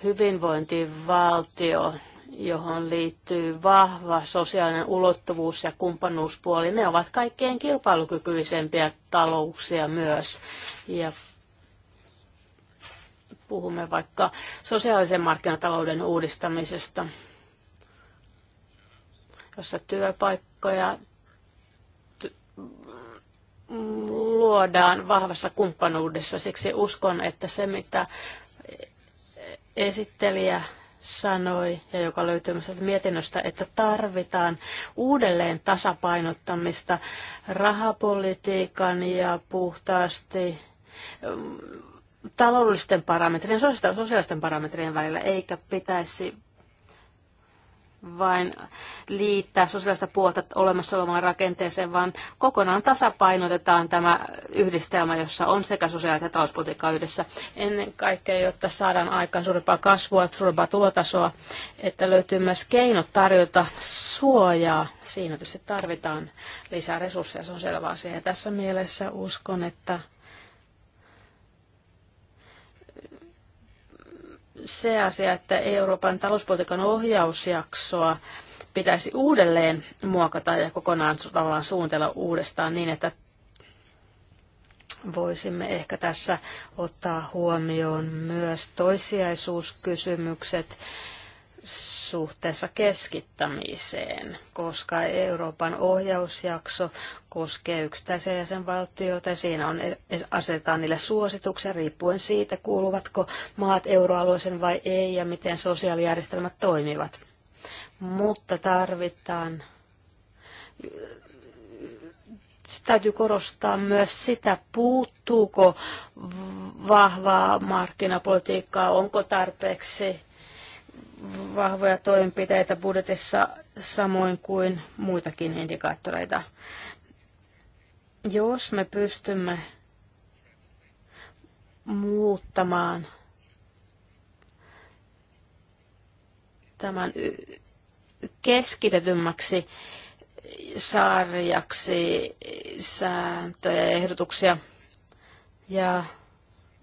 hyvinvointivaltio, johon liittyy vahva sosiaalinen ulottuvuus ja kumppanuuspuoli, ne ovat kaikkein kilpailukykyisempiä talouksia myös. Ja puhumme vaikka sosiaalisen markkinatalouden uudistamisesta, jossa työpaikkoja luodaan vahvassa kumppanuudessa. Siksi uskon, että se mitä esittelijä sanoi ja joka löytyy myös mietinnöstä, että tarvitaan uudelleen tasapainottamista rahapolitiikan ja puhtaasti mm, taloudellisten parametrien, sosiaalisten parametrien välillä, eikä pitäisi vain liittää sosiaalista puolta olemassa olevaan rakenteeseen, vaan kokonaan tasapainotetaan tämä yhdistelmä, jossa on sekä sosiaali- että talouspolitiikka yhdessä. Ennen kaikkea, jotta saadaan aikaan suurempaa kasvua, suurempaa tulotasoa, että löytyy myös keinot tarjota suojaa. Siinä tietysti tarvitaan lisää resursseja, se on selvä asia. Ja tässä mielessä uskon, että se asia, että Euroopan talouspolitiikan ohjausjaksoa pitäisi uudelleen muokata ja kokonaan tavallaan suunnitella uudestaan niin, että voisimme ehkä tässä ottaa huomioon myös toissijaisuuskysymykset suhteessa keskittämiseen, koska Euroopan ohjausjakso koskee yksittäisiä jäsenvaltioita ja siinä on, e- asetetaan niille suosituksia riippuen siitä, kuuluvatko maat euroalueeseen vai ei ja miten sosiaalijärjestelmät toimivat. Mutta tarvitaan täytyy korostaa myös sitä, puuttuuko vahvaa markkinapolitiikkaa, onko tarpeeksi vahvoja toimenpiteitä budjetissa samoin kuin muitakin indikaattoreita. Jos me pystymme muuttamaan tämän keskitetymmäksi sarjaksi sääntöjä ja ehdotuksia ja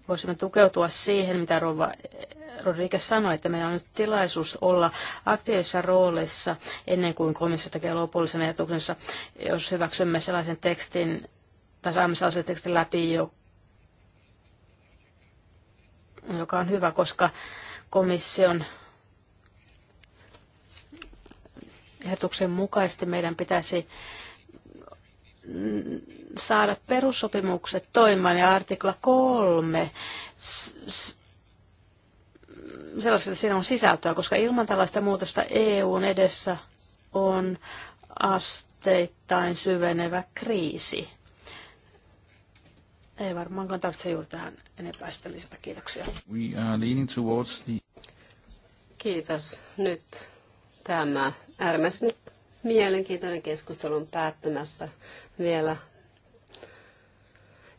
voisimme tukeutua siihen, mitä Rova Rodriguez sanoi, että meillä on nyt tilaisuus olla aktiivisessa roolissa ennen kuin komissio tekee lopullisen ehdotuksensa, jos hyväksymme sellaisen tekstin tai saamme sellaisen tekstin läpi, joka on hyvä, koska komission ehdotuksen mukaisesti meidän pitäisi saada perussopimukset toimimaan ja artikla kolme sellaista, että siinä on sisältöä, koska ilman tällaista muutosta EUn edessä on asteittain syvenevä kriisi. Ei varmaankaan tarvitse juuri tähän enempää sitä lisätä. Kiitoksia. We are the... Kiitos. Nyt tämä äärimmäisen mielenkiintoinen keskustelu on päättymässä vielä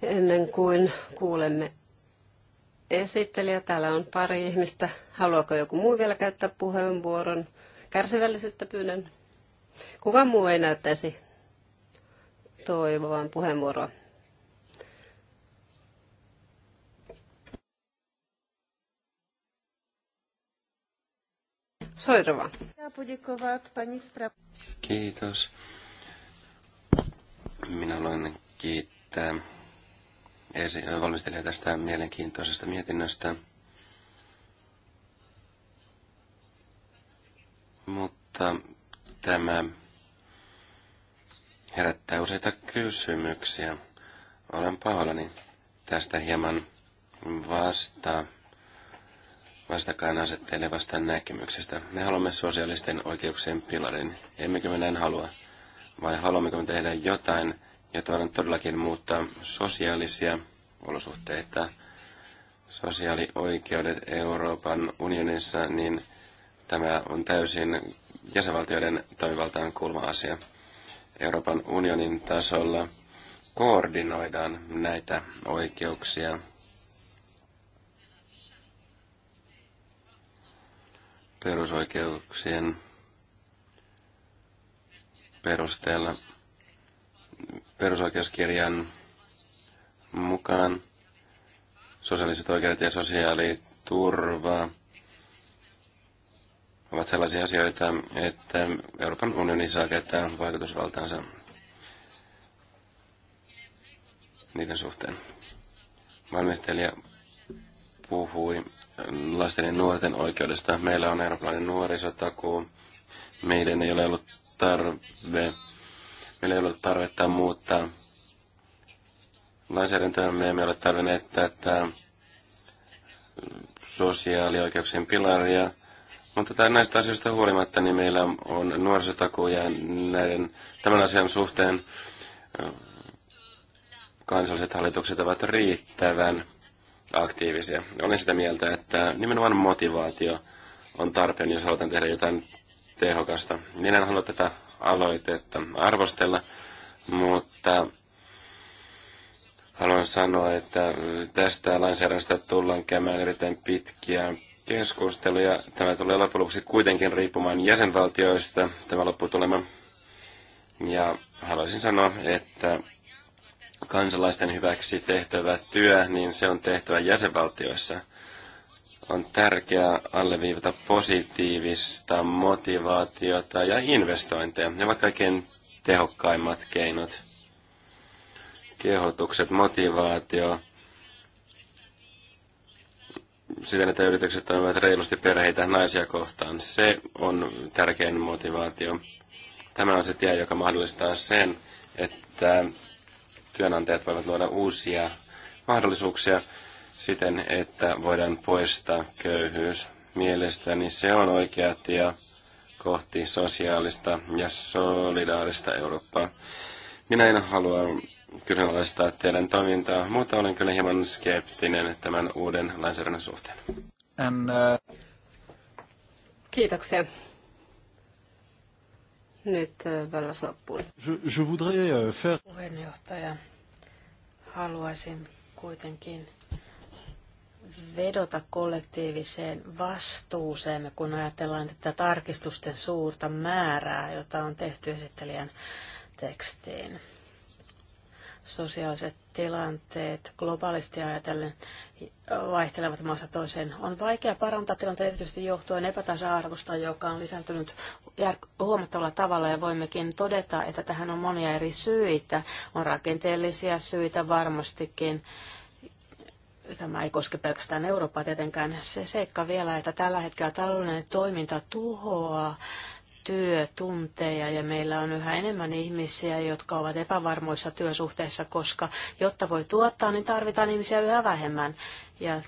ennen kuin kuulemme esittelijä. Täällä on pari ihmistä. Haluaako joku muu vielä käyttää puheenvuoron? Kärsivällisyyttä pyydän. Kuka muu ei näyttäisi toivovan puheenvuoroa? Soirova. Kiitos. Minä haluan kiittää valmistelija tästä mielenkiintoisesta mietinnöstä. Mutta tämä herättää useita kysymyksiä. Olen pahoillani tästä hieman vasta asettelevasta näkemyksestä. Me haluamme sosiaalisten oikeuksien pilarin, emmekö me näin halua vai haluammeko me tehdä jotain, jota voidaan todellakin muuttaa sosiaalisia olosuhteita, sosiaalioikeudet Euroopan unionissa, niin tämä on täysin jäsenvaltioiden toimivaltaan kuuluva asia. Euroopan unionin tasolla koordinoidaan näitä oikeuksia. Perusoikeuksien perusteella perusoikeuskirjan mukaan sosiaaliset oikeudet ja sosiaaliturva ovat sellaisia asioita, että Euroopan unioni saa käyttää vaikutusvaltaansa niiden suhteen. Valmistelija puhui lasten ja nuorten oikeudesta. Meillä on eurooppalainen nuorisotakuu. Meidän ei ole ollut tarve, meillä ei ole tarvetta muuttaa lainsäädäntöä, me emme ole tarvinneet tätä sosiaalioikeuksien pilaria, mutta näistä asioista huolimatta niin meillä on nuorisotakuu ja näiden, tämän asian suhteen kansalliset hallitukset ovat riittävän aktiivisia. Olen sitä mieltä, että nimenomaan motivaatio on tarpeen, jos halutaan tehdä jotain tehokasta. Minä en halua tätä aloitetta arvostella, mutta haluan sanoa, että tästä lainsäädännöstä tullaan käymään erittäin pitkiä keskusteluja. Tämä tulee loppujen lopuksi kuitenkin riippumaan jäsenvaltioista, tämä lopputulema. Ja haluaisin sanoa, että kansalaisten hyväksi tehtävä työ, niin se on tehtävä jäsenvaltioissa – on tärkeää alleviivata positiivista motivaatiota ja investointeja. Ne ovat kaikkein tehokkaimmat keinot. Kehotukset, motivaatio, siten, että yritykset toimivat reilusti perheitä naisia kohtaan. Se on tärkein motivaatio. Tämä on se tie, joka mahdollistaa sen, että työnantajat voivat luoda uusia mahdollisuuksia siten, että voidaan poistaa köyhyys. Mielestäni se on oikea tie kohti sosiaalista ja solidaarista Eurooppaa. Minä en halua kyseenalaistaa teidän toimintaa, mutta olen kyllä hieman skeptinen tämän uuden lainsäädännön suhteen. And, uh... Äh, Kiitoksia. Nyt äh, Vallas loppuun. Je, je voudrais äh, faire... Puheenjohtaja, haluaisin kuitenkin vedota kollektiiviseen vastuuseen, kun ajatellaan tätä tarkistusten suurta määrää, jota on tehty esittelijän tekstiin. Sosiaaliset tilanteet globaalisti ajatellen vaihtelevat maassa toiseen. On vaikea parantaa tilanteen erityisesti johtuen epätasa-arvosta, joka on lisääntynyt huomattavalla tavalla ja voimmekin todeta, että tähän on monia eri syitä. On rakenteellisia syitä varmastikin Tämä ei koske pelkästään Eurooppaa tietenkään. Se seikka vielä, että tällä hetkellä taloudellinen toiminta tuhoaa työtunteja ja meillä on yhä enemmän ihmisiä, jotka ovat epävarmoissa työsuhteissa, koska jotta voi tuottaa, niin tarvitaan ihmisiä yhä vähemmän. Ja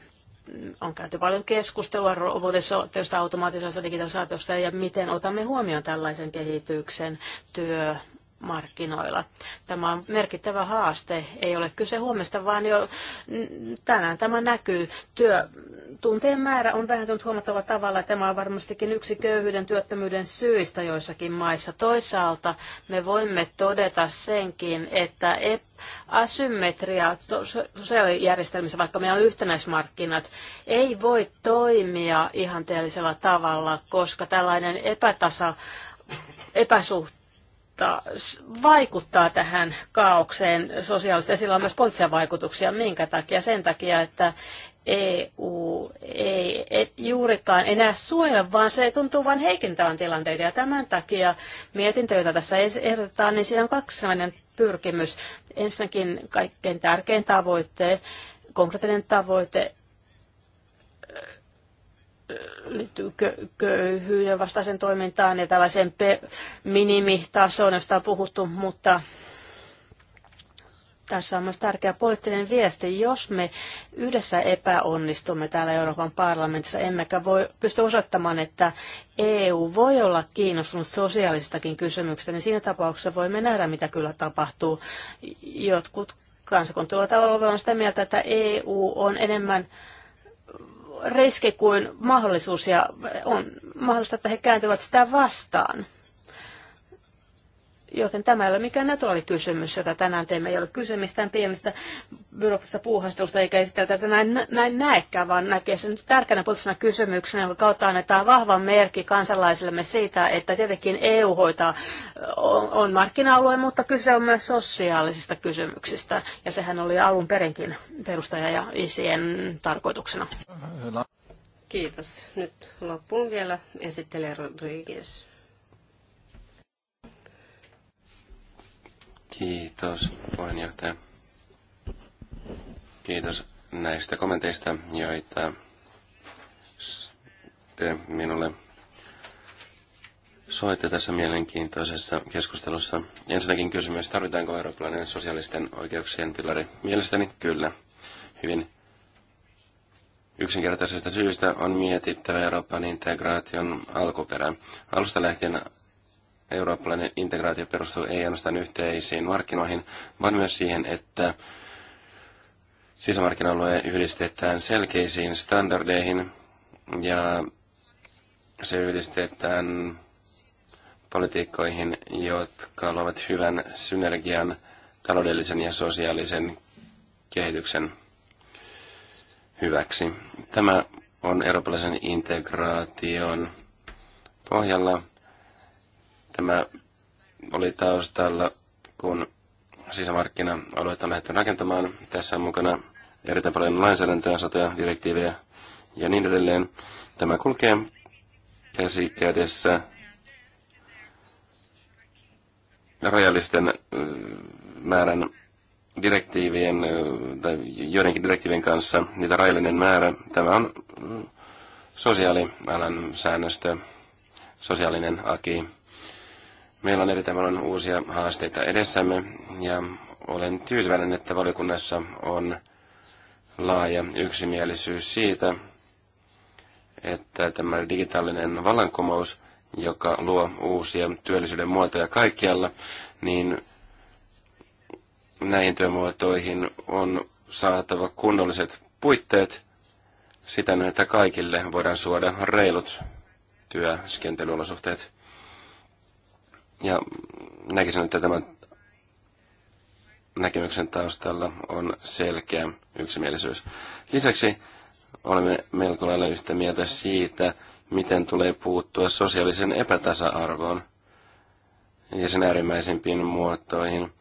on käyty paljon keskustelua robotisaatiosta, automaattisesta digitalisaatiosta ja miten otamme huomioon tällaisen kehityksen työ markkinoilla. Tämä on merkittävä haaste. Ei ole kyse huomesta, vaan jo tänään tämä näkyy. tunteen määrä on vähentynyt huomattavalla tavalla. Tämä on varmastikin yksi köyhyyden työttömyyden syistä joissakin maissa. Toisaalta me voimme todeta senkin, että e, asymmetria sosiaalijärjestelmissä, vaikka meillä on yhtenäismarkkinat, ei voi toimia ihanteellisella tavalla, koska tällainen epätasa epäsuhta vaikuttaa, vaikuttaa tähän kaaukseen sosiaalisesti ja sillä on myös poliittisia vaikutuksia. Minkä takia? Sen takia, että EU ei et juurikaan enää suojele, vaan se tuntuu vain heikentävän tilanteita. Ja tämän takia mietintö, jota tässä ehdotetaan, niin siinä on kaksi sellainen pyrkimys. Ensinnäkin kaikkein tärkein tavoite, konkreettinen tavoite liittyy köyhyyden vastaisen toimintaan ja tällaiseen pe- minimitasoon, josta on puhuttu, mutta tässä on myös tärkeä poliittinen viesti. Jos me yhdessä epäonnistumme täällä Euroopan parlamentissa, emmekä voi, pysty osoittamaan, että EU voi olla kiinnostunut sosiaalisistakin kysymyksistä, niin siinä tapauksessa voimme nähdä, mitä kyllä tapahtuu. Jotkut kansakunnat ovat sitä mieltä, että EU on enemmän riski kuin mahdollisuus ja on mahdollista, että he kääntyvät sitä vastaan. Joten tämä ei ole mikään naturaalikysymys, jota tänään teemme. Ei ole kyse mistään pienestä byrokratisesta puuhastelusta, eikä esiteltä se näin, näin näekään, vaan näkee sen tärkeänä poliittisena kysymyksenä, jonka kautta annetaan vahva merkki kansalaisillemme siitä, että tietenkin EU hoitaa on, on markkina-alue, mutta kyse on myös sosiaalisista kysymyksistä. Ja sehän oli alun perinkin perustaja ja isien tarkoituksena. Kiitos. Nyt loppuun vielä esittelee Rodriguez. Kiitos puheenjohtaja. Kiitos näistä kommenteista, joita te minulle soitte tässä mielenkiintoisessa keskustelussa. Ensinnäkin kysymys, tarvitaanko eurooppalainen sosiaalisten oikeuksien pilari? Mielestäni kyllä. Hyvin yksinkertaisesta syystä on mietittävä Euroopan integraation alkuperä. Alusta lähtien eurooppalainen integraatio perustuu ei ainoastaan yhteisiin markkinoihin, vaan myös siihen, että sisämarkkina-alue yhdistetään selkeisiin standardeihin ja se yhdistetään politiikkoihin, jotka luovat hyvän synergian taloudellisen ja sosiaalisen kehityksen hyväksi. Tämä on eurooppalaisen integraation pohjalla Tämä oli taustalla, kun sisämarkkina-alueet on lähdetty rakentamaan. Tässä on mukana erittäin paljon lainsäädäntöä, satoja, direktiivejä ja niin edelleen. Tämä kulkee käsi kädessä rajallisten määrän direktiivien tai joidenkin direktiivien kanssa niitä rajallinen määrä. Tämä on sosiaalialan säännöstö, sosiaalinen aki. Meillä on erittäin paljon uusia haasteita edessämme ja olen tyytyväinen, että valiokunnassa on laaja yksimielisyys siitä, että tämä digitaalinen vallankumous, joka luo uusia työllisyyden muotoja kaikkialla, niin näihin työmuotoihin on saatava kunnolliset puitteet siten, että kaikille voidaan suoda reilut työskentelyolosuhteet. Ja näkisin, että tämän näkemyksen taustalla on selkeä yksimielisyys. Lisäksi olemme melko lailla yhtä mieltä siitä, miten tulee puuttua sosiaalisen epätasa-arvoon ja sen äärimmäisimpiin muotoihin.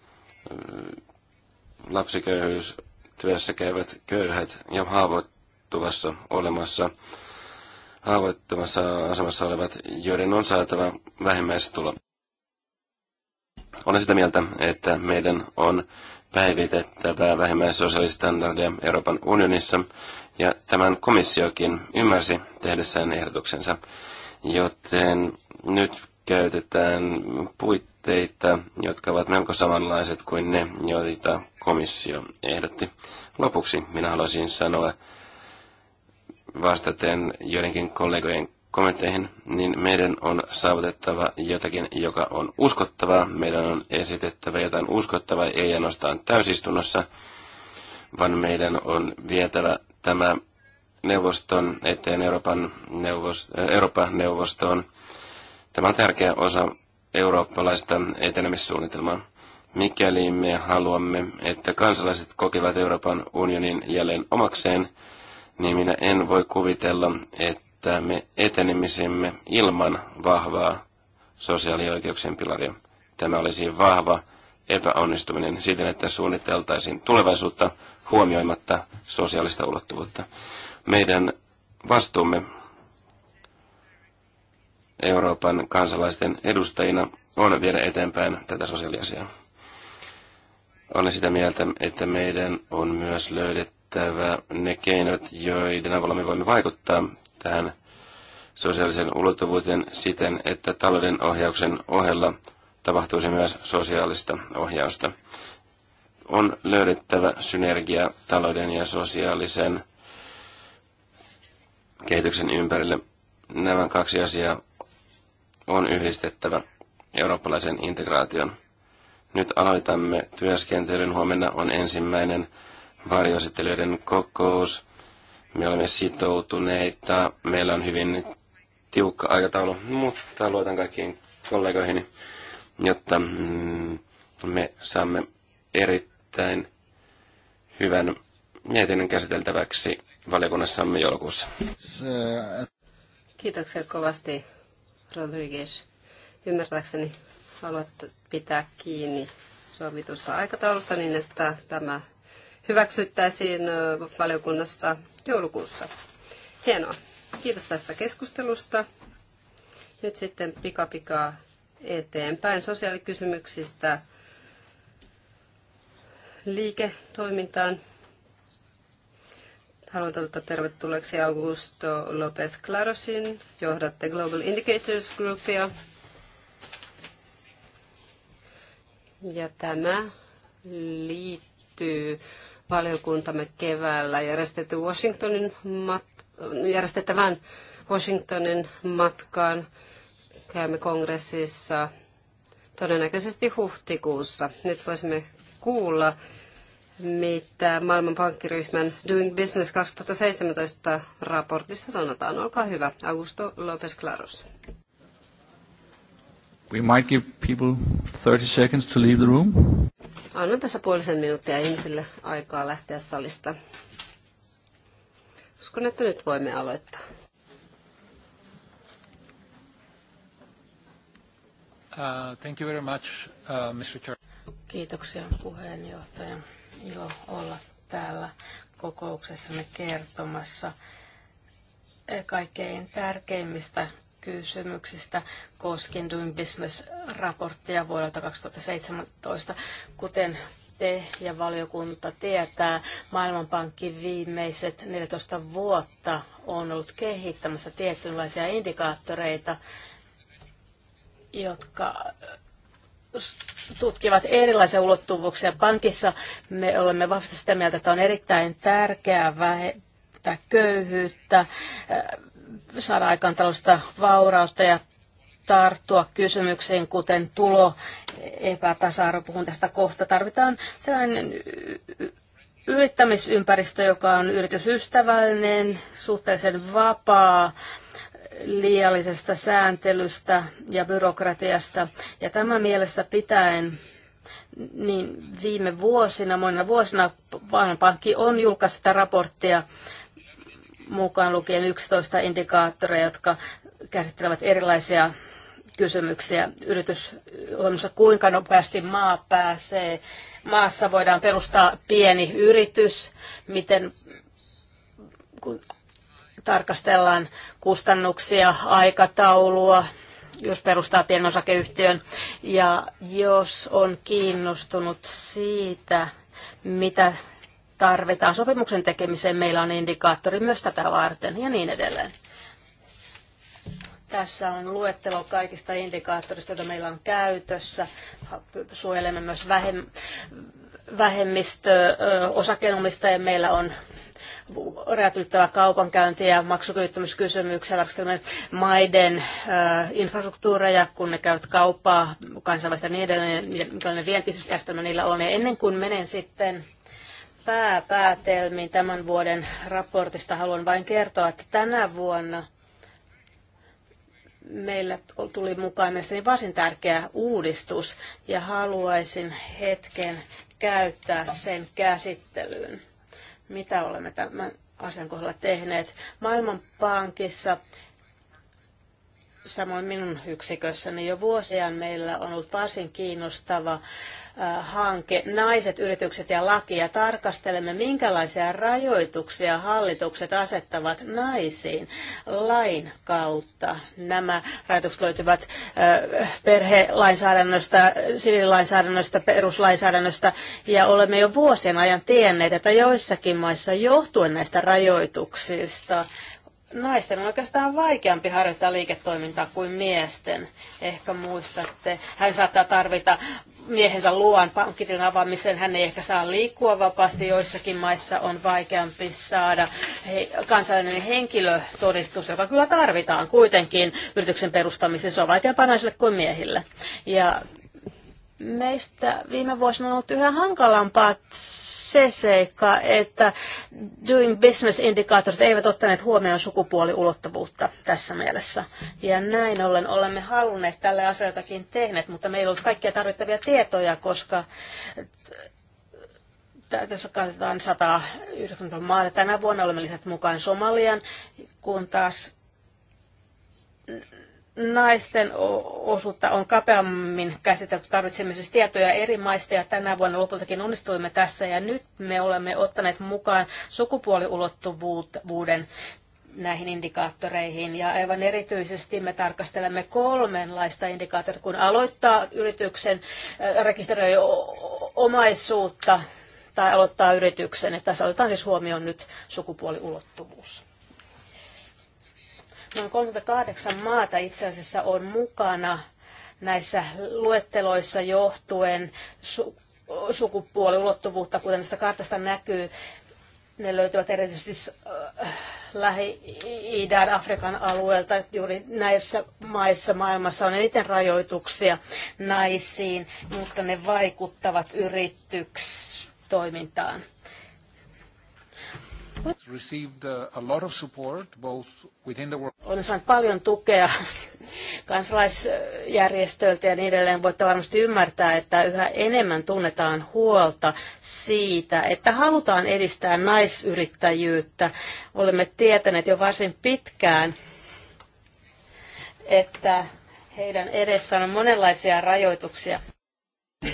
Lapsiköyhyys, työssä käyvät köyhät ja haavoittuvassa olemassa, haavoittuvassa asemassa olevat, joiden on saatava vähimmäistulo. Olen sitä mieltä, että meidän on päivitettävä vähimmäissosiaalistandardia Euroopan unionissa, ja tämän komissiokin ymmärsi tehdessään ehdotuksensa. Joten nyt käytetään puitteita, jotka ovat melko samanlaiset kuin ne, joita komissio ehdotti. Lopuksi minä haluaisin sanoa vastaten joidenkin kollegojen kommentteihin, niin meidän on saavutettava jotakin, joka on uskottavaa. Meidän on esitettävä jotain uskottavaa, ei ainoastaan täysistunnossa, vaan meidän on vietävä tämä neuvoston eteen Euroopan neuvosto, äh, Euroopan neuvostoon. Tämä on tärkeä osa eurooppalaista etenemissuunnitelmaa. Mikäli me haluamme, että kansalaiset kokevat Euroopan unionin jälleen omakseen, niin minä en voi kuvitella, että että me ilman vahvaa sosiaalioikeuksien pilaria. Tämä olisi siis vahva epäonnistuminen siten, että suunniteltaisiin tulevaisuutta huomioimatta sosiaalista ulottuvuutta. Meidän vastuumme Euroopan kansalaisten edustajina on viedä eteenpäin tätä sosiaaliasiaa. Olen sitä mieltä, että meidän on myös löydettävä ne keinot, joiden avulla me voimme vaikuttaa tähän sosiaalisen ulottuvuuteen siten, että talouden ohjauksen ohella tapahtuisi myös sosiaalista ohjausta. On löydettävä synergia talouden ja sosiaalisen kehityksen ympärille. Nämä kaksi asiaa on yhdistettävä eurooppalaisen integraation. Nyt aloitamme työskentelyn. Huomenna on ensimmäinen varjoesittelijöiden kokous. Me olemme sitoutuneita, meillä on hyvin tiukka aikataulu, mutta luotan kaikkiin kollegoihin, jotta mm, me saamme erittäin hyvän mietinnön käsiteltäväksi valiokunnassamme joulukuussa. Kiitoksia kovasti, Rodriguez. Ymmärtääkseni haluat pitää kiinni sovitusta aikataulusta niin, että tämä hyväksyttäisiin valiokunnassa joulukuussa. Hienoa. Kiitos tästä keskustelusta. Nyt sitten pikapikaa eteenpäin sosiaalikysymyksistä liiketoimintaan. Haluan toivottaa tervetulleeksi Augusto López Clarosin. Johdatte Global Indicators Groupia. Ja tämä liittyy valiokuntamme keväällä järjestetty Washingtonin mat- järjestettävän Washingtonin matkaan. Käymme kongressissa todennäköisesti huhtikuussa. Nyt voisimme kuulla, mitä maailman pankkiryhmän Doing Business 2017 raportissa sanotaan. Olkaa hyvä, Augusto López Claros. We might give people 30 seconds to leave the room. Annan tässä puolisen minuuttia ihmisille aikaa lähteä salista. Uskon, että nyt voimme aloittaa. Uh, thank you very much, uh, Mr. Chair. Kiitoksia puheenjohtaja. Ilo olla täällä kokouksessamme kertomassa kaikkein tärkeimmistä kysymyksistä koskien Doing Business-raporttia vuodelta 2017. Kuten te ja valiokunta tietää, Maailmanpankki viimeiset 14 vuotta on ollut kehittämässä tietynlaisia indikaattoreita, jotka tutkivat erilaisia ulottuvuuksia. Pankissa me olemme vasta sitä mieltä, että on erittäin tärkeää vähentää köyhyyttä, saada aikaan tällaista vaurautta ja tarttua kysymyksiin, kuten tulo, epätasa-arvo, puhun tästä kohta. Tarvitaan sellainen yrittämisympäristö, joka on yritysystävällinen, suhteellisen vapaa, liiallisesta sääntelystä ja byrokratiasta. Ja tämä mielessä pitäen niin viime vuosina, monina vuosina, Pankki on julkaissut sitä raporttia mukaan lukien 11 indikaattoria, jotka käsittelevät erilaisia kysymyksiä yritysohjelmassa, kuinka nopeasti maa pääsee. Maassa voidaan perustaa pieni yritys, miten kun tarkastellaan kustannuksia, aikataulua, jos perustaa pienosakeyhtiön. Ja jos on kiinnostunut siitä, mitä tarvitaan sopimuksen tekemiseen, meillä on indikaattori myös tätä varten ja niin edelleen. Tässä on luettelo kaikista indikaattorista, joita meillä on käytössä. Suojelemme myös vähem, vähemmistö Meillä on rajat kaupankäynti ja maksukyvyttömyyskysymyksiä, tarkastelemme maiden äh, infrastruktuureja, kun ne käyvät kauppaa kansainvälistä niin edelleen, mikä vientijärjestelmä niillä on. Ja ennen kuin menen sitten pääpäätelmiin tämän vuoden raportista haluan vain kertoa, että tänä vuonna meillä tuli mukaan mielestäni varsin tärkeä uudistus ja haluaisin hetken käyttää sen käsittelyyn. Mitä olemme tämän asian kohdalla tehneet? Maailmanpankissa samoin minun yksikössäni jo vuosia meillä on ollut varsin kiinnostava hanke Naiset, yritykset ja laki ja tarkastelemme, minkälaisia rajoituksia hallitukset asettavat naisiin lain kautta. Nämä rajoitukset löytyvät äh, perhelainsäädännöstä, sivililainsäädännöstä, peruslainsäädännöstä ja olemme jo vuosien ajan tienneet, että joissakin maissa johtuen näistä rajoituksista naisten on oikeastaan vaikeampi harjoittaa liiketoimintaa kuin miesten. Ehkä muistatte, hän saattaa tarvita miehensä luvan pankkitilin avaamiseen. Hän ei ehkä saa liikkua vapaasti. Joissakin maissa on vaikeampi saada kansallinen henkilötodistus, joka kyllä tarvitaan kuitenkin yrityksen perustamiseen. Se on vaikeampaa naisille kuin miehille. Ja Meistä viime vuosina on ollut yhä hankalampaa se seikka, että doing business-indikaattorit eivät ottaneet huomioon sukupuoliulottuvuutta tässä mielessä. Ja näin ollen olemme halunneet tälle asioitakin tehneet, mutta meillä on ollut kaikkia tarvittavia tietoja, koska tässä katsotaan 190 maata. Tänä vuonna olemme lisät mukaan Somalian, kun taas naisten osuutta on kapeammin käsitelty. Tarvitsemme siis tietoja eri maista ja tänä vuonna lopultakin onnistuimme tässä ja nyt me olemme ottaneet mukaan sukupuoliulottuvuuden näihin indikaattoreihin ja aivan erityisesti me tarkastelemme kolmenlaista indikaattoria, kun aloittaa yrityksen, äh, rekisteröi omaisuutta tai aloittaa yrityksen, että se otetaan siis huomioon nyt sukupuoliulottuvuus. Noin 38 maata itse asiassa on mukana näissä luetteloissa johtuen su- sukupuoliulottuvuutta, kuten tästä kartasta näkyy. Ne löytyvät erityisesti äh, Lähi-idän, Afrikan alueelta. Juuri näissä maissa maailmassa on eniten rajoituksia naisiin, mutta ne vaikuttavat yritystoimintaan received Olen saanut paljon tukea kansalaisjärjestöiltä ja niin edelleen. Voitte varmasti ymmärtää, että yhä enemmän tunnetaan huolta siitä, että halutaan edistää naisyrittäjyyttä. Olemme tietäneet jo varsin pitkään, että heidän edessään on monenlaisia rajoituksia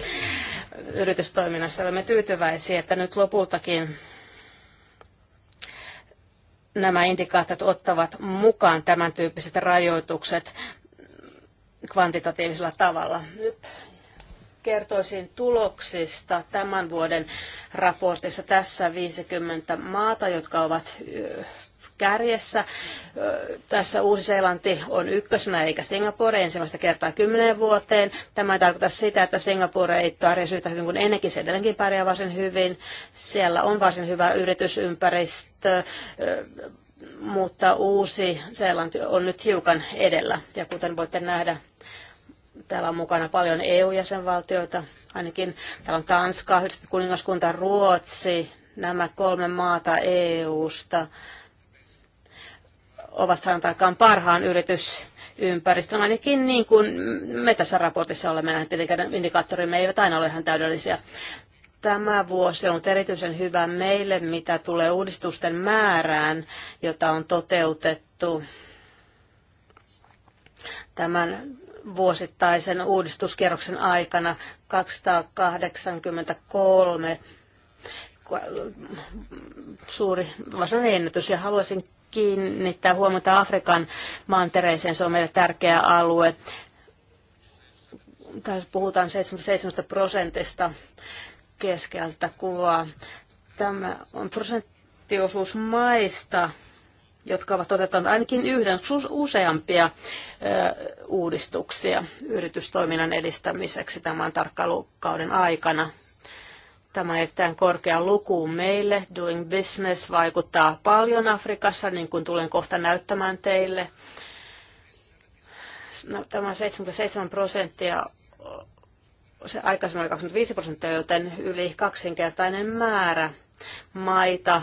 yritystoiminnassa. Olemme tyytyväisiä, että nyt lopultakin nämä indikaattorit ottavat mukaan tämän tyyppiset rajoitukset kvantitatiivisella tavalla. Nyt kertoisin tuloksista tämän vuoden raportissa. Tässä 50 maata, jotka ovat kärjessä. Tässä Uusi-Seelanti on ykkösenä eikä Singapore ensimmäistä kertaa kymmenen vuoteen. Tämä ei tarkoita sitä, että Singapore ei tarjoa yhtä hyvin kuin ennenkin. Se edelleenkin pärjää varsin hyvin. Siellä on varsin hyvä yritysympäristö, mutta Uusi-Seelanti on nyt hiukan edellä. Ja kuten voitte nähdä, täällä on mukana paljon EU-jäsenvaltioita, ainakin täällä on Tanska, Yhdistetty kuningaskunta, Ruotsi, nämä kolme maata EU-sta ovat sanotaankaan parhaan yritys ympäristön, ainakin niin kuin me tässä raportissa olemme nähneet, tietenkään indikaattorimme eivät aina ole ihan täydellisiä. Tämä vuosi on erityisen hyvä meille, mitä tulee uudistusten määrään, jota on toteutettu tämän vuosittaisen uudistuskierroksen aikana 283 suuri varsinainen ennätys ja haluaisin kiinnittää huomiota Afrikan mantereeseen. Se on meille tärkeä alue. Tässä puhutaan 77 prosentista keskeltä kuvaa. Tämä on prosenttiosuus maista, jotka ovat toteuttaneet ainakin yhden useampia ö, uudistuksia yritystoiminnan edistämiseksi tämän tarkkailukauden aikana. Tämä erittäin korkea luku meille. Doing business vaikuttaa paljon Afrikassa, niin kuin tulen kohta näyttämään teille. No, tämä 77 prosenttia, se aikaisemmin oli 25 prosenttia, joten yli kaksinkertainen määrä maita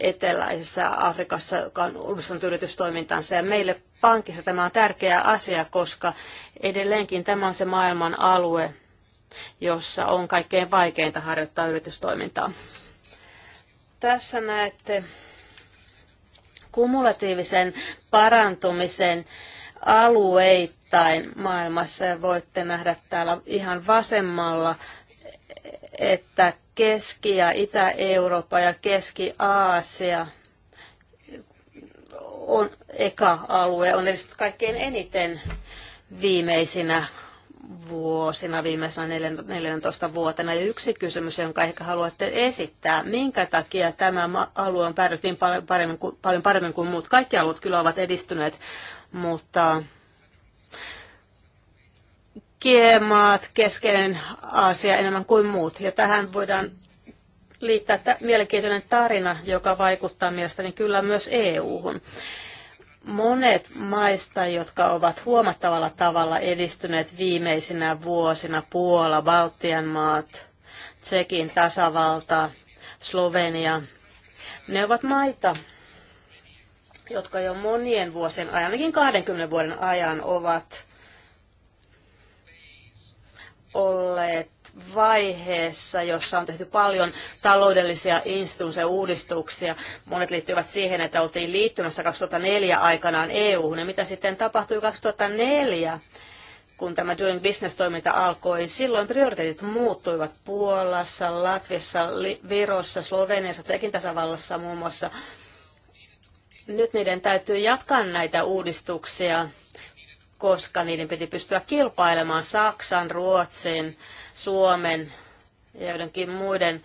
eteläisessä Afrikassa, joka on uudistanut yritystoimintansa. Ja meille pankissa tämä on tärkeä asia, koska edelleenkin tämä on se maailman alue, jossa on kaikkein vaikeinta harjoittaa yritystoimintaa. Tässä näette kumulatiivisen parantumisen alueittain maailmassa ja voitte nähdä täällä ihan vasemmalla, että Keski- ja Itä-Eurooppa ja Keski-Aasia on eka-alue, on edes kaikkein eniten viimeisinä vuosina, viimeisenä 14 vuotena. Ja yksi kysymys, jonka ehkä haluatte esittää, minkä takia tämä alue on päädyt niin paljon paremmin, kuin, paljon paremmin kuin muut? Kaikki alueet kyllä ovat edistyneet, mutta kiemaat, keskeinen asia enemmän kuin muut. Ja tähän voidaan liittää mielenkiintoinen tarina, joka vaikuttaa mielestäni kyllä myös EU-hun. Monet maista, jotka ovat huomattavalla tavalla edistyneet viimeisinä vuosina, Puola, Baltian maat, Tsekin tasavalta, Slovenia, ne ovat maita, jotka jo monien vuosien ajan, ainakin 20 vuoden ajan, ovat olleet vaiheessa, jossa on tehty paljon taloudellisia instituutioiden uudistuksia. Monet liittyvät siihen, että oltiin liittymässä 2004 aikanaan EU-hun. Ja mitä sitten tapahtui 2004? kun tämä Doing Business-toiminta alkoi, silloin prioriteetit muuttuivat Puolassa, Latviassa, Virossa, Sloveniassa, Tsekin tasavallassa muun muassa. Nyt niiden täytyy jatkaa näitä uudistuksia koska niiden piti pystyä kilpailemaan Saksan, Ruotsin, Suomen ja joidenkin muiden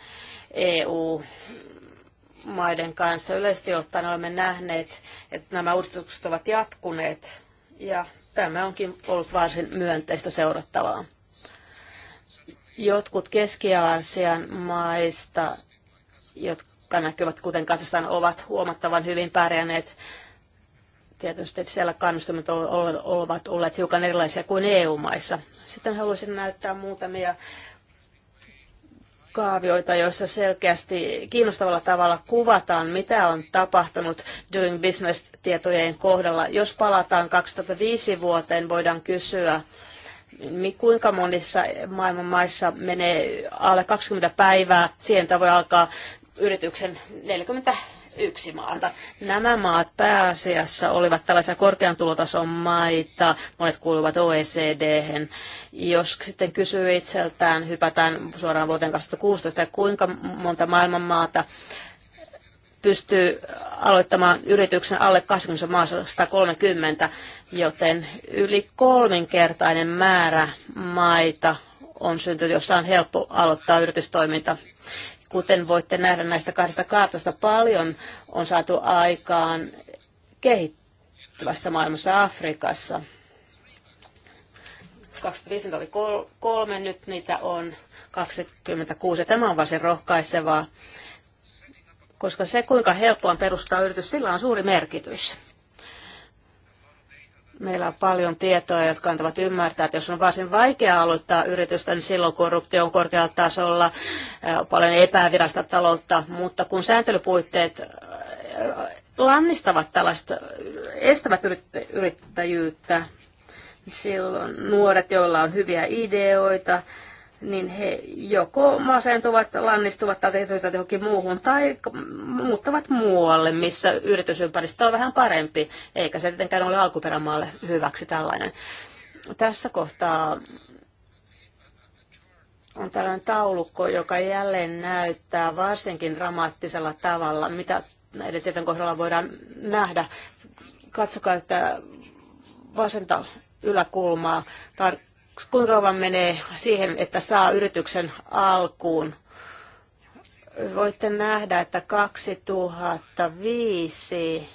EU-maiden kanssa. Yleisesti ottaen olemme nähneet, että nämä uudistukset ovat jatkuneet ja tämä onkin ollut varsin myönteistä seurattavaa. Jotkut Keski-Aasian maista, jotka näkyvät kuten Kazakstan, ovat huomattavan hyvin pärjänneet Tietysti siellä kannustimet ovat olleet hiukan erilaisia kuin EU-maissa. Sitten haluaisin näyttää muutamia kaavioita, joissa selkeästi kiinnostavalla tavalla kuvataan, mitä on tapahtunut Doing Business-tietojen kohdalla. Jos palataan 2005 vuoteen, voidaan kysyä, kuinka monissa maailman maissa menee alle 20 päivää. Siihen voi alkaa yrityksen 40 yksi maata. Nämä maat pääasiassa olivat tällaisia korkean tulotason maita, monet kuuluvat oecd -hen. Jos sitten kysyy itseltään, hypätään suoraan vuoteen 2016, kuinka monta maailman maata pystyy aloittamaan yrityksen alle 20 maassa 130, joten yli kolminkertainen määrä maita on syntynyt, jossa on helppo aloittaa yritystoiminta. Kuten voitte nähdä näistä kahdesta kartasta, paljon on saatu aikaan kehittyvässä maailmassa Afrikassa. 25 oli kolme, nyt niitä on 26. Tämä on varsin rohkaisevaa, koska se kuinka helppoa on perustaa yritys, sillä on suuri merkitys. Meillä on paljon tietoa, jotka antavat ymmärtää, että jos on varsin vaikea aloittaa yritystä, niin silloin korruptio on korkealla tasolla, paljon epävirasta taloutta, mutta kun sääntelypuitteet lannistavat tällaista, estävät yrittäjyyttä, niin silloin nuoret, joilla on hyviä ideoita, niin he joko masentuvat, lannistuvat tai tehtyvät johonkin muuhun tai muuttavat muualle, missä yritysympäristö on vähän parempi, eikä se tietenkään ole alkuperämaalle hyväksi tällainen. Tässä kohtaa on tällainen taulukko, joka jälleen näyttää varsinkin dramaattisella tavalla, mitä näiden tieten kohdalla voidaan nähdä. Katsokaa, että vasenta yläkulmaa tar- kuinka kauan menee siihen, että saa yrityksen alkuun. Voitte nähdä, että 2005,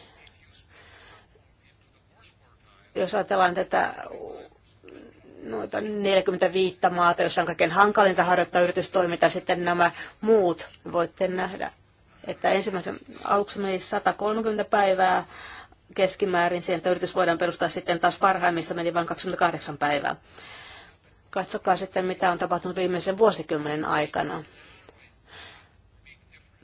jos ajatellaan tätä noita 45 maata, jossa on kaiken hankalinta harjoittaa yritystoimintaa, sitten nämä muut voitte nähdä. Että ensimmäisen aluksi meni 130 päivää keskimäärin siihen, että yritys voidaan perustaa sitten taas parhaimmissa meni vain 28 päivää. Katsokaa sitten, mitä on tapahtunut viimeisen vuosikymmenen aikana.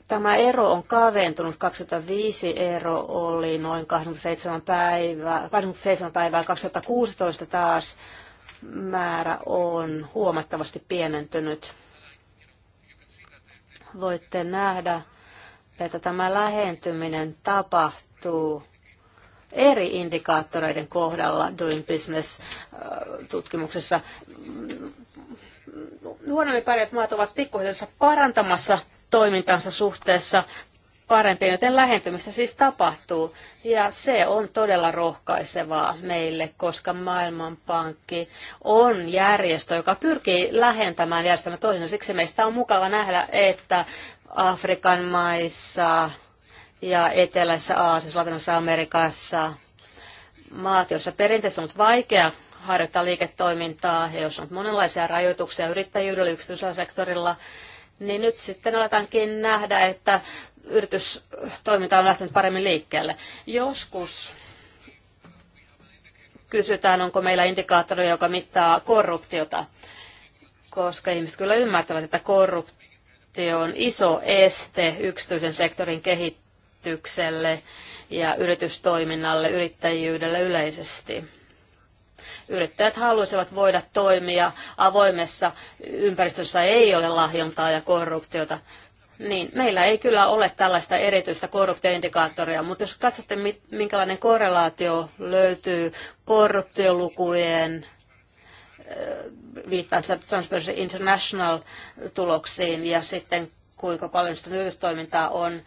Tämä ero on kaventunut. 2005 ero oli noin 27 päivää, 27 päivää 2016 taas määrä on huomattavasti pienentynyt. Voitte nähdä, että tämä lähentyminen tapahtuu eri indikaattoreiden kohdalla Doing Business-tutkimuksessa. Äh, Huonommin pärjät maat ovat pikkuhiljaa parantamassa toimintansa suhteessa parempiin, joten lähentymistä siis tapahtuu. Ja se on todella rohkaisevaa meille, koska Maailmanpankki on järjestö, joka pyrkii lähentämään järjestelmä toisensa. Siksi meistä on mukava nähdä, että Afrikan maissa ja Etelässä Aasiassa, Latinassa Amerikassa. Maat, joissa perinteisesti on ollut vaikea harjoittaa liiketoimintaa ja jos on monenlaisia rajoituksia yrittäjyydellä yksityisellä sektorilla, niin nyt sitten aletaankin nähdä, että yritystoiminta on lähtenyt paremmin liikkeelle. Joskus kysytään, onko meillä indikaattori, joka mittaa korruptiota, koska ihmiset kyllä ymmärtävät, että korruptio on iso este yksityisen sektorin kehittämiseen yritykselle ja yritystoiminnalle, yrittäjyydelle yleisesti. Yrittäjät haluaisivat voida toimia avoimessa ympäristössä ei ole lahjontaa ja korruptiota. Niin, meillä ei kyllä ole tällaista erityistä korruptioindikaattoria, mutta jos katsotte, minkälainen korrelaatio löytyy korruptiolukujen viittaan Transparency International-tuloksiin ja sitten kuinka paljon sitä yritystoimintaa on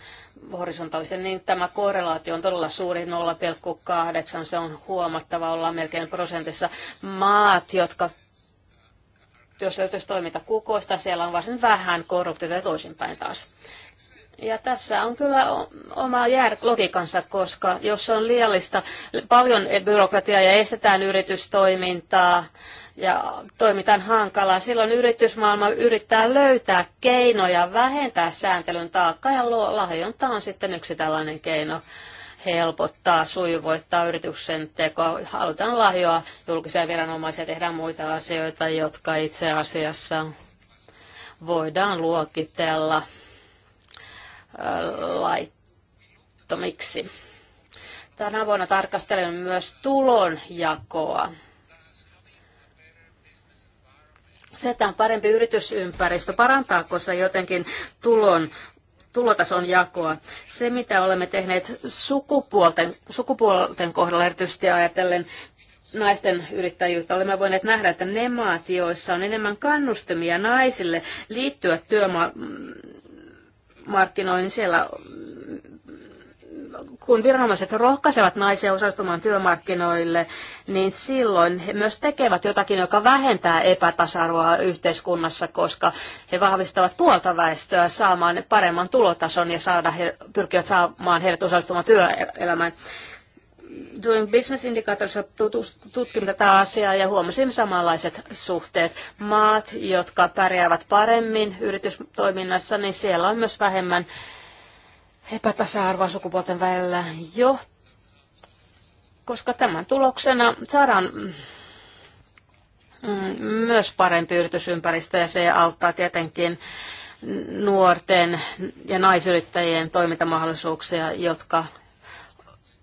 horisontaalisesti, niin tämä korrelaatio on todella suuri, 0,8, se on huomattava, ollaan melkein prosentissa. Maat, jotka jos yritystoiminta kukoista, siellä on varsin vähän korruptiota ja toisinpäin taas. Ja tässä on kyllä oma jär koska jos on liiallista, paljon byrokratiaa ja estetään yritystoimintaa, ja toimitaan hankalaa. Silloin yritysmaailma yrittää löytää keinoja vähentää sääntelyn taakkaa ja lahjonta on sitten yksi tällainen keino helpottaa, sujuvoittaa yrityksen tekoa. Halutaan lahjoa julkisia viranomaisia, tehdä muita asioita, jotka itse asiassa voidaan luokitella äh, laittomiksi. Tänä vuonna tarkastelemme myös tulonjakoa se, että on parempi yritysympäristö, parantaako se jotenkin tulon tulotason jakoa. Se, mitä olemme tehneet sukupuolten, sukupuolten kohdalla erityisesti ajatellen naisten yrittäjyyttä, olemme voineet nähdä, että ne maat, joissa on enemmän kannustimia naisille liittyä työmarkkinoihin, siellä kun viranomaiset rohkaisevat naisia osallistumaan työmarkkinoille, niin silloin he myös tekevät jotakin, joka vähentää epätasa-arvoa yhteiskunnassa, koska he vahvistavat puolta väestöä saamaan paremman tulotason ja saada he, pyrkivät saamaan heidät osallistumaan työelämään. Doing Business Indicatorissa tutkimme tätä asiaa ja huomasimme samanlaiset suhteet. Maat, jotka pärjäävät paremmin yritystoiminnassa, niin siellä on myös vähemmän epätasa-arvoa sukupuolten välillä jo, koska tämän tuloksena saadaan mm, myös parempi yritysympäristö ja se auttaa tietenkin nuorten ja naisyrittäjien toimintamahdollisuuksia, jotka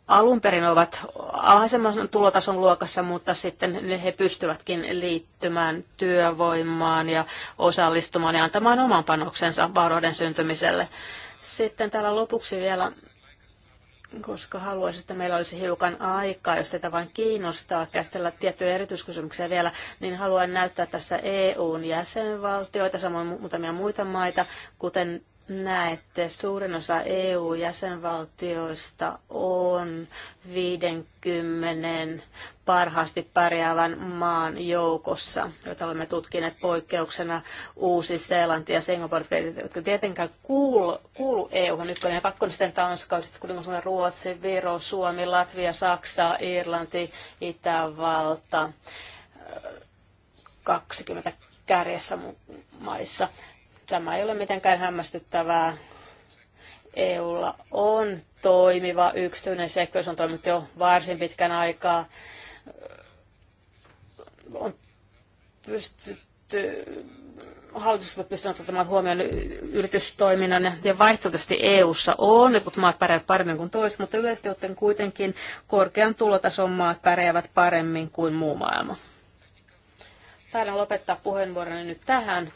alun perin ovat alhaisemman tulotason luokassa, mutta sitten he pystyvätkin liittymään työvoimaan ja osallistumaan ja antamaan oman panoksensa vaurauden syntymiselle. Sitten täällä lopuksi vielä, koska haluaisin, että meillä olisi hiukan aikaa, jos tätä vain kiinnostaa käsitellä tiettyjä erityiskysymyksiä vielä, niin haluan näyttää tässä EUn jäsenvaltioita, samoin muutamia muita maita, kuten näette, suurin osa EU-jäsenvaltioista on 50 parhaasti pärjäävän maan joukossa, joita olemme tutkineet poikkeuksena Uusi-Seelanti ja Singapore, jotka tietenkään kuulu, kuulu eu Ykkönen ja kakkonen sitten Tanska, sitten kuitenkin Ruotsi, Viro, Suomi, Latvia, Saksa, Irlanti, Itävalta, 20 kärjessä maissa. Tämä ei ole mitenkään hämmästyttävää. EUlla on toimiva yksityinen sektori, se on toiminut jo varsin pitkän aikaa. On pystytty hallitus on pystynyt ottamaan huomioon yritystoiminnan ja vaihtoehtoisesti EUssa on, kun maat pärjäävät paremmin kuin toiset, mutta yleisesti ottaen kuitenkin korkean tulotason maat pärjäävät paremmin kuin muu maailma. Taidan lopettaa puheenvuoroni nyt tähän.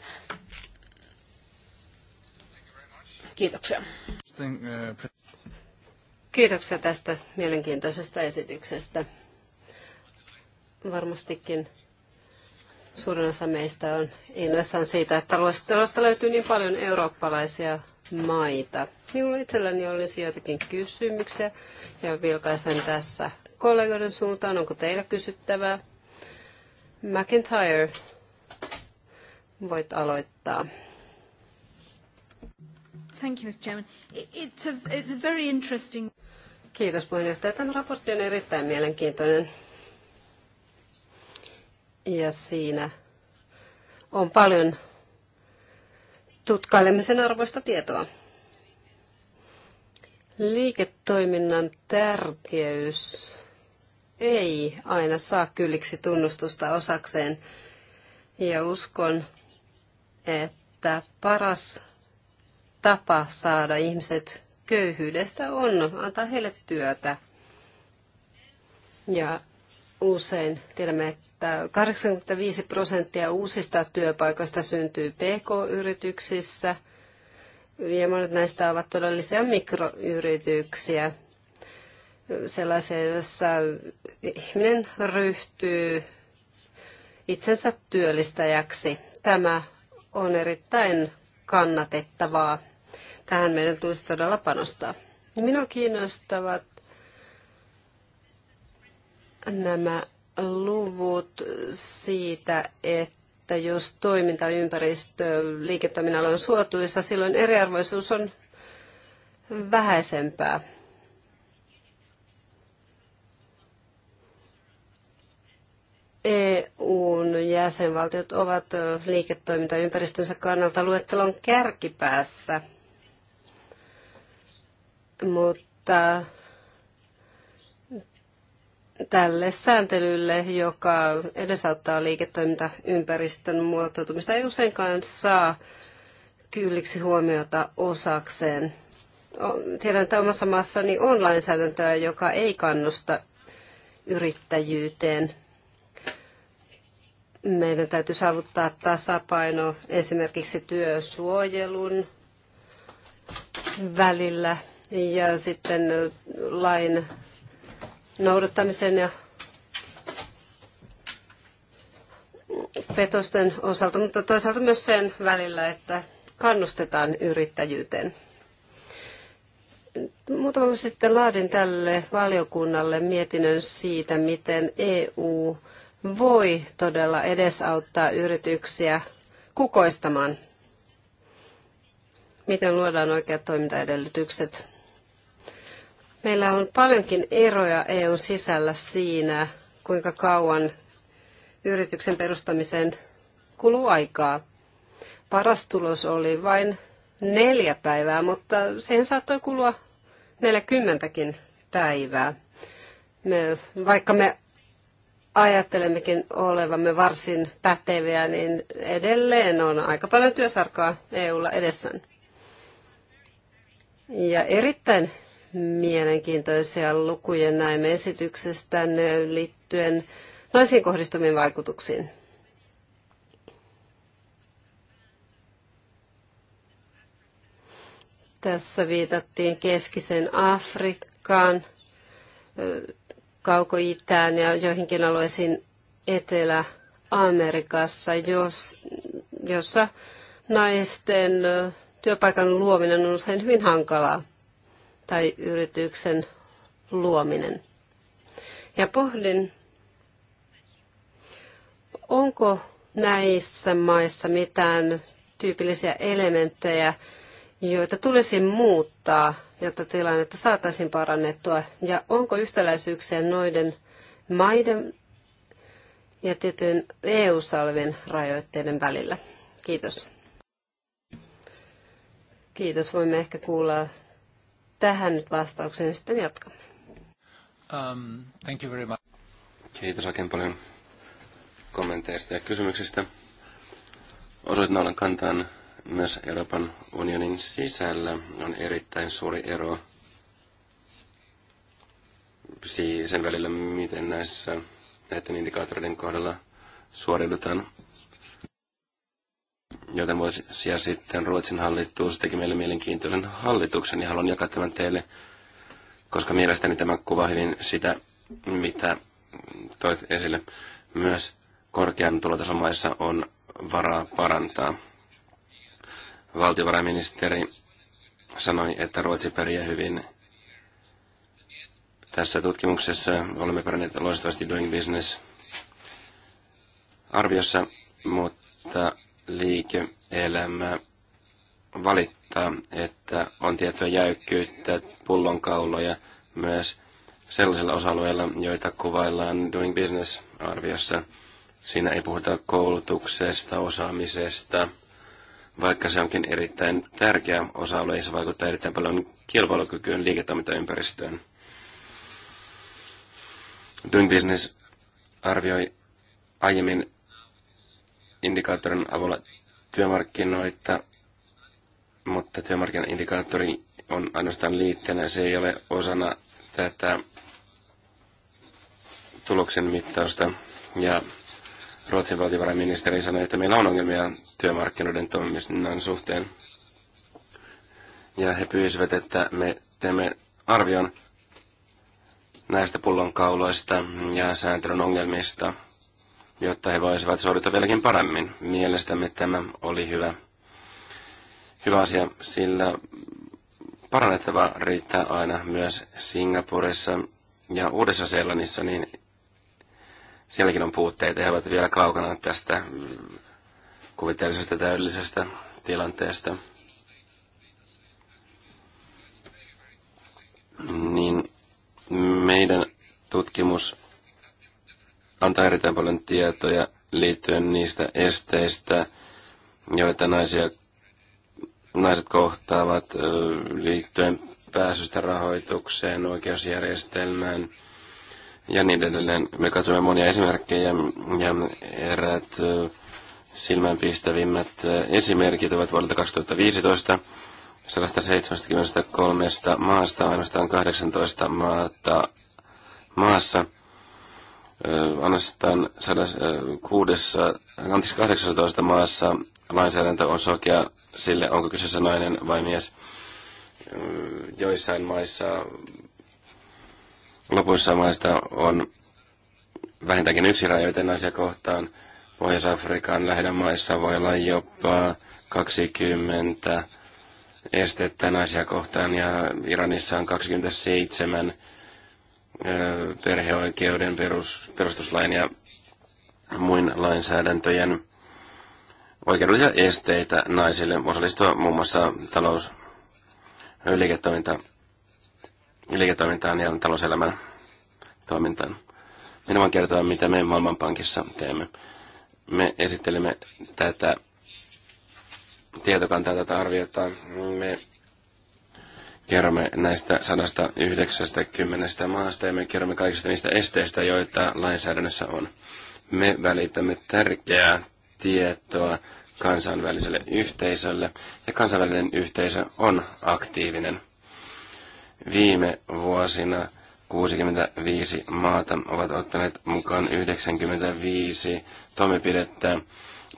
Kiitoksia. Kiitoksia tästä mielenkiintoisesta esityksestä. Varmastikin suurin osa meistä on innoissaan siitä, että taloudesta löytyy niin paljon eurooppalaisia maita. Minulla itselläni olisi joitakin kysymyksiä ja vilkaisen tässä kollegoiden suuntaan. Onko teillä kysyttävää? McIntyre, voit aloittaa. Thank you, Mr. Chairman. It's a, it's a very interesting... Kiitos puheenjohtaja. Tämä raportti on erittäin mielenkiintoinen. Ja siinä on paljon tutkailemisen arvoista tietoa. Liiketoiminnan tärkeys ei aina saa kylliksi tunnustusta osakseen. Ja uskon, että paras tapa saada ihmiset köyhyydestä on antaa heille työtä. Ja usein tiedämme, että 85 prosenttia uusista työpaikoista syntyy PK-yrityksissä, ja monet näistä ovat todellisia mikroyrityksiä, sellaisia, joissa ihminen ryhtyy itsensä työllistäjäksi. Tämä on erittäin kannatettavaa Tähän meidän tulisi todella panostaa. Minua kiinnostavat nämä luvut siitä, että jos toimintaympäristö liiketoiminnalla on suotuisa, silloin eriarvoisuus on vähäisempää. EUn jäsenvaltiot ovat liiketoimintaympäristönsä kannalta luettelon kärkipäässä – mutta tälle sääntelylle, joka edesauttaa liiketoimintaympäristön muotoutumista, ei useinkaan saa kylliksi huomiota osakseen. Tiedän, että omassa maassani on lainsäädäntöä, joka ei kannusta yrittäjyyteen. Meidän täytyy saavuttaa tasapaino esimerkiksi työsuojelun välillä – ja sitten lain noudattamisen ja petosten osalta, mutta toisaalta myös sen välillä, että kannustetaan yrittäjyyteen. Muutama sitten laadin tälle valiokunnalle mietinnön siitä, miten EU voi todella edesauttaa yrityksiä kukoistamaan. Miten luodaan oikeat toimintaedellytykset Meillä on paljonkin eroja EUn sisällä siinä, kuinka kauan yrityksen perustamiseen kuluu aikaa. Paras tulos oli vain neljä päivää, mutta siihen saattoi kulua 40kin päivää. Me, vaikka me ajattelemmekin olevamme varsin päteviä, niin edelleen on aika paljon työsarkaa EUlla edessä. Ja erittäin mielenkiintoisia lukuja näemme esityksestä liittyen naisiin kohdistumiin vaikutuksiin. Tässä viitattiin keskiseen Afrikkaan, kaukoitään ja joihinkin alueisiin Etelä-Amerikassa, jos, jossa naisten työpaikan luominen on usein hyvin hankalaa tai yrityksen luominen. Ja pohdin, onko näissä maissa mitään tyypillisiä elementtejä, joita tulisi muuttaa, jotta tilannetta saataisiin parannettua, ja onko yhtäläisyyksiä noiden maiden ja tietyn EU-salvin rajoitteiden välillä. Kiitos. Kiitos. Voimme ehkä kuulla tähän nyt vastauksen, sitten jatkamme. Um, thank you very much. Kiitos oikein paljon kommenteista ja kysymyksistä. Osoit olen kantaan myös Euroopan unionin sisällä on erittäin suuri ero sen välillä, miten näissä näiden indikaattoreiden kohdalla suoriudutaan. Joten vuosia sitten Ruotsin hallitus teki meille mielenkiintoisen hallituksen ja haluan jakaa tämän teille, koska mielestäni tämä kuva hyvin sitä, mitä toit esille. Myös korkean tulotason maissa on varaa parantaa. Valtiovarainministeri sanoi, että Ruotsi pärjää hyvin tässä tutkimuksessa olemme pärjänneet loistavasti Doing Business arviossa, mutta liike-elämä valittaa, että on tiettyä jäykkyyttä, pullonkauloja myös sellaisilla osa-alueilla, joita kuvaillaan Doing Business-arviossa. Siinä ei puhuta koulutuksesta, osaamisesta, vaikka se onkin erittäin tärkeä osa-alue, se vaikuttaa erittäin paljon kilpailukykyyn, liiketoimintaympäristöön. Doing Business arvioi aiemmin indikaattorin avulla työmarkkinoita, mutta työmarkkinaindikaattori on ainoastaan liitteenä, se ei ole osana tätä tuloksen mittausta. Ja Ruotsin valtiovarainministeri sanoi, että meillä on ongelmia työmarkkinoiden toiminnan suhteen. Ja he pyysivät, että me teemme arvion näistä pullonkauloista ja sääntelyn ongelmista – jotta he voisivat suorittaa vieläkin paremmin. Mielestämme tämä oli hyvä, hyvä asia, sillä parannettava riittää aina myös Singapurissa ja Uudessa-Seelannissa, niin sielläkin on puutteita. He ovat vielä kaukana tästä kuvitteellisesta täydellisestä tilanteesta. Niin meidän tutkimus antaa erittäin paljon tietoja liittyen niistä esteistä, joita naisia, naiset kohtaavat liittyen pääsystä rahoitukseen, oikeusjärjestelmään ja niin edelleen. Me katsomme monia esimerkkejä ja eräät silmänpistävimmät esimerkit ovat vuodelta 2015. 173 maasta ainoastaan 18 maata maassa Ainoastaan 18 maassa lainsäädäntö on sokea sille, onko kyseessä nainen vai mies. Joissain maissa, lopuissa maista on vähintäänkin yksi rajoite naisia kohtaan. Pohjois-Afrikan lähden maissa voi olla jopa 20 estettä naisia kohtaan ja Iranissa on 27 perheoikeuden, perus, perustuslain ja muin lainsäädäntöjen oikeudellisia esteitä naisille osallistua muun muassa talous, liiketoiminta, liiketoimintaan ja talouselämän toimintaan. Minä vaan kertoa, mitä me Maailmanpankissa teemme. Me esittelemme tätä tietokantaa, tätä arviota. Me kerromme näistä 190 maasta ja me kerromme kaikista niistä esteistä, joita lainsäädännössä on. Me välitämme tärkeää tietoa kansainväliselle yhteisölle ja kansainvälinen yhteisö on aktiivinen. Viime vuosina 65 maata ovat ottaneet mukaan 95 toimenpidettä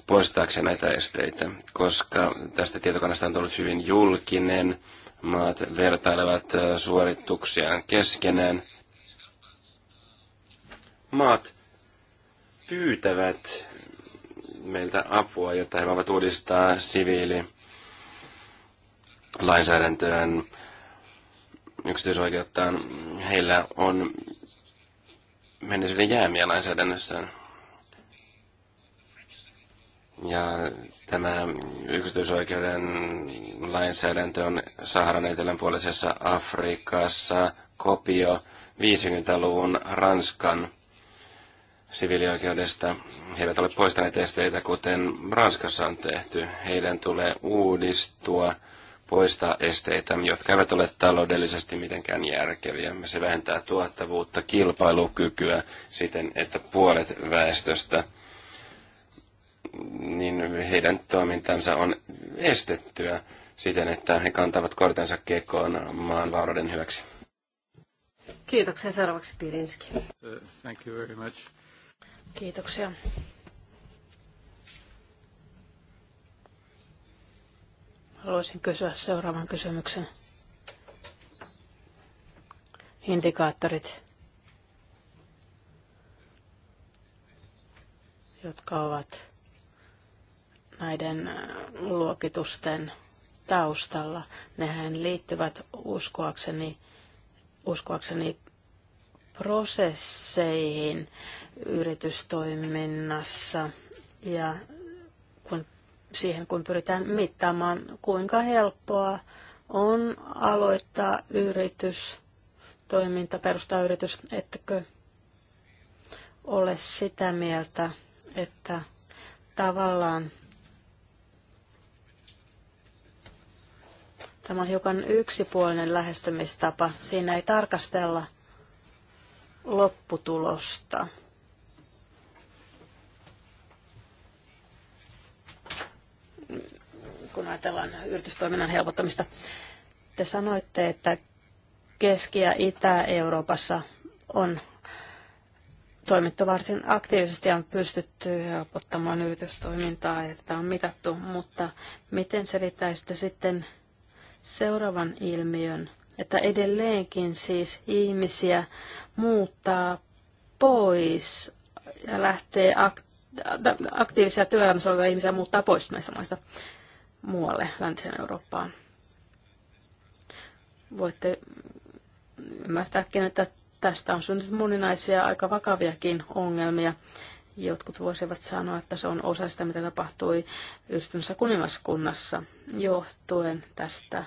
poistaakseen näitä esteitä, koska tästä tietokannasta on tullut hyvin julkinen, maat vertailevat suorituksiaan keskenään. Maat pyytävät meiltä apua, jotta he voivat uudistaa siviili lainsäädäntöään, yksityisoikeuttaan. Heillä on menneisyyden jäämiä lainsäädännössään. Ja tämä yksityisoikeuden lainsäädäntö on Saharan etelänpuolisessa Afrikassa kopio 50-luvun Ranskan siviilioikeudesta. He eivät ole poistaneet esteitä, kuten Ranskassa on tehty. Heidän tulee uudistua, poistaa esteitä, jotka eivät ole taloudellisesti mitenkään järkeviä. Se vähentää tuottavuutta, kilpailukykyä siten, että puolet väestöstä – niin heidän toimintansa on estettyä siten, että he kantavat kortensa kekoon maan vaurauden hyväksi. Kiitoksia. Seuraavaksi Pirinski. Uh, thank you very much. Kiitoksia. Haluaisin kysyä seuraavan kysymyksen. Indikaattorit, jotka ovat näiden äh, luokitusten taustalla. Nehän liittyvät uskoakseni, uskoakseni prosesseihin yritystoiminnassa ja kun, siihen, kun pyritään mittaamaan, kuinka helppoa on aloittaa yritys, toiminta, perustaa yritys, ettäkö ole sitä mieltä, että tavallaan Tämä on hiukan yksipuolinen lähestymistapa. Siinä ei tarkastella lopputulosta. Kun ajatellaan yritystoiminnan helpottamista, te sanoitte, että Keski- ja Itä-Euroopassa on toimittu varsin aktiivisesti ja on pystytty helpottamaan yritystoimintaa ja tätä on mitattu, mutta miten selittäisitte sitten seuraavan ilmiön, että edelleenkin siis ihmisiä muuttaa pois ja lähtee äh, aktiivisia työelämässä olevia ihmisiä muuttaa pois näistä maista muualle läntiseen Eurooppaan. Voitte ymmärtääkin, että tästä on syntynyt moninaisia aika vakaviakin ongelmia Jotkut voisivat sanoa, että se on osa sitä, mitä tapahtui ystävässä kuningaskunnassa johtuen tästä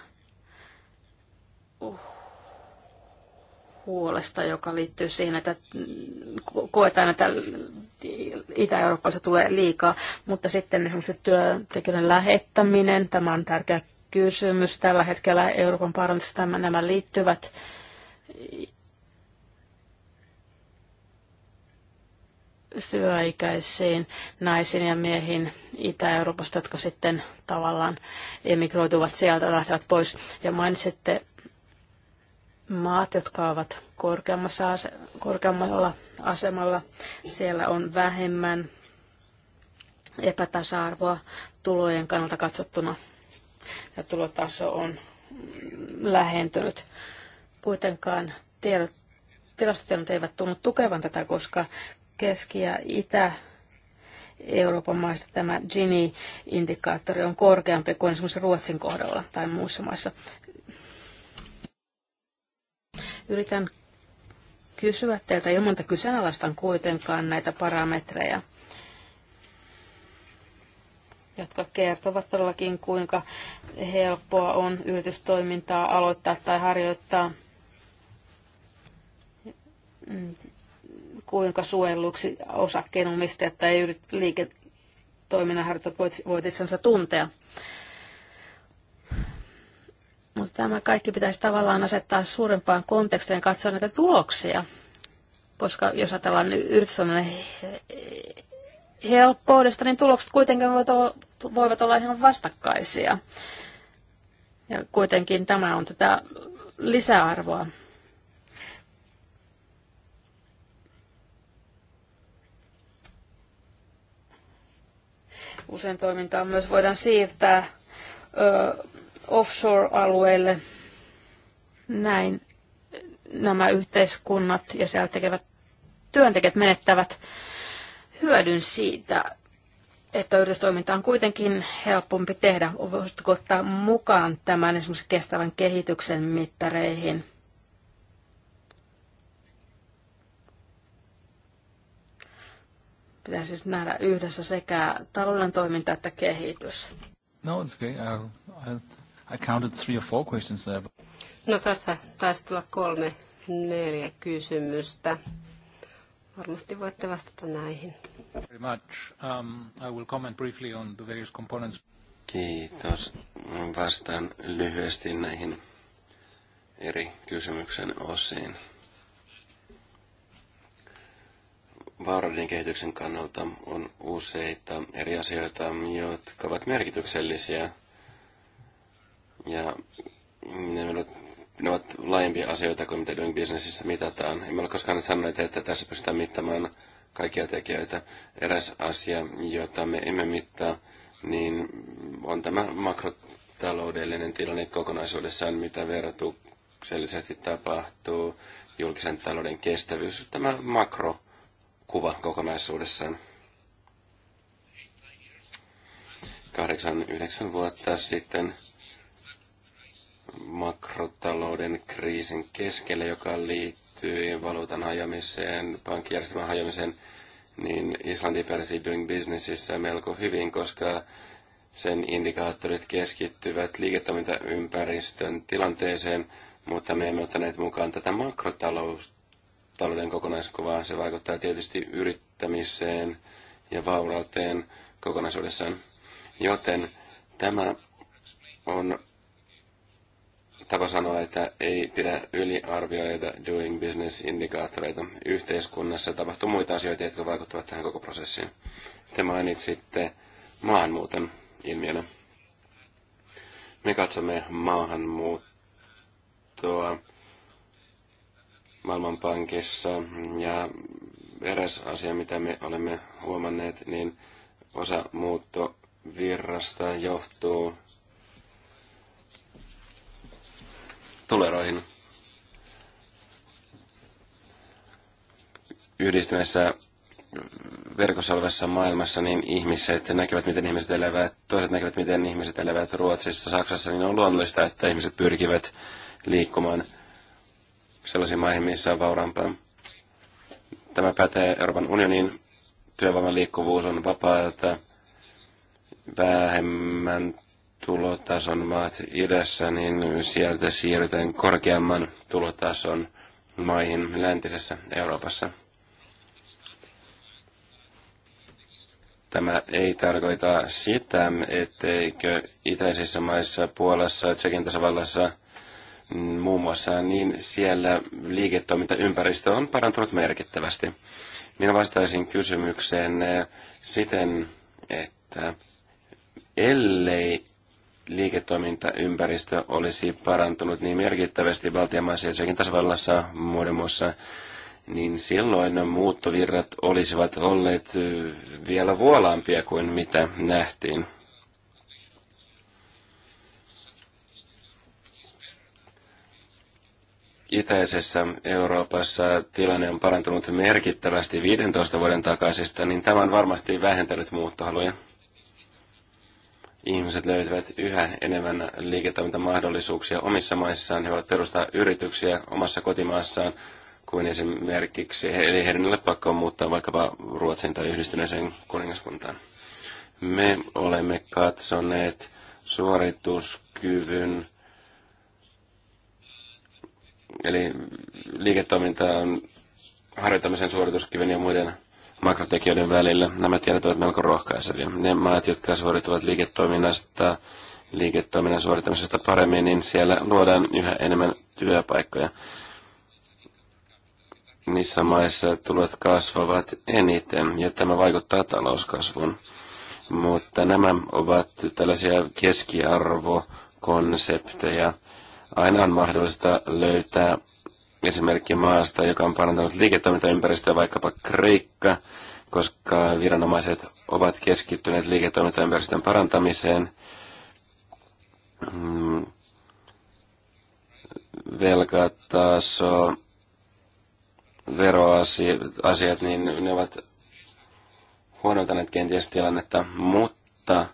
huolesta, joka liittyy siihen, että koetaan, että Itä-Euroopassa tulee liikaa, mutta sitten esimerkiksi työntekijöiden lähettäminen, tämä on tärkeä kysymys. Tällä hetkellä Euroopan parlamentissa nämä liittyvät työikäisiin naisiin ja miehiin Itä-Euroopasta, jotka sitten tavallaan emigroituvat sieltä, lähtevät pois. Ja mainitsitte maat, jotka ovat korkeammassa ase- korkeammalla asemalla. Siellä on vähemmän epätasa-arvoa tulojen kannalta katsottuna. Ja tulotaso on lähentynyt. Kuitenkaan tiedot, tilastotiedot eivät tunnu tukevan tätä, koska Keski- ja Itä- Euroopan maista tämä Gini-indikaattori on korkeampi kuin esimerkiksi Ruotsin kohdalla tai muissa maissa. Yritän kysyä teiltä ilman, että kyseenalaistan kuitenkaan näitä parametreja, jotka kertovat todellakin, kuinka helppoa on yritystoimintaa aloittaa tai harjoittaa kuinka suojelluksi osakkeenomistajat tai liiketoiminnan harjoittajat voit, itsensä tuntea. Mutta tämä kaikki pitäisi tavallaan asettaa suurempaan kontekstiin ja katsoa näitä tuloksia. Koska jos ajatellaan niin yritystoiminnan helppoudesta, niin tulokset kuitenkin voivat olla, voivat olla ihan vastakkaisia. Ja kuitenkin tämä on tätä lisäarvoa Usein toimintaa myös voidaan siirtää ö, offshore-alueelle. Näin nämä yhteiskunnat ja siellä tekevät työntekijät menettävät hyödyn siitä, että yritystoiminta on kuitenkin helpompi tehdä. Voisitko ottaa mukaan tämän esimerkiksi kestävän kehityksen mittareihin? pitäisi siis nähdä yhdessä sekä talouden toiminta että kehitys. No, it's okay. I, I, I counted three or four questions there. But... No tässä taisi tulla kolme, neljä kysymystä. Varmasti voitte vastata näihin. Very much. Um, I will comment briefly on the various components. Kiitos. Vastaan lyhyesti näihin eri kysymyksen osiin. vaurauden kehityksen kannalta on useita eri asioita, jotka ovat merkityksellisiä. Ja ne ovat, ne ovat laajempia asioita kuin mitä doing businessissa mitataan. Emme ole koskaan sanonut, että tässä pystytään mittamaan kaikkia tekijöitä. Eräs asia, jota me emme mittaa, niin on tämä makrotaloudellinen tilanne kokonaisuudessaan, mitä verotuksellisesti tapahtuu, julkisen talouden kestävyys, tämä makro kuva kokonaisuudessaan. Kahdeksan, yhdeksän vuotta sitten makrotalouden kriisin keskellä, joka liittyy valuutan hajoamiseen, pankkijärjestelmän hajoamiseen, niin Islanti pärsi doing businessissa melko hyvin, koska sen indikaattorit keskittyvät liiketoimintaympäristön tilanteeseen, mutta me emme ottaneet mukaan tätä makrotaloutta talouden kokonaiskuvaan Se vaikuttaa tietysti yrittämiseen ja vaurauteen kokonaisuudessaan. Joten tämä on tapa sanoa, että ei pidä yliarvioida doing business-indikaattoreita. Yhteiskunnassa tapahtuu muita asioita, jotka vaikuttavat tähän koko prosessiin. Te mainitsitte maahanmuuton ilmiönä. Me katsomme maahanmuuttoa Maailmanpankissa. Ja eräs asia, mitä me olemme huomanneet, niin osa muuttovirrasta johtuu tuleroihin. Yhdistyneessä verkossa olevassa maailmassa niin ihmiset näkevät, miten ihmiset elävät, toiset näkevät, miten ihmiset elävät Ruotsissa, Saksassa, niin on luonnollista, että ihmiset pyrkivät liikkumaan – sellaisiin maihin, missä on vauraampaa. Tämä pätee Euroopan unionin. Työvoiman liikkuvuus on vapaata. Vähemmän tulotason maat idässä, niin sieltä siirrytään korkeamman tulotason maihin läntisessä Euroopassa. Tämä ei tarkoita sitä, etteikö itäisissä maissa, Puolassa, Tsekin tasavallassa, muun muassa, niin siellä liiketoimintaympäristö on parantunut merkittävästi. Minä vastaisin kysymykseen eh, siten, että ellei liiketoimintaympäristö olisi parantunut niin merkittävästi Baltian ja sekin tasavallassa muiden muassa, niin silloin muuttovirrat olisivat olleet eh, vielä vuolaampia kuin mitä nähtiin itäisessä Euroopassa tilanne on parantunut merkittävästi 15 vuoden takaisesta, niin tämä on varmasti vähentänyt muuttohaluja. Ihmiset löytävät yhä enemmän liiketoimintamahdollisuuksia omissa maissaan. He voivat perustaa yrityksiä omassa kotimaassaan kuin esimerkiksi, eli heidän ei pakko muuttaa vaikkapa Ruotsin tai yhdistyneeseen kuningaskuntaan. Me olemme katsoneet suorituskyvyn Eli liiketoiminta on harjoittamisen suorituskiven ja muiden makrotekijöiden välillä. Nämä tiedot ovat melko rohkaisevia. Ne maat, jotka suorituvat liiketoiminnasta, liiketoiminnan suorittamisesta paremmin, niin siellä luodaan yhä enemmän työpaikkoja. Niissä maissa tulot kasvavat eniten, ja tämä vaikuttaa talouskasvuun. Mutta nämä ovat tällaisia keskiarvokonsepteja, Aina on mahdollista löytää esimerkki maasta, joka on parantanut liiketoimintaympäristöä, vaikkapa Kreikka, koska viranomaiset ovat keskittyneet liiketoimintaympäristön parantamiseen. Mm. Velkataso, veroasiat, niin ne ovat huonoltaneet kenties tilannetta, mutta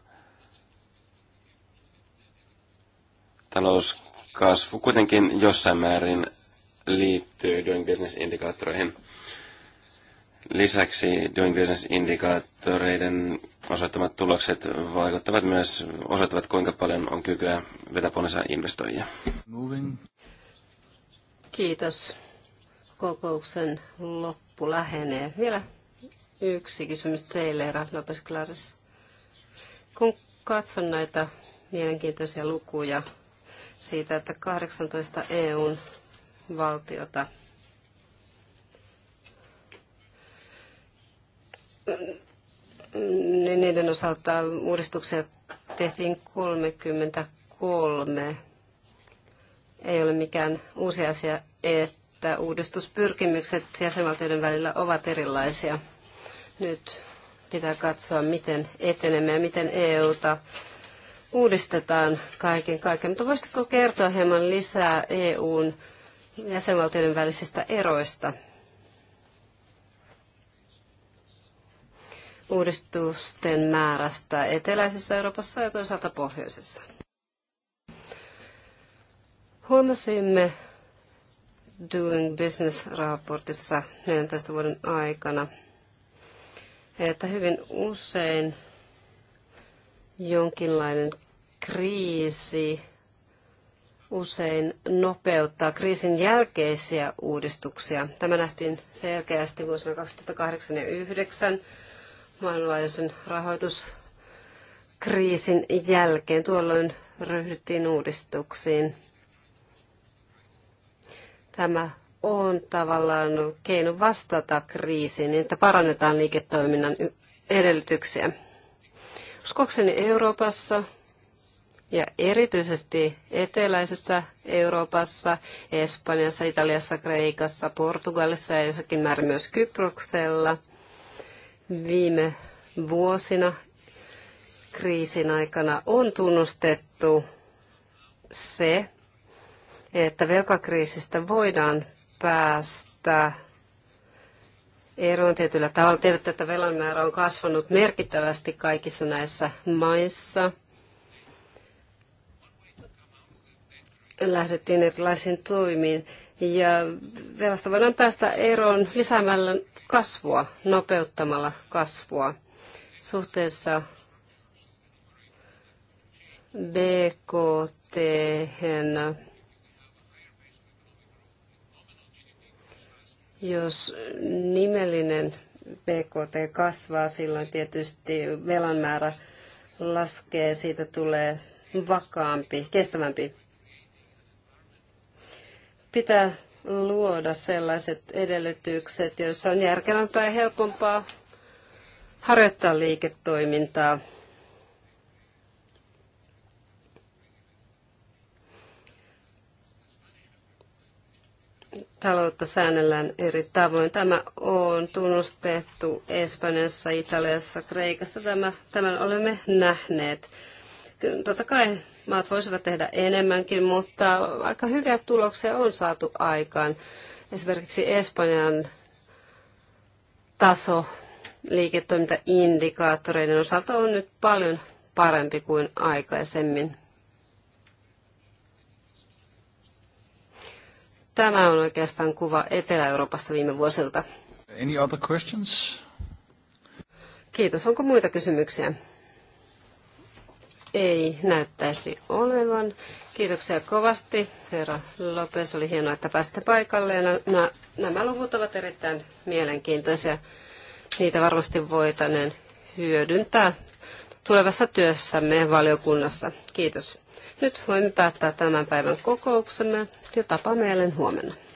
talous kasvu kuitenkin jossain määrin liittyy doing business-indikaattoreihin. Lisäksi doing business-indikaattoreiden osoittamat tulokset vaikuttavat myös, osoittavat kuinka paljon on kykyä vetäpuolensa investoijia. Moving. Kiitos. Kokouksen loppu lähenee. Vielä yksi kysymys teille, Eera Lopes Kun katson näitä mielenkiintoisia lukuja, siitä, että 18 EUn valtiota niiden osalta uudistuksia tehtiin 33. Ei ole mikään uusi asia, että uudistuspyrkimykset jäsenvaltioiden välillä ovat erilaisia. Nyt pitää katsoa, miten etenemme ja miten EUta uudistetaan kaiken kaiken. Mutta voisitko kertoa hieman lisää EUn jäsenvaltioiden välisistä eroista? uudistusten määrästä eteläisessä Euroopassa ja toisaalta pohjoisessa. Huomasimme Doing Business-raportissa 14 vuoden aikana, että hyvin usein jonkinlainen kriisi usein nopeuttaa kriisin jälkeisiä uudistuksia. Tämä nähtiin selkeästi vuosina 2008 ja 2009 maailmanlaajuisen rahoituskriisin jälkeen. Tuolloin ryhdyttiin uudistuksiin. Tämä on tavallaan keino vastata kriisiin, niin että parannetaan liiketoiminnan edellytyksiä. Uskokseni Euroopassa ja erityisesti eteläisessä Euroopassa, Espanjassa, Italiassa, Kreikassa, Portugalissa ja jossakin määrin myös Kyproksella viime vuosina kriisin aikana on tunnustettu se, että velkakriisistä voidaan päästä Ero on tietyllä tavalla. Tiedätte, että velan määrä on kasvanut merkittävästi kaikissa näissä maissa. Lähdettiin erilaisiin toimiin ja velasta voidaan päästä eroon lisäämällä kasvua, nopeuttamalla kasvua suhteessa BKT. -hän Jos nimellinen BKT kasvaa, silloin tietysti velan määrä laskee, siitä tulee vakaampi, kestävämpi. Pitää luoda sellaiset edellytykset, joissa on järkevämpää ja helpompaa harjoittaa liiketoimintaa taloutta säännellään eri tavoin. Tämä on tunnustettu Espanjassa, Italiassa, Kreikassa. Tämä, tämän olemme nähneet. Totta kai maat voisivat tehdä enemmänkin, mutta aika hyviä tuloksia on saatu aikaan. Esimerkiksi Espanjan taso liiketoimintaindikaattoreiden osalta on nyt paljon parempi kuin aikaisemmin. Tämä on oikeastaan kuva Etelä-Euroopasta viime vuosilta. Any other questions? Kiitos. Onko muita kysymyksiä? Ei näyttäisi olevan. Kiitoksia kovasti, herra Lopes. Oli hienoa, että pääsitte paikalle. Ja nämä, nämä luvut ovat erittäin mielenkiintoisia. Niitä varmasti voitaneen hyödyntää tulevassa työssämme valiokunnassa. Kiitos. Nyt voimme päättää tämän päivän kokouksemme ja tapaamme jälleen huomenna.